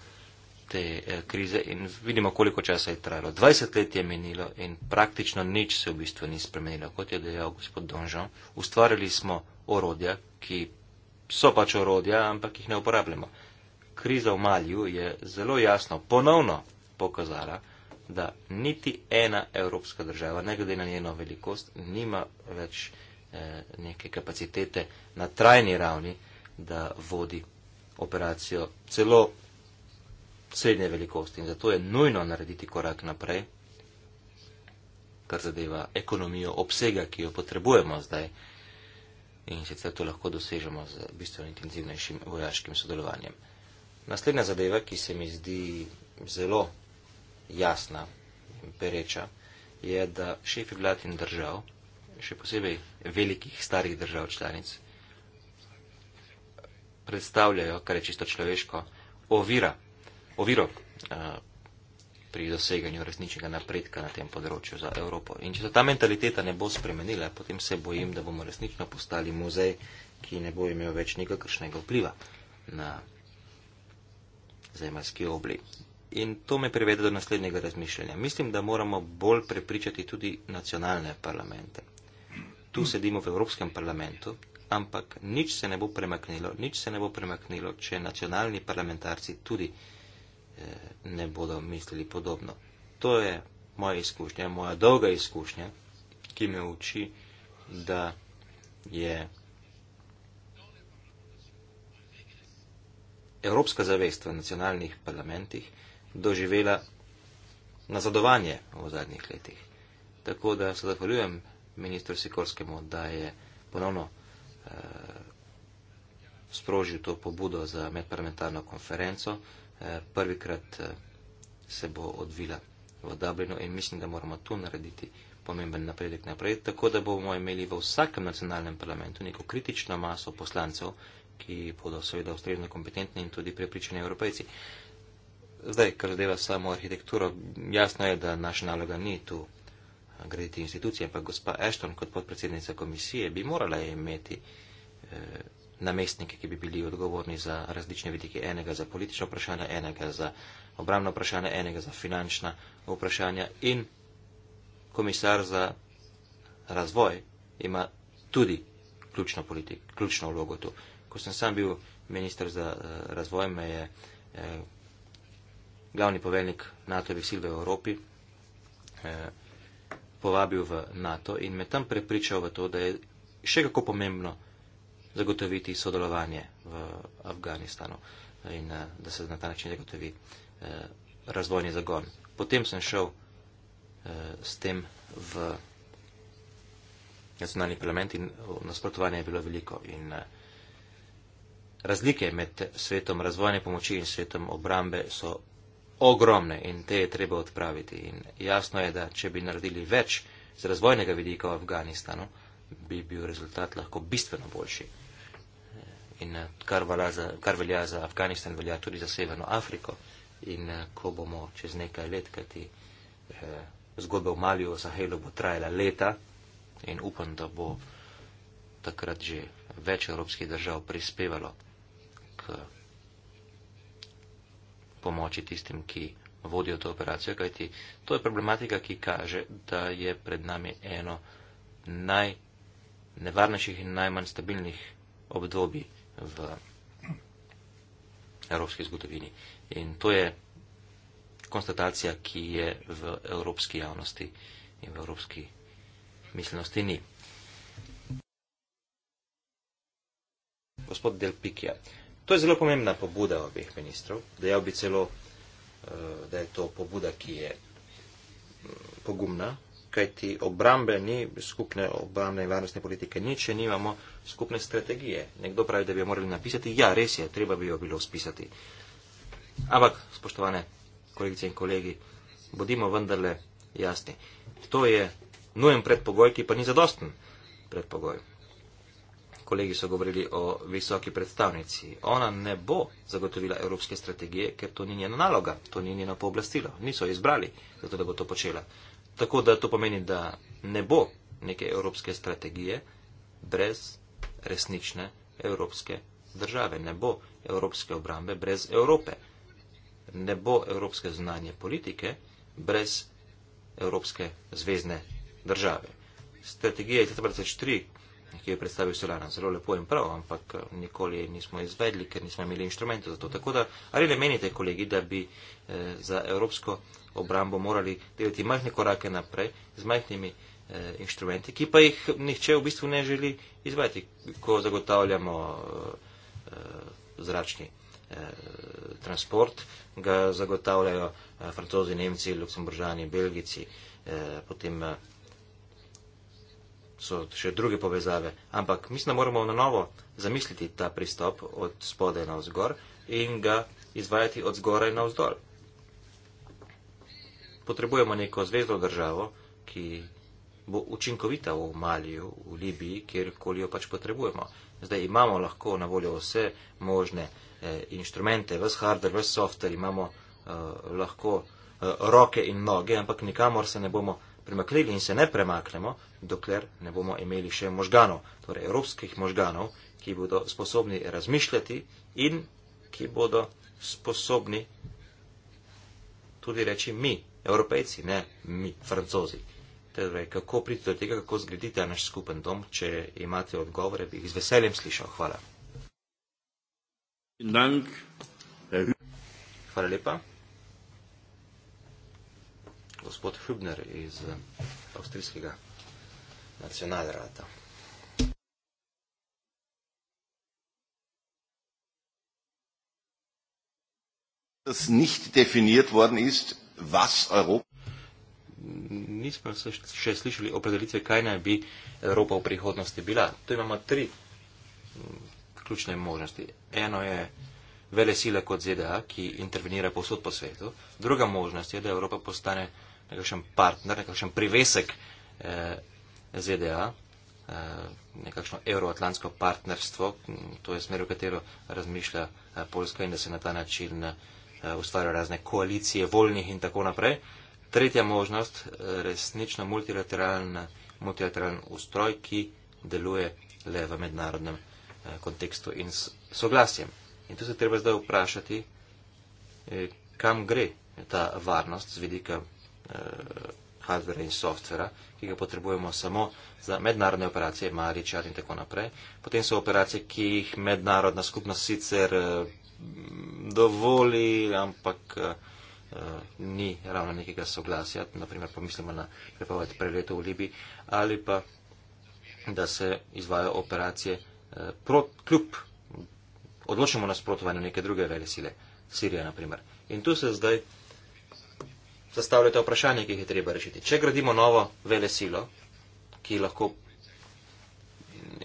te eh, krize in vidimo, koliko časa je trajalo. 20 let je minilo in praktično nič se v bistvu ni spremenilo, kot je dejal gospod Donžan. Ustvarili smo orodja, ki so pač orodja, ampak jih ne uporabljamo. Kriza v Malju je zelo jasno ponovno pokazala, da niti ena evropska država, ne glede na njeno velikost, nima več eh, neke kapacitete na trajni ravni, da vodi operacijo celo srednje velikosti. In zato je nujno narediti korak naprej, kar zadeva ekonomijo obsega, ki jo potrebujemo zdaj. In sicer to lahko dosežemo z bistveno intenzivnejšim vojaškim sodelovanjem. Naslednja zadeva, ki se mi zdi zelo jasna in pereča, je, da šefi vlad in držav, še posebej velikih starih držav članic, predstavljajo, kar je čisto človeško, ovira, oviro uh, pri doseganju resničnega napredka na tem področju za Evropo. In če se ta mentaliteta ne bo spremenila, potem se bojim, da bomo resnično postali muzej, ki ne bo imel več nikakršnega vpliva na zemljski oblik. In to me privede do naslednjega razmišljanja. Mislim, da moramo bolj prepričati tudi nacionalne parlamente. Tu sedimo v Evropskem parlamentu, ampak nič se ne bo premaknilo, nič se ne bo premaknilo, če nacionalni parlamentarci tudi eh, ne bodo mislili podobno. To je moja izkušnja, moja dolga izkušnja, ki me uči, da je evropska zavest v nacionalnih parlamentih doživela nazadovanje v zadnjih letih. Tako da se zahvaljujem ministru Sikorskemu, da je ponovno eh, sprožil to pobudo za medparlamentarno konferenco. Eh, prvikrat eh, se bo odvila v Dublinu in mislim, da moramo tu narediti pomemben napredek naprej, tako da bomo imeli v vsakem nacionalnem parlamentu neko kritično maso poslancev, ki bodo seveda ustrezno kompetentni in tudi prepričani evropejci. Eh, Zdaj, kar zadeva samo arhitekturo, jasno je, da naša naloga ni tu graditi institucije, ampak gospa Ashton kot podpredsednica komisije bi morala imeti eh, namestnike, ki bi bili odgovorni za različne vidike, enega za politično vprašanje, enega za obramno vprašanje, enega za finančna vprašanja in komisar za razvoj ima tudi ključno, politik, ključno vlogo tu. Ko sem sam bil minister za eh, razvoj, me je. Eh, glavni poveljnik NATO-evih sil v Evropi, eh, povabil v NATO in me tam prepričal v to, da je še kako pomembno zagotoviti sodelovanje v Afganistanu in eh, da se na ta način zagotovi eh, razvojni zagon. Potem sem šel s tem v nacionalni parlament in nasprotovanje je bilo veliko in razlike med svetom razvojne pomoči in svetom obrambe so ogromne in te je treba odpraviti. In jasno je, da če bi naredili več z razvojnega vidika v Afganistanu, bi bil rezultat lahko bistveno boljši. In eh, kar, za, kar velja za Afganistan, velja tudi za Severno Afriko. In eh, ko bomo čez nekaj let, kajti eh, zgodba v Maliju o Sahelu bo trajala leta in upam, da bo takrat že več evropskih držav prispevalo k pomoči tistim, ki vodijo to operacijo, kajti to je problematika, ki kaže, da je pred nami eno najnevarnejših in najmanj stabilnih obdobij v evropski zgodovini. In to je konstatacija, ki je v evropski javnosti in v evropski miselnosti ni. Gospod Del Pikija, To je zelo pomembna pobuda obeh ministrov. Dejal bi celo, eh, da je to pobuda, ki je mm, pogumna, kajti obrambe ni, skupne obrambne in varnostne politike ni, če nimamo skupne strategije. Nekdo pravi, da bi jo morali napisati. Ja, res je, treba bi jo bilo spisati. Ampak, spoštovane kolegice in kolegi, bodimo vendarle jasni. To je nujen predpogoj, ki pa ni zadosten predpogoj. Kolegi so govorili o visoki predstavnici. Ona ne bo zagotovila evropske strategije, ker to ni njena naloga, to ni njena pooblastilo. Niso izbrali, zato da bo to počela. Tako da to pomeni, da ne bo neke evropske strategije brez resnične evropske države. Ne bo evropske obrambe brez Evrope. Ne bo evropske znanje politike brez evropske zvezdne države. Strategija iz 2003, nekje predstavil Solana. Zelo lepo in prav, ampak eh, nikoli nismo izvedli, ker nismo imeli inštrumentov za to. Tako da, ali le menite, kolegi, da bi eh, za evropsko obrambo morali delati majhne korake naprej z majhnimi eh, inštrumenti, ki pa jih nihče v bistvu ne želi izvajati, ko zagotavljamo eh, zračni eh, transport, ga zagotavljajo eh, francozi, nemci, luksemburžani, belgici, eh, potem. Eh, so še druge povezave. Ampak mislim, da moramo na novo zamisliti ta pristop od spodaj na vzgor in ga izvajati od zgoraj na vzdolj. Potrebujemo neko zvezdo državo, ki bo učinkovita v Maliju, v Libiji, kjerkoli jo pač potrebujemo. Zdaj imamo lahko na voljo vse možne eh, inštrumente, vse hardware, vse software, imamo eh, lahko eh, roke in noge, ampak nikamor se ne bomo premaknili in se ne premaknemo, dokler ne bomo imeli še možganov, torej evropskih možganov, ki bodo sposobni razmišljati in ki bodo sposobni tudi reči mi, evropejci, ne mi, francozi. Torej, kako priti do tega, kako zgradite naš skupen dom, če imate odgovore, bi jih z veseljem slišal. Hvala. Hvala lepa. Gospod Hübner iz avstrijskega nacional rata. Dass nicht definiert worden ist, was Europa. Nismo še slišali opredelitve, kaj naj bi Evropa v prihodnosti bila. Tu imamo tri mm, ključne možnosti. Eno je vele sile kot ZDA, ki intervenira povsod po svetu. Druga možnost je, da Evropa postane nekakšen partner, nekakšen privesek eh, ZDA, eh, nekakšno euroatlantsko partnerstvo, to je smer, v katero razmišlja eh, Poljska in da se na ta način eh, ustvarjajo razne koalicije voljnih in tako naprej. Tretja možnost, resnično multilateralen, multilateralen ustroj, ki deluje le v mednarodnem kontekstu in s soglasjem. In tu se treba zdaj vprašati, kam gre ta varnost z vidika hardvera in softvera, ki ga potrebujemo samo za mednarodne operacije, mali čat in tako naprej. Potem so operacije, ki jih mednarodna skupnost sicer eh, dovoli, ampak eh, eh, ni ravno nekega soglasja, naprimer pomislimo na prepoved preleto v Libiji, ali pa da se izvajo operacije pro, kljub odločnemu nasprotovanju neke druge velesile, Sirija naprimer. In tu se zdaj zastavljate vprašanje, ki jih je treba rešiti. Če gradimo novo vele silo, ki lahko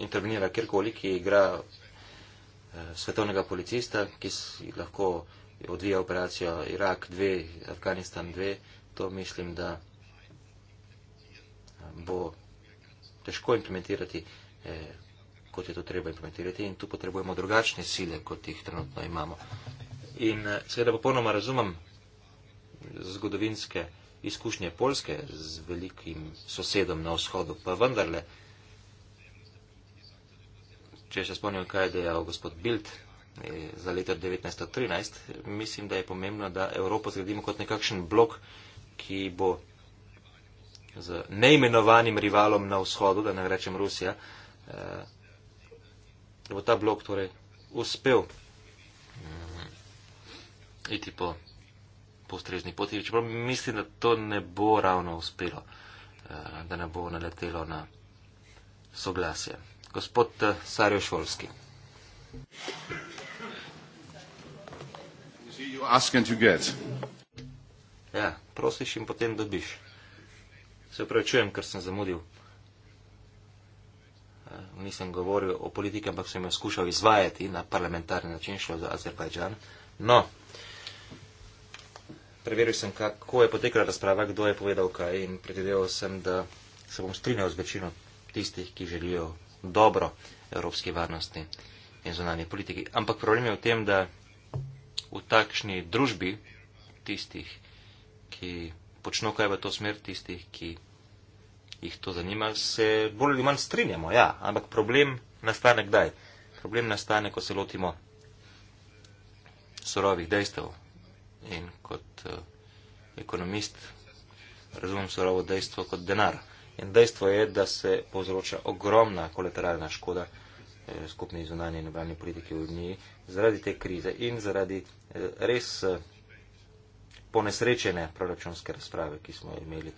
intervenira kjerkoli, ki igra eh, svetovnega policista, ki lahko odvija operacijo Irak 2, Afganistan 2, to mislim, da eh, bo težko implementirati, eh, kot je to treba implementirati in tu potrebujemo drugačne sile, kot jih trenutno imamo. In eh, seveda popolnoma razumem zgodovinske izkušnje Polske z velikim sosedom na vzhodu, pa vendarle, če še spomnim, kaj je dejal gospod Bild eh, za leto 1913, mislim, da je pomembno, da Evropo zgradimo kot nekakšen blok, ki bo z neimenovanim rivalom na vzhodu, da ne rečem Rusija, eh, da bo ta blok torej uspel mm, iti po po strežni poti, čeprav mislim, da to ne bo ravno uspelo, eh, da ne bo naletelo na soglasje. Gospod eh, Sarjo Šolski. Ja, prosiš in potem dobiš. Se upravičujem, ker sem zamudil. Eh, nisem govoril o politiki, ampak sem jo skušal izvajati na parlamentarni način, šlo za Azerbajdžan. No, preveril sem, kako je potekala razprava, kdo je povedal kaj in predvideval sem, da se bom strinjal z večino tistih, ki želijo dobro evropski varnosti in zunanje politiki. Ampak problem je v tem, da v takšni družbi tistih, ki počno kaj v to smer, tistih, ki jih to zanima, se bolj ali manj strinjamo. Ja, ampak problem nastane kdaj? Problem nastane, ko se lotimo surovih dejstev, in kot uh, ekonomist razumem surovo dejstvo kot denar. In dejstvo je, da se povzroča ogromna kolateralna škoda eh, skupni zunanje in obranje politike v Uniji zaradi te krize in zaradi eh, res eh, ponesrečene proračunske razprave, ki smo imeli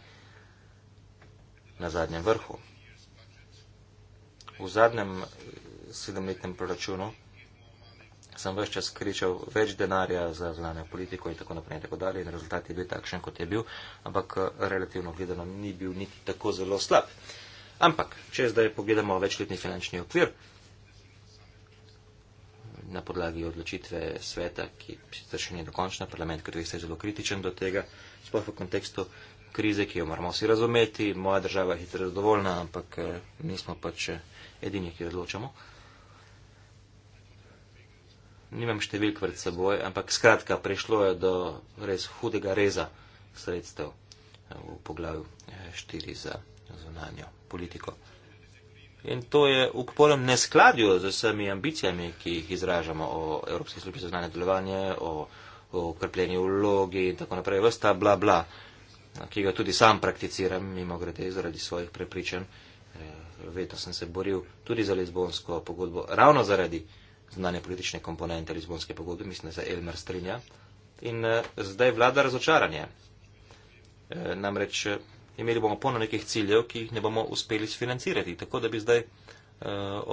na zadnjem vrhu. V zadnjem eh, sedemletnem proračunu sem vse čas kričal več denarja za zunanjo politiko in tako naprej in tako dalje in rezultat je bil takšen, kot je bil, ampak eh, relativno gledano ni bil niti tako zelo slab. Ampak, če zdaj pogledamo večletni finančni okvir, na podlagi odločitve sveta, ki sicer še ni dokončna, parlament, ker je zelo kritičen do tega, sploh v kontekstu krize, ki jo moramo vsi razumeti, moja država je hitro zadovoljna, ampak mi eh, smo pač eh, edini, ki odločamo. Uh, nimam številk pred seboj, ampak skratka, prišlo je do res hudega reza sredstev eh, v poglavju 4 eh, za zunanjo politiko. In to je v polnem neskladju z vsemi ambicijami, ki jih izražamo o Evropski službi za znanje delovanje, o, o ukrepljeni vlogi in tako naprej. Vsta bla bla, eh, ki ga tudi sam prakticiram, mimo grede, zaradi svojih prepričanj. Vedno sem se boril tudi za lizbonsko pogodbo, ravno zaradi zunanje politične komponente Lizbonske pogodbe, mislim, da se Elmer strinja. In eh, zdaj vlada razočaranje. Eh, namreč eh, imeli bomo polno nekih ciljev, ki jih ne bomo uspeli sfinancirati. Tako da bi zdaj eh,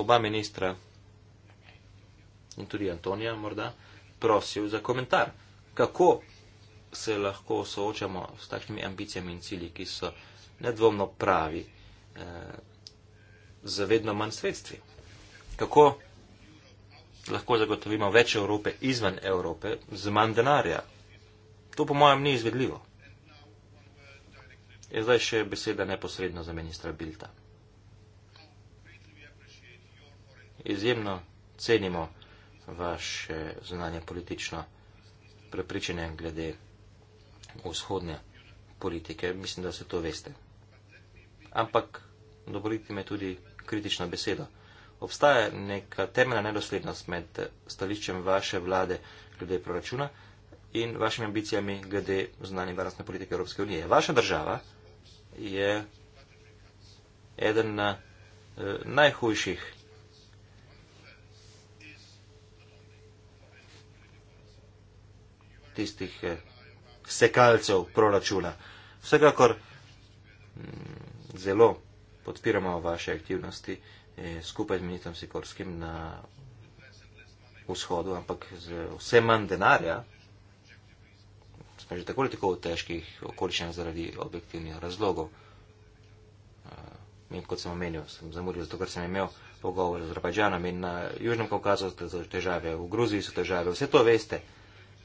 oba ministra in tudi Antonija morda prosil za komentar, kako se lahko soočamo s takšnimi ambicijami in cilji, ki so nedvomno pravi, eh, z vedno manj sredstvi. Kako lahko zagotovimo več Evrope izven Evrope z manj denarja. To po mojem ni izvedljivo. Je zdaj še beseda neposredno za ministra Bilta. Izjemno cenimo vaše zunanje politično prepričanje glede vzhodne politike. Mislim, da se to veste. Ampak dovolite mi tudi kritično besedo obstaja neka temeljna nedoslednost med stališčem vaše vlade glede proračuna in vašimi ambicijami glede znanje varnostne politike Evropske unije. Vaša država je eden na eh, najhujših tistih eh, sekalcev proračuna. Vsekakor hm, zelo podpiramo vaše aktivnosti skupaj z ministrom Sikorskim na vzhodu, ampak z vse manj denarja, smo že tako ali tako v težkih okoliščinah zaradi objektivnih razlogov. Eh, in kot sem omenil, sem zamudil, zato ker sem imel pogovor z Azerbajdžanom in na Južnem Kaukazu so težave, v Gruziji so težave, vse to veste.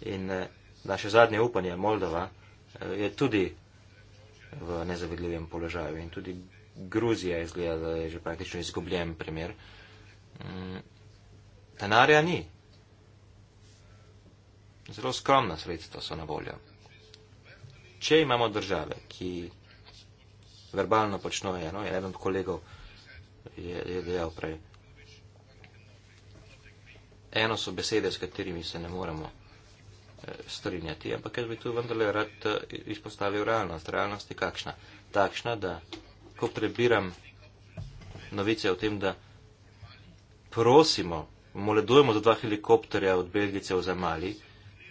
In eh, naše zadnje upanje, Moldova, eh, je tudi v nezavidljivem položaju in tudi Gruzija izgleda, da je že praktično izgubljen primer. Mm, denarja ni. Zelo skromna sredstva so na voljo. Če imamo države, ki verbalno počno eno, je eden od kolegov je, je dejal prej, eno so besede, s katerimi se ne moremo eh, strinjati, ampak jaz bi tu vendarle rad eh, izpostavil realnost. Realnost je kakšna? Takšna, da ko prebiram novice o tem, da prosimo, moledujemo za dva helikopterja od Belgice v Zamali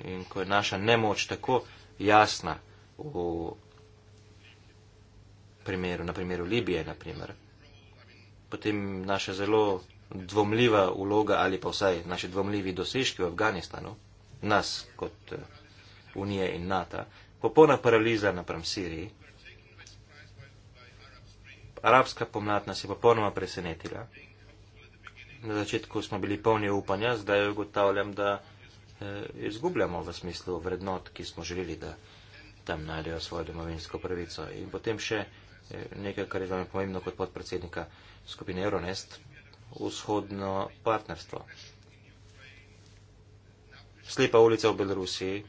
in ko je naša nemoč tako jasna v primeru, na primeru Libije, na primer, potem naša zelo dvomljiva uloga ali pa vsaj naši dvomljivi dosežki v Afganistanu, nas kot eh, Unije in NATO, popolna paraliza napram Siriji arabska pomlad nas je popolnoma presenetila. Na začetku smo bili polni upanja, zdaj ugotavljam, da eh, izgubljamo v smislu vrednot, ki smo želeli, da tam najdejo svojo domovinsko pravico. In potem še eh, nekaj, kar je zame pomembno kot podpredsednika skupine Euronest, vzhodno partnerstvo. Slepa ulica v Belorusiji,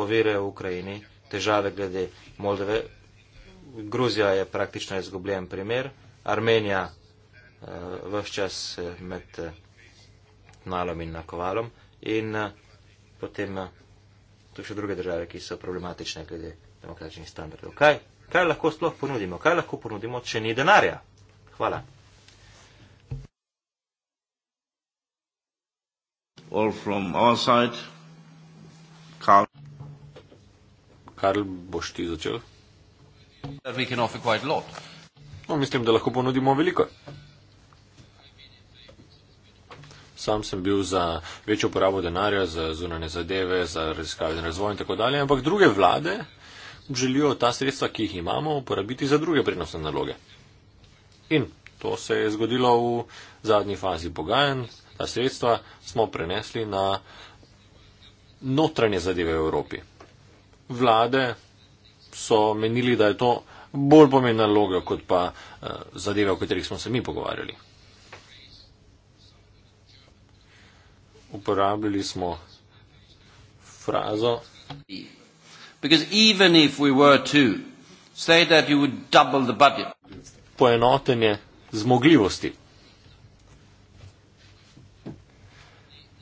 ovire v Ukrajini, težave glede Moldove, Gruzija je praktično izgubljen primer, Armenija uh, eh, vse čas eh, med uh, eh, nalom in nakovalom in uh, potem uh, tu še druge države, ki so problematične glede demokratičnih standardov. Kaj, kaj lahko sploh ponudimo? Kaj lahko ponudimo, če ni denarja? Hvala. Karl, boš ti začel? No, mislim, da lahko ponudimo veliko. Sam sem bil za večjo uporabo denarja, za zunanje zadeve, za raziskave in razvoj in tako dalje, ampak druge vlade želijo ta sredstva, ki jih imamo, uporabiti za druge prednostne naloge. In to se je zgodilo v zadnji fazi pogajanj. Ta sredstva smo prenesli na notranje zadeve v Evropi. Vlade so menili, da je to bolj pomembna loga, kot pa eh, zadeve, o katerih smo se mi pogovarjali. Uporabljali smo frazo. Poenotenje zmogljivosti.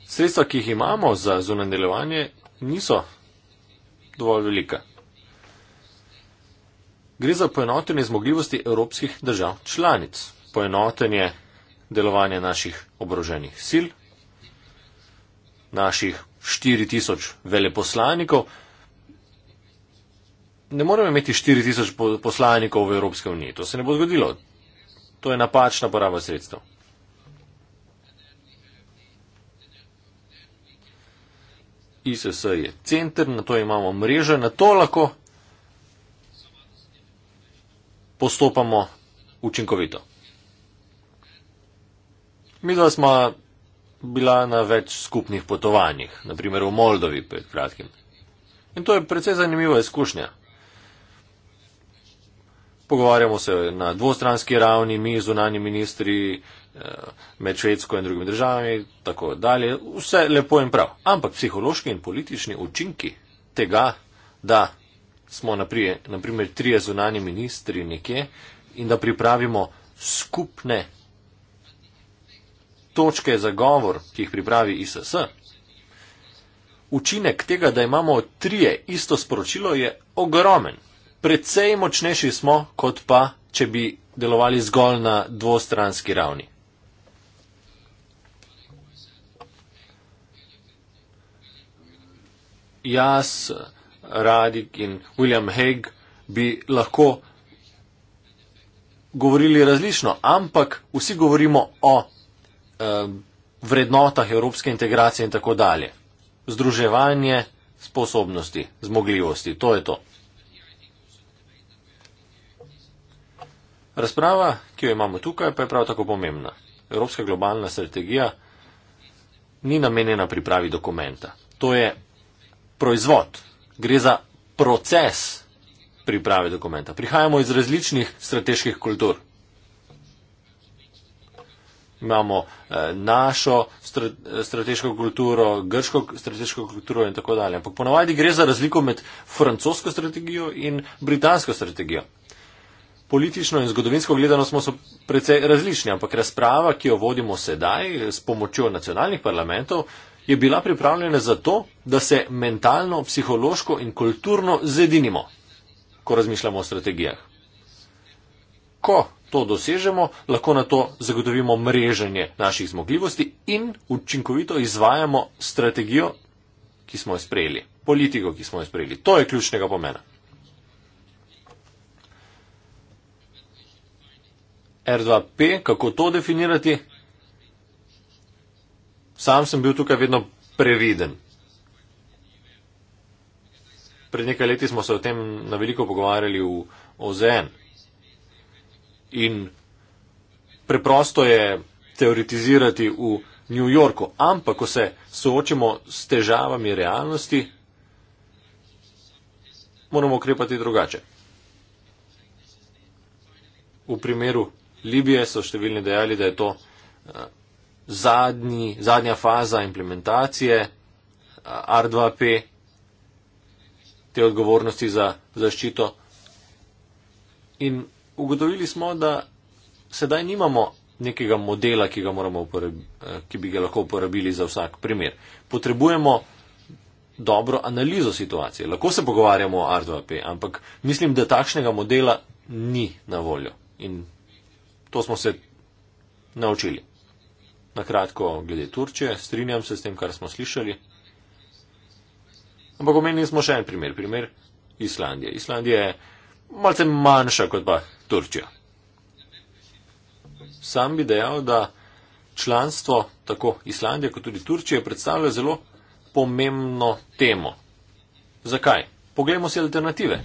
Sredstva, ki jih imamo za zunanje delovanje, niso dovolj velika. Gre za poenotenje zmogljivosti evropskih držav članic, poenotenje delovanja naših obroženih sil, naših 4000 veleposlanikov. Ne moremo imeti 4000 poslanikov v Evropske unije, to se ne bo zgodilo. To je napačna poraba sredstev. ISS je center, na to imamo mrežo, na to lahko postopamo učinkovito. Mi dva smo bila na več skupnih potovanjih, naprimer v Moldovi pred kratkim. In to je precej zanimiva izkušnja. Pogovarjamo se na dvostranski ravni, mi zunani ministri, eh, med Švedsko in drugimi državami, tako dalje. Vse lepo in prav. Ampak psihološki in politični učinki tega, da smo naprimer trije zunani ministri nekje in da pripravimo skupne točke za govor, ki jih pripravi ISS. Učinek tega, da imamo trije isto sporočilo, je ogromen. Predvsej močnejši smo, kot pa, če bi delovali zgolj na dvostranski ravni. Jaz Radik in William Hague bi lahko govorili različno, ampak vsi govorimo o eh, vrednotah evropske integracije in tako dalje. Združevanje sposobnosti, zmogljivosti, to je to. Razprava, ki jo imamo tukaj, pa je prav tako pomembna. Evropska globalna strategija ni namenjena pripravi dokumenta. To je proizvod, gre za proces priprave dokumenta. Prihajamo iz različnih strateških kultur. Imamo eh, našo stra, strateško kulturo, grško strateško kulturo in tako dalje. Ampak ponovadi gre za razliko med francosko strategijo in britansko strategijo. Politično in zgodovinsko gledano smo precej različni, ampak razprava, ki jo vodimo sedaj s pomočjo nacionalnih parlamentov, eh, je bila pripravljena zato, da se mentalno, psihološko in kulturno zedinimo, ko razmišljamo o strategijah. Ko to dosežemo, lahko na to zagotovimo mreženje naših zmogljivosti in učinkovito izvajamo strategijo, ki smo jo sprejeli, politiko, ki smo jo sprejeli. To je ključnega pomena. R2P, kako to definirati, Sam sem bil tukaj vedno previden. Pred nekaj leti smo se o tem na veliko pogovarjali v OZN. In preprosto je teoretizirati v New Yorku, ampak ko se soočimo s težavami realnosti, moramo ukrepati drugače. V primeru Libije so številni dejali, da je to eh, zadnji, zadnja faza implementacije R2P, te odgovornosti za zaščito. In ugotovili smo, da sedaj nimamo nekega modela, ki, ga eh, ki bi ga lahko uporabili za vsak primer. Potrebujemo dobro analizo situacije. Lahko se pogovarjamo o R2P, ampak mislim, da takšnega modela ni na voljo. In to smo se naučili na kratko glede Turčije, strinjam se s tem, kar smo slišali. Ampak omenili smo še en primer, primer Islandije. Islandija je malce manjša kot pa Turčija. Sam bi dejal, da članstvo tako Islandije kot tudi Turčije predstavlja zelo pomembno temo. Zakaj? Poglejmo si alternative.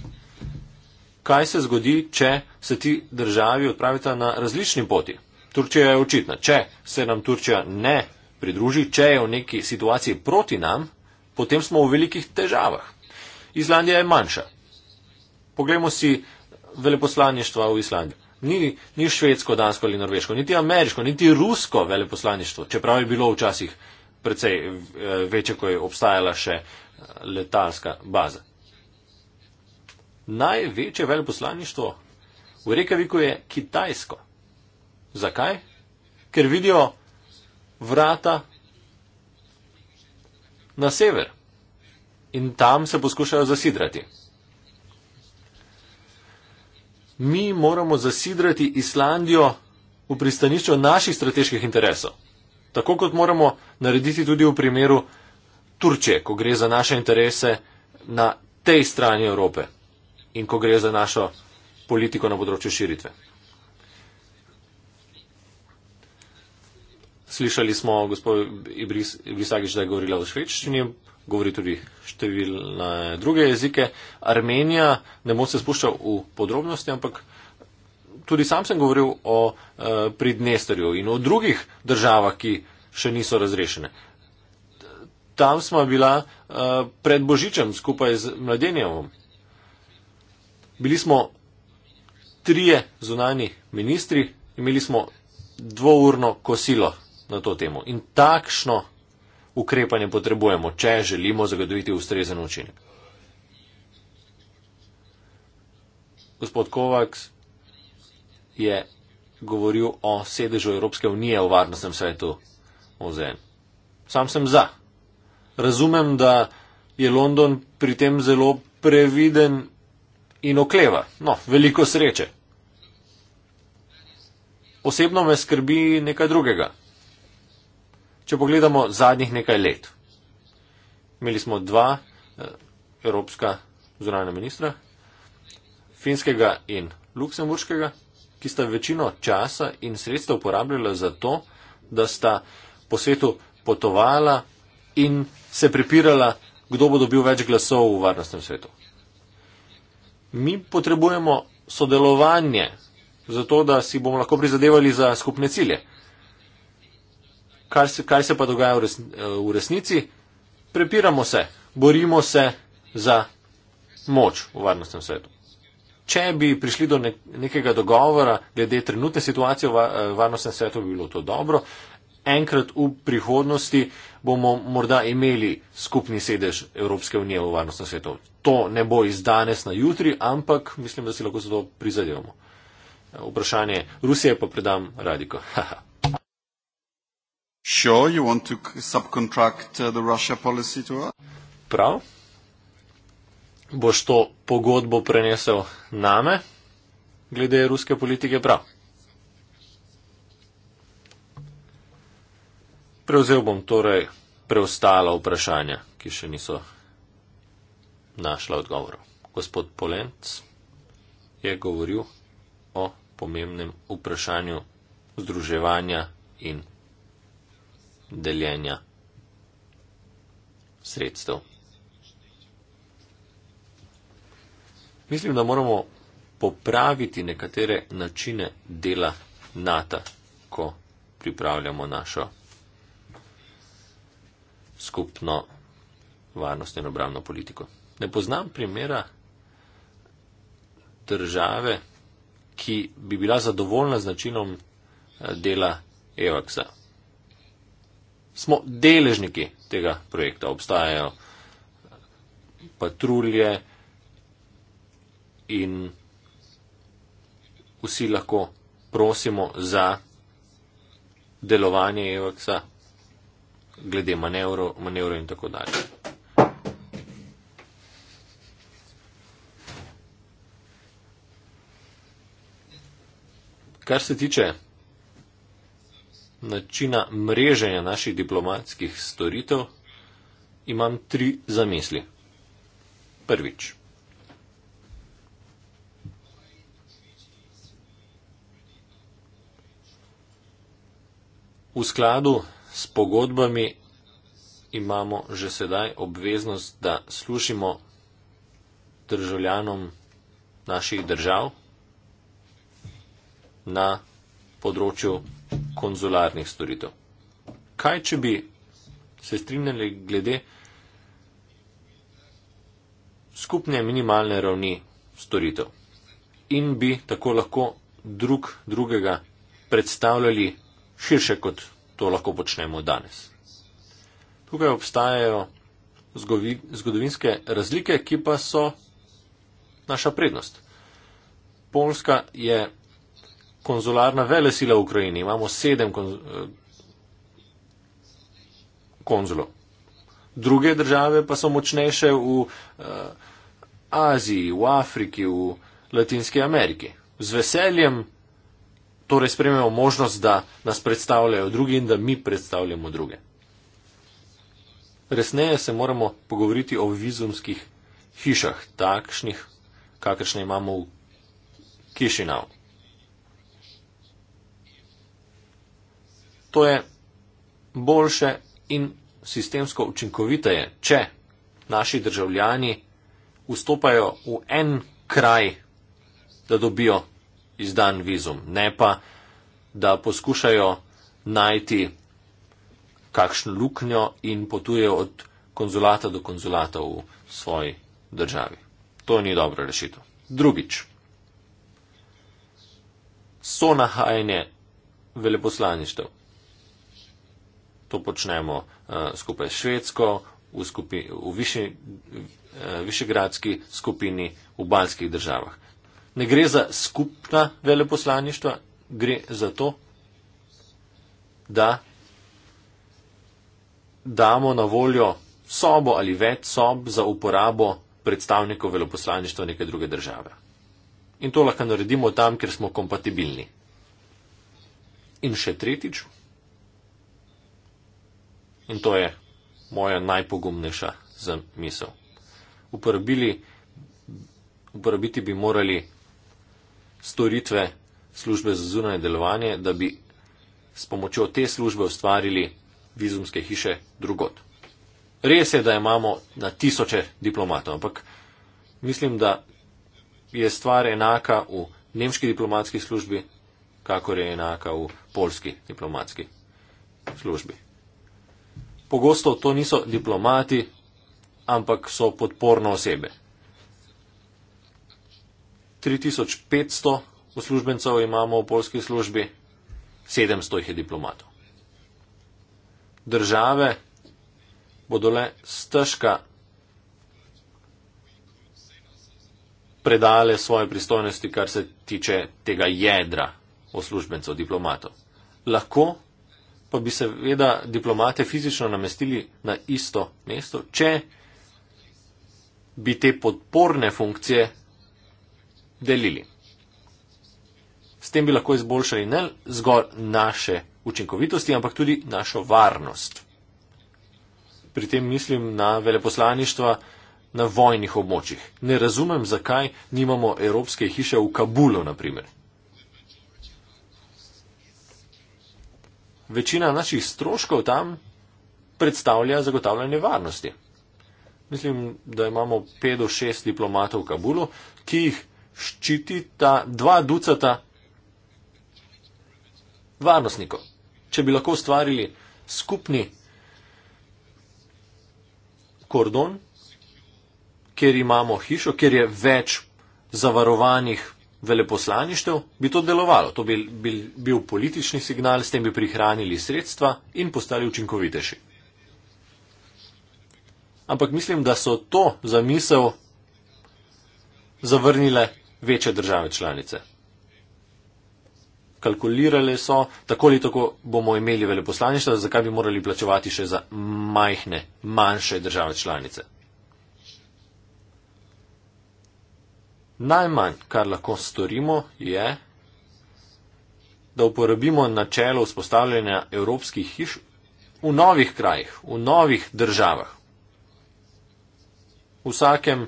Kaj se zgodi, če se ti državi odpravita na različni poti? Turčija je očitna. Če se nam Turčija ne pridruži, če je v neki situaciji proti nam, potem smo v velikih težavah. Islandija je manjša. Poglejmo si veleposlaništva v Islandiji. Ni, ni švedsko, dansko ali norveško, niti ameriško, niti rusko veleposlaništvo, čeprav je bilo včasih precej eh, večje, ko je obstajala še eh, letalska baza. Največje veleposlaništvo v Rekaviku je kitajsko. Zakaj? Ker vidijo vrata na sever in tam se poskušajo zasidrati. Mi moramo zasidrati Islandijo v pristanišču naših strateških interesov, tako kot moramo narediti tudi v primeru Turčije, ko gre za naše interese na tej strani Evrope in ko gre za našo politiko na področju širitve. Slišali smo, gospod Ibris, Visagič, da je govorila v švedščini, govori tudi številne druge jezike. Armenija, ne bom se spuščal v podrobnosti, ampak tudi sam sem govoril o e, Pridnesterju in o drugih državah, ki še niso razrešene. Tam smo bila e, pred Božičem skupaj z Mladenjevom. Bili smo trije zunani ministri, imeli smo dvourno kosilo na to temo. In takšno ukrepanje potrebujemo, če želimo zagotoviti ustrezen učinek. Gospod Kovaks je govoril o sedežu Evropske unije v varnostnem svetu OZN. Sam sem za. Razumem, da je London pri tem zelo previden in okleva. No, veliko sreče. Osebno me skrbi nekaj drugega če pogledamo zadnjih nekaj let. Imeli smo dva eh, evropska zunanja ministra, finskega in luksemburškega, ki sta večino časa in sredstva uporabljala za to, da sta po svetu potovala in se prepirala, kdo bo dobil več glasov v varnostnem svetu. Mi potrebujemo sodelovanje, zato da si bomo lahko prizadevali za skupne cilje kar se, kaj se pa dogaja v, resn, eh, v resnici, prepiramo se, borimo se za moč v varnostnem svetu. Če bi prišli do ne, nekega dogovora glede trenutne situacije eh, v varnostnem svetu, bi bilo to dobro. Enkrat v prihodnosti bomo morda imeli skupni sedež Evropske unije v varnostnem svetu. To ne bo iz danes na jutri, ampak mislim, da si lahko za to prizadevamo. Vprašanje Rusije pa predam Radiko. Haha. Sure, you want to subcontract uh, the Russia policy to us? Prav. Boš to pogodbo prenesel name, glede ruske politike, prav. Prevzel bom torej preostala vprašanja, ki še niso našla odgovorov. Gospod Polenc je govoril o pomembnem vprašanju združevanja in deljenja sredstev. Mislim, da moramo popraviti nekatere načine dela NATO, ko pripravljamo našo skupno varnostno in obramno politiko. Ne poznam primera države, ki bi bila zadovoljna z načinom eh, dela EOX-a smo deležniki tega projekta. Obstajajo patrulje in vsi lahko prosimo za delovanje evaksa glede manevrov in tako dalje. Kar se tiče načina mreženja naših diplomatskih storitev, imam tri zamisli. Prvič. V skladu s pogodbami imamo že sedaj obveznost, da slušimo državljanom naših držav na področju konzularnih storitev. Kaj, če bi se strinjali glede skupne minimalne ravni storitev in bi tako lahko drug drugega predstavljali širše, kot to lahko počnemo danes. Tukaj obstajajo zgodovinske razlike, ki pa so naša prednost. Polska je konzularna vele sila v Ukrajini. Imamo sedem eh, konzulov. Druge države pa so močnejše v eh, Aziji, v Afriki, v Latinski Ameriki. Z veseljem torej spremljamo možnost, da nas predstavljajo drugi in da mi predstavljamo druge. Resneje se moramo pogovoriti o vizumskih hišah, takšnih, kakršne imamo v Kišinavu. to je boljše in sistemsko učinkoviteje, če naši državljani vstopajo v en kraj, da dobijo izdan vizum, ne pa, da poskušajo najti kakšno luknjo in potujejo od konzulata do konzulata v svoji državi. To ni dobra rešitev. Drugič, so nahajanje veleposlaništev to počnemo uh, skupaj s Švedsko, v, skupi, v viši, uh, eh, višegradski skupini v baljskih državah. Ne gre za skupna veleposlaništva, gre za to, da damo na voljo sobo ali več sob za uporabo predstavnikov veleposlaništva neke druge države. In to lahko naredimo tam, kjer smo kompatibilni. In še tretjič, In to je moja najpogumnejša zamisel. Uporabili, uporabiti bi morali storitve službe za zunanje delovanje, da bi s pomočjo te službe ustvarili vizumske hiše drugot. Res je, da imamo na tisoče diplomatov, ampak mislim, da je stvar enaka v nemški diplomatski službi, kakor je enaka v polski diplomatski službi. Pogosto to niso diplomati, ampak so podporne osebe. 3500 uslužbencev imamo v polski službi, 700 jih je diplomatov. Države bodo le stežka predale svoje pristojnosti, kar se tiče tega jedra uslužbencev, diplomatov. Lahko pa bi seveda diplomate fizično namestili na isto mesto, če bi te podporne funkcije delili. S tem bi lahko izboljšali ne zgolj naše učinkovitosti, ampak tudi našo varnost. Pri tem mislim na veleposlaništva na vojnih območjih. Ne razumem, zakaj nimamo Evropske hiše v Kabulu, naprimer. večina naših stroškov tam predstavlja zagotavljanje varnosti. Mislim, da imamo pet do šest diplomatov v Kabulu, ki jih ščiti ta dva ducata varnostnikov. Če bi lahko ustvarili skupni kordon, kjer imamo hišo, kjer je več zavarovanih veleposlaništev, bi to delovalo. To bi bil, bil politični signal, s tem bi prihranili sredstva in postali učinkovitejši. Ampak mislim, da so to zamisel zavrnile večje države članice. Kalkulirale so, tako ali tako bomo imeli veleposlaništva, zakaj bi morali plačevati še za majhne, manjše države članice. Najmanj, kar lahko storimo, je, da uporabimo načelo vzpostavljanja evropskih hiš v novih krajih, v novih državah. V vsakem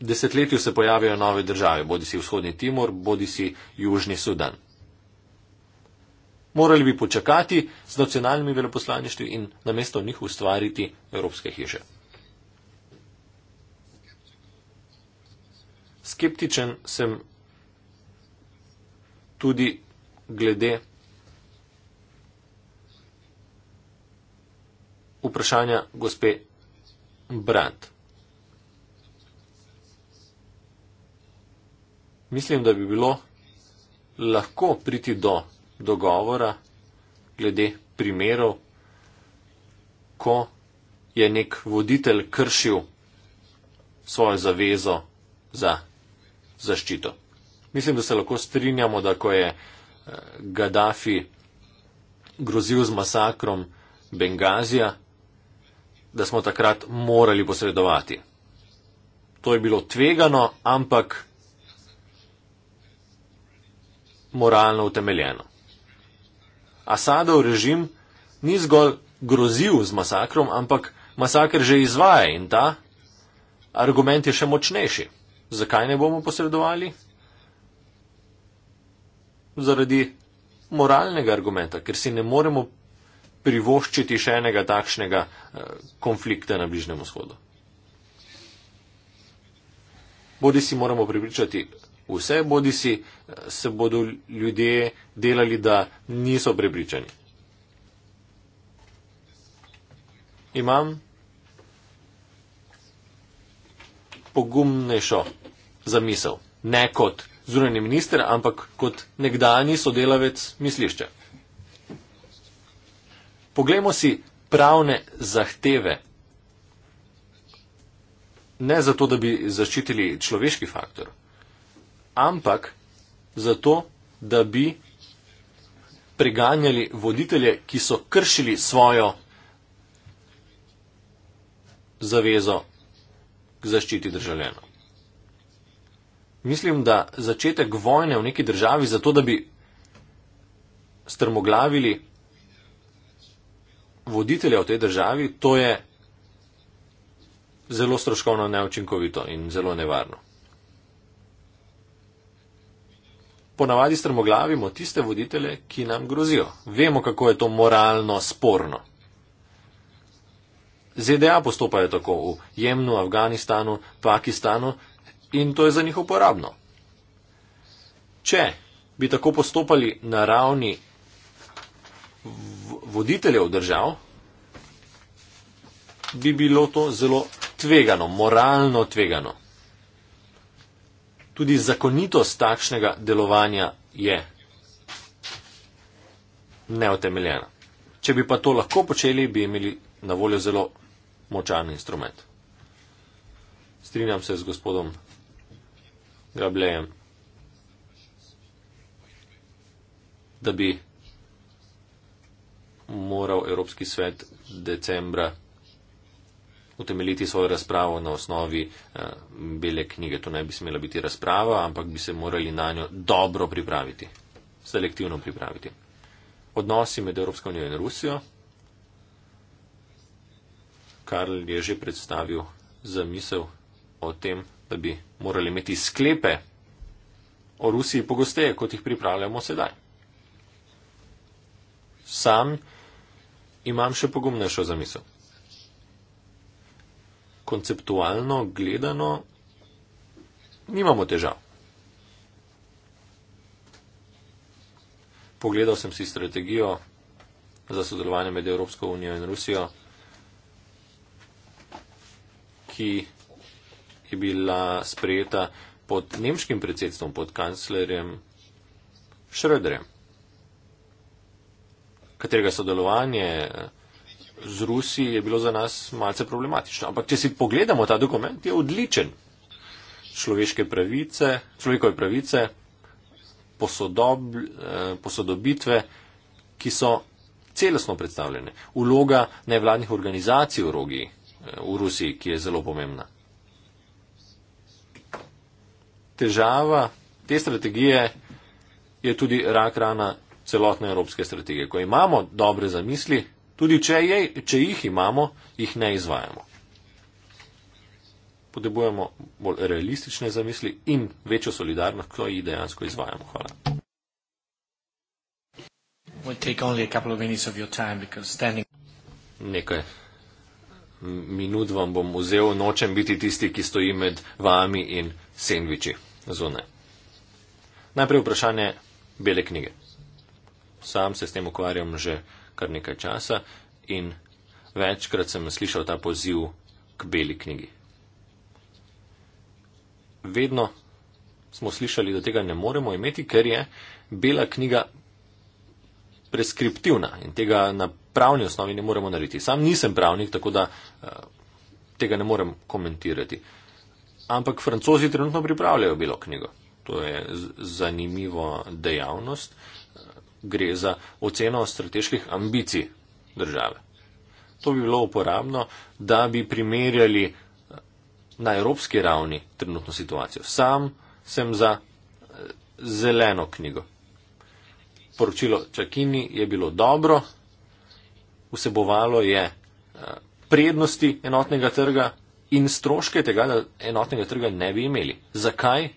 desetletju se pojavijo nove države, bodi si vzhodni Timor, bodi si južni Sudan. Morali bi počakati z nacionalnimi veleposlaništvi in namesto njih ustvariti evropske hiše. Skeptičen sem tudi glede vprašanja gospe Brandt. Mislim, da bi bilo lahko priti do dogovora glede primerov, ko je nek voditelj kršil svojo zavezo za zaščito. Mislim, da se lahko strinjamo, da ko je eh, Gaddafi grozil z masakrom Bengazija, da smo takrat morali posredovati. To je bilo tvegano, ampak moralno utemeljeno. Asadov režim ni zgolj grozil z masakrom, ampak masaker že izvaja in ta argument je še močnejši. Zakaj ne bomo posredovali? Zaradi moralnega argumenta, ker si ne moremo privoščiti še enega takšnega eh, konflikta na Bližnem vzhodu. Bodi si moramo pripričati vse, bodi si eh, se bodo ljudje delali, da niso pripričani. Imam pogumnejšo zamisel. Ne kot zunanji minister, ampak kot nekdani sodelavec mislišča. Poglejmo si pravne zahteve. Ne zato, da bi zaščitili človeški faktor, ampak zato, da bi preganjali voditelje, ki so kršili svojo zavezo k zaščiti državljana. Mislim, da začetek vojne v neki državi zato, da bi strmoglavili voditelja v tej državi, to je zelo stroškovno neučinkovito in zelo nevarno. Ponavadi strmoglavimo tiste voditele, ki nam grozijo. Vemo, kako je to moralno sporno. ZDA postopajo tako v Jemnu, Afganistanu, Pakistanu in to je za njih uporabno. Če bi tako postopali na ravni voditeljev držav, bi bilo to zelo tvegano, moralno tvegano. Tudi zakonitost takšnega delovanja je neotemeljena. Če bi pa to lahko počeli, bi imeli na voljo zelo močan instrument. Strinjam se z gospodom Grablejem, da bi moral Evropski svet decembra utemeliti svojo razpravo na osnovi eh, bele knjige. To ne bi smela biti razprava, ampak bi se morali na njo dobro pripraviti, selektivno pripraviti. Odnosi med Evropsko unijo in Rusijo. Karl je že predstavil zamisel o tem, da bi morali imeti sklepe o Rusiji pogosteje, kot jih pripravljamo sedaj. Sam imam še pogumnejšo zamisel. Konceptualno gledano nimamo težav. Pogledal sem si strategijo za sodelovanje med Evropsko unijo in Rusijo ki je bila sprejeta pod nemškim predsedstvom, pod kanclerjem Schröderjem, katerega sodelovanje eh, z Rusi je bilo za nas malce problematično. Ampak, če si pogledamo ta dokument, je odličen. Človeške pravice, človekove pravice, posodob, eh, posodobitve, ki so celostno predstavljene. Uloga nevladnih organizacij v rogi v Rusiji, ki je zelo pomembna. Težava te strategije je tudi rak rana celotne evropske strategije. Ko imamo dobre zamisli, tudi če, je, če jih imamo, jih ne izvajamo. Potrebujemo bolj realistične zamisli in večjo solidarnost, ko jih dejansko izvajamo. Hvala. We'll take only a couple of minutes of your time because standing. Nikkei minut vam bom vzel, nočem biti tisti, ki stoji med vami in sendviči zunaj. Najprej vprašanje bele knjige. Sam se s tem ukvarjam že kar nekaj časa in večkrat sem slišal ta poziv k beli knjigi. Vedno smo slišali, da tega ne moremo imeti, ker je bela knjiga preskriptivna in tega na pravni osnovi ne moremo narediti. Sam nisem pravnik, tako da eh, tega ne morem komentirati. Ampak francozi trenutno pripravljajo belo knjigo. To je zanimivo dejavnost. Gre za oceno strateških ambicij države. To bi bilo uporabno, da bi primerjali eh, na evropski ravni trenutno situacijo. Sam sem za eh, zeleno knjigo poročilo Čakini je bilo dobro, vsebovalo je eh, prednosti enotnega trga in stroške tega, da enotnega trga ne bi imeli. Zakaj?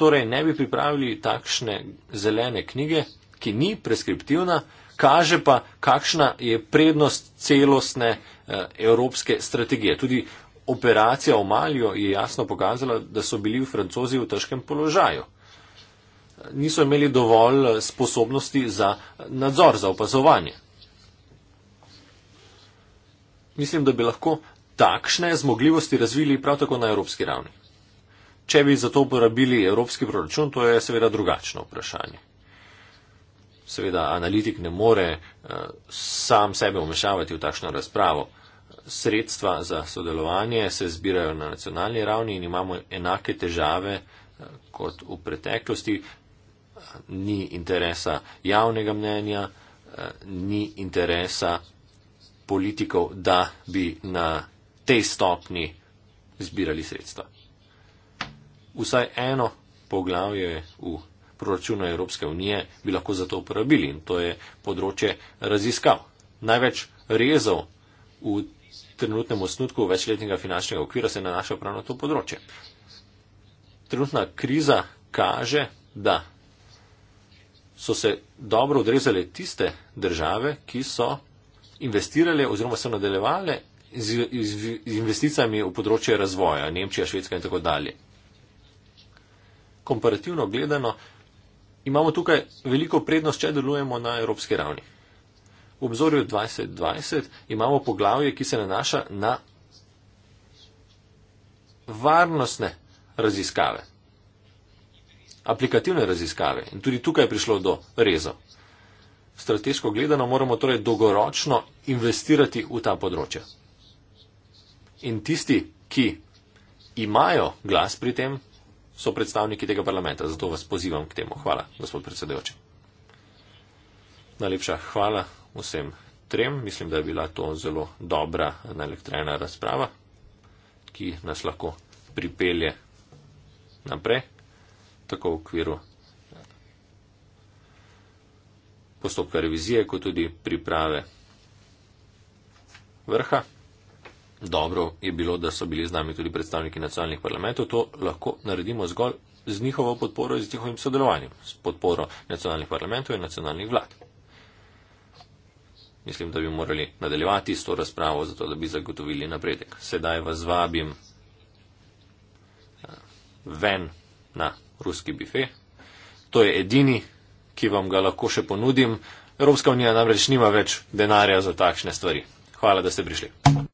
Torej ne bi pripravili takšne zelene knjige, ki ni preskriptivna, kaže pa, kakšna je prednost celostne eh, evropske strategije. Tudi operacija v Malijo je jasno pokazala, da so bili v francozi v težkem položaju niso imeli dovolj eh, sposobnosti za nadzor, za opazovanje. Mislim, da bi lahko takšne zmogljivosti razvili prav tako na evropski ravni. Če bi za to uporabili evropski proračun, to je seveda drugačno vprašanje. Seveda analitik ne more eh, sam sebe umešavati v takšno razpravo. Sredstva za sodelovanje se zbirajo na nacionalni ravni in imamo enake težave eh, kot v preteklosti ni interesa javnega mnenja, eh, ni interesa politikov, da bi na tej stopni zbirali sredstva. Vsaj eno poglavje v proračunu Evropske unije bi lahko za to uporabili in to je področje raziskav. Največ rezov v trenutnem osnutku večletnega finančnega okvira se nanaša prav na to področje. Trenutna kriza kaže, da so se dobro odrezale tiste države, ki so investirale oziroma so nadaljevale z, z, z investicijami v področje razvoja, Nemčija, Švedska in tako dalje. Komparativno gledano, imamo tukaj veliko prednost, če delujemo na evropski ravni. V obzorju 2020 imamo poglavje, ki se nanaša na varnostne raziskave aplikativne raziskave in tudi tukaj je prišlo do rezov. Strateško gledano moramo torej dolgoročno investirati v ta področja. In tisti, ki imajo glas pri tem, so predstavniki tega parlamenta. Zato vas pozivam k temu. Hvala, gospod predsedujoči. Najlepša hvala vsem trem. Mislim, da je bila to zelo dobra naelektrena razprava, ki nas lahko pripelje naprej tako v okviru postopka revizije, kot tudi priprave vrha. Dobro je bilo, da so bili z nami tudi predstavniki nacionalnih parlamentov. To lahko naredimo zgolj z njihovo podporo in z njihovim sodelovanjem, s podporo nacionalnih parlamentov in nacionalnih vlad. Mislim, da bi morali nadaljevati s to razpravo, zato da bi zagotovili napredek. Sedaj vas vabim eh, ven na ruski bife. To je edini, ki vam ga lahko še ponudim. Evropska unija namreč nima več denarja za takšne stvari. Hvala, da ste prišli.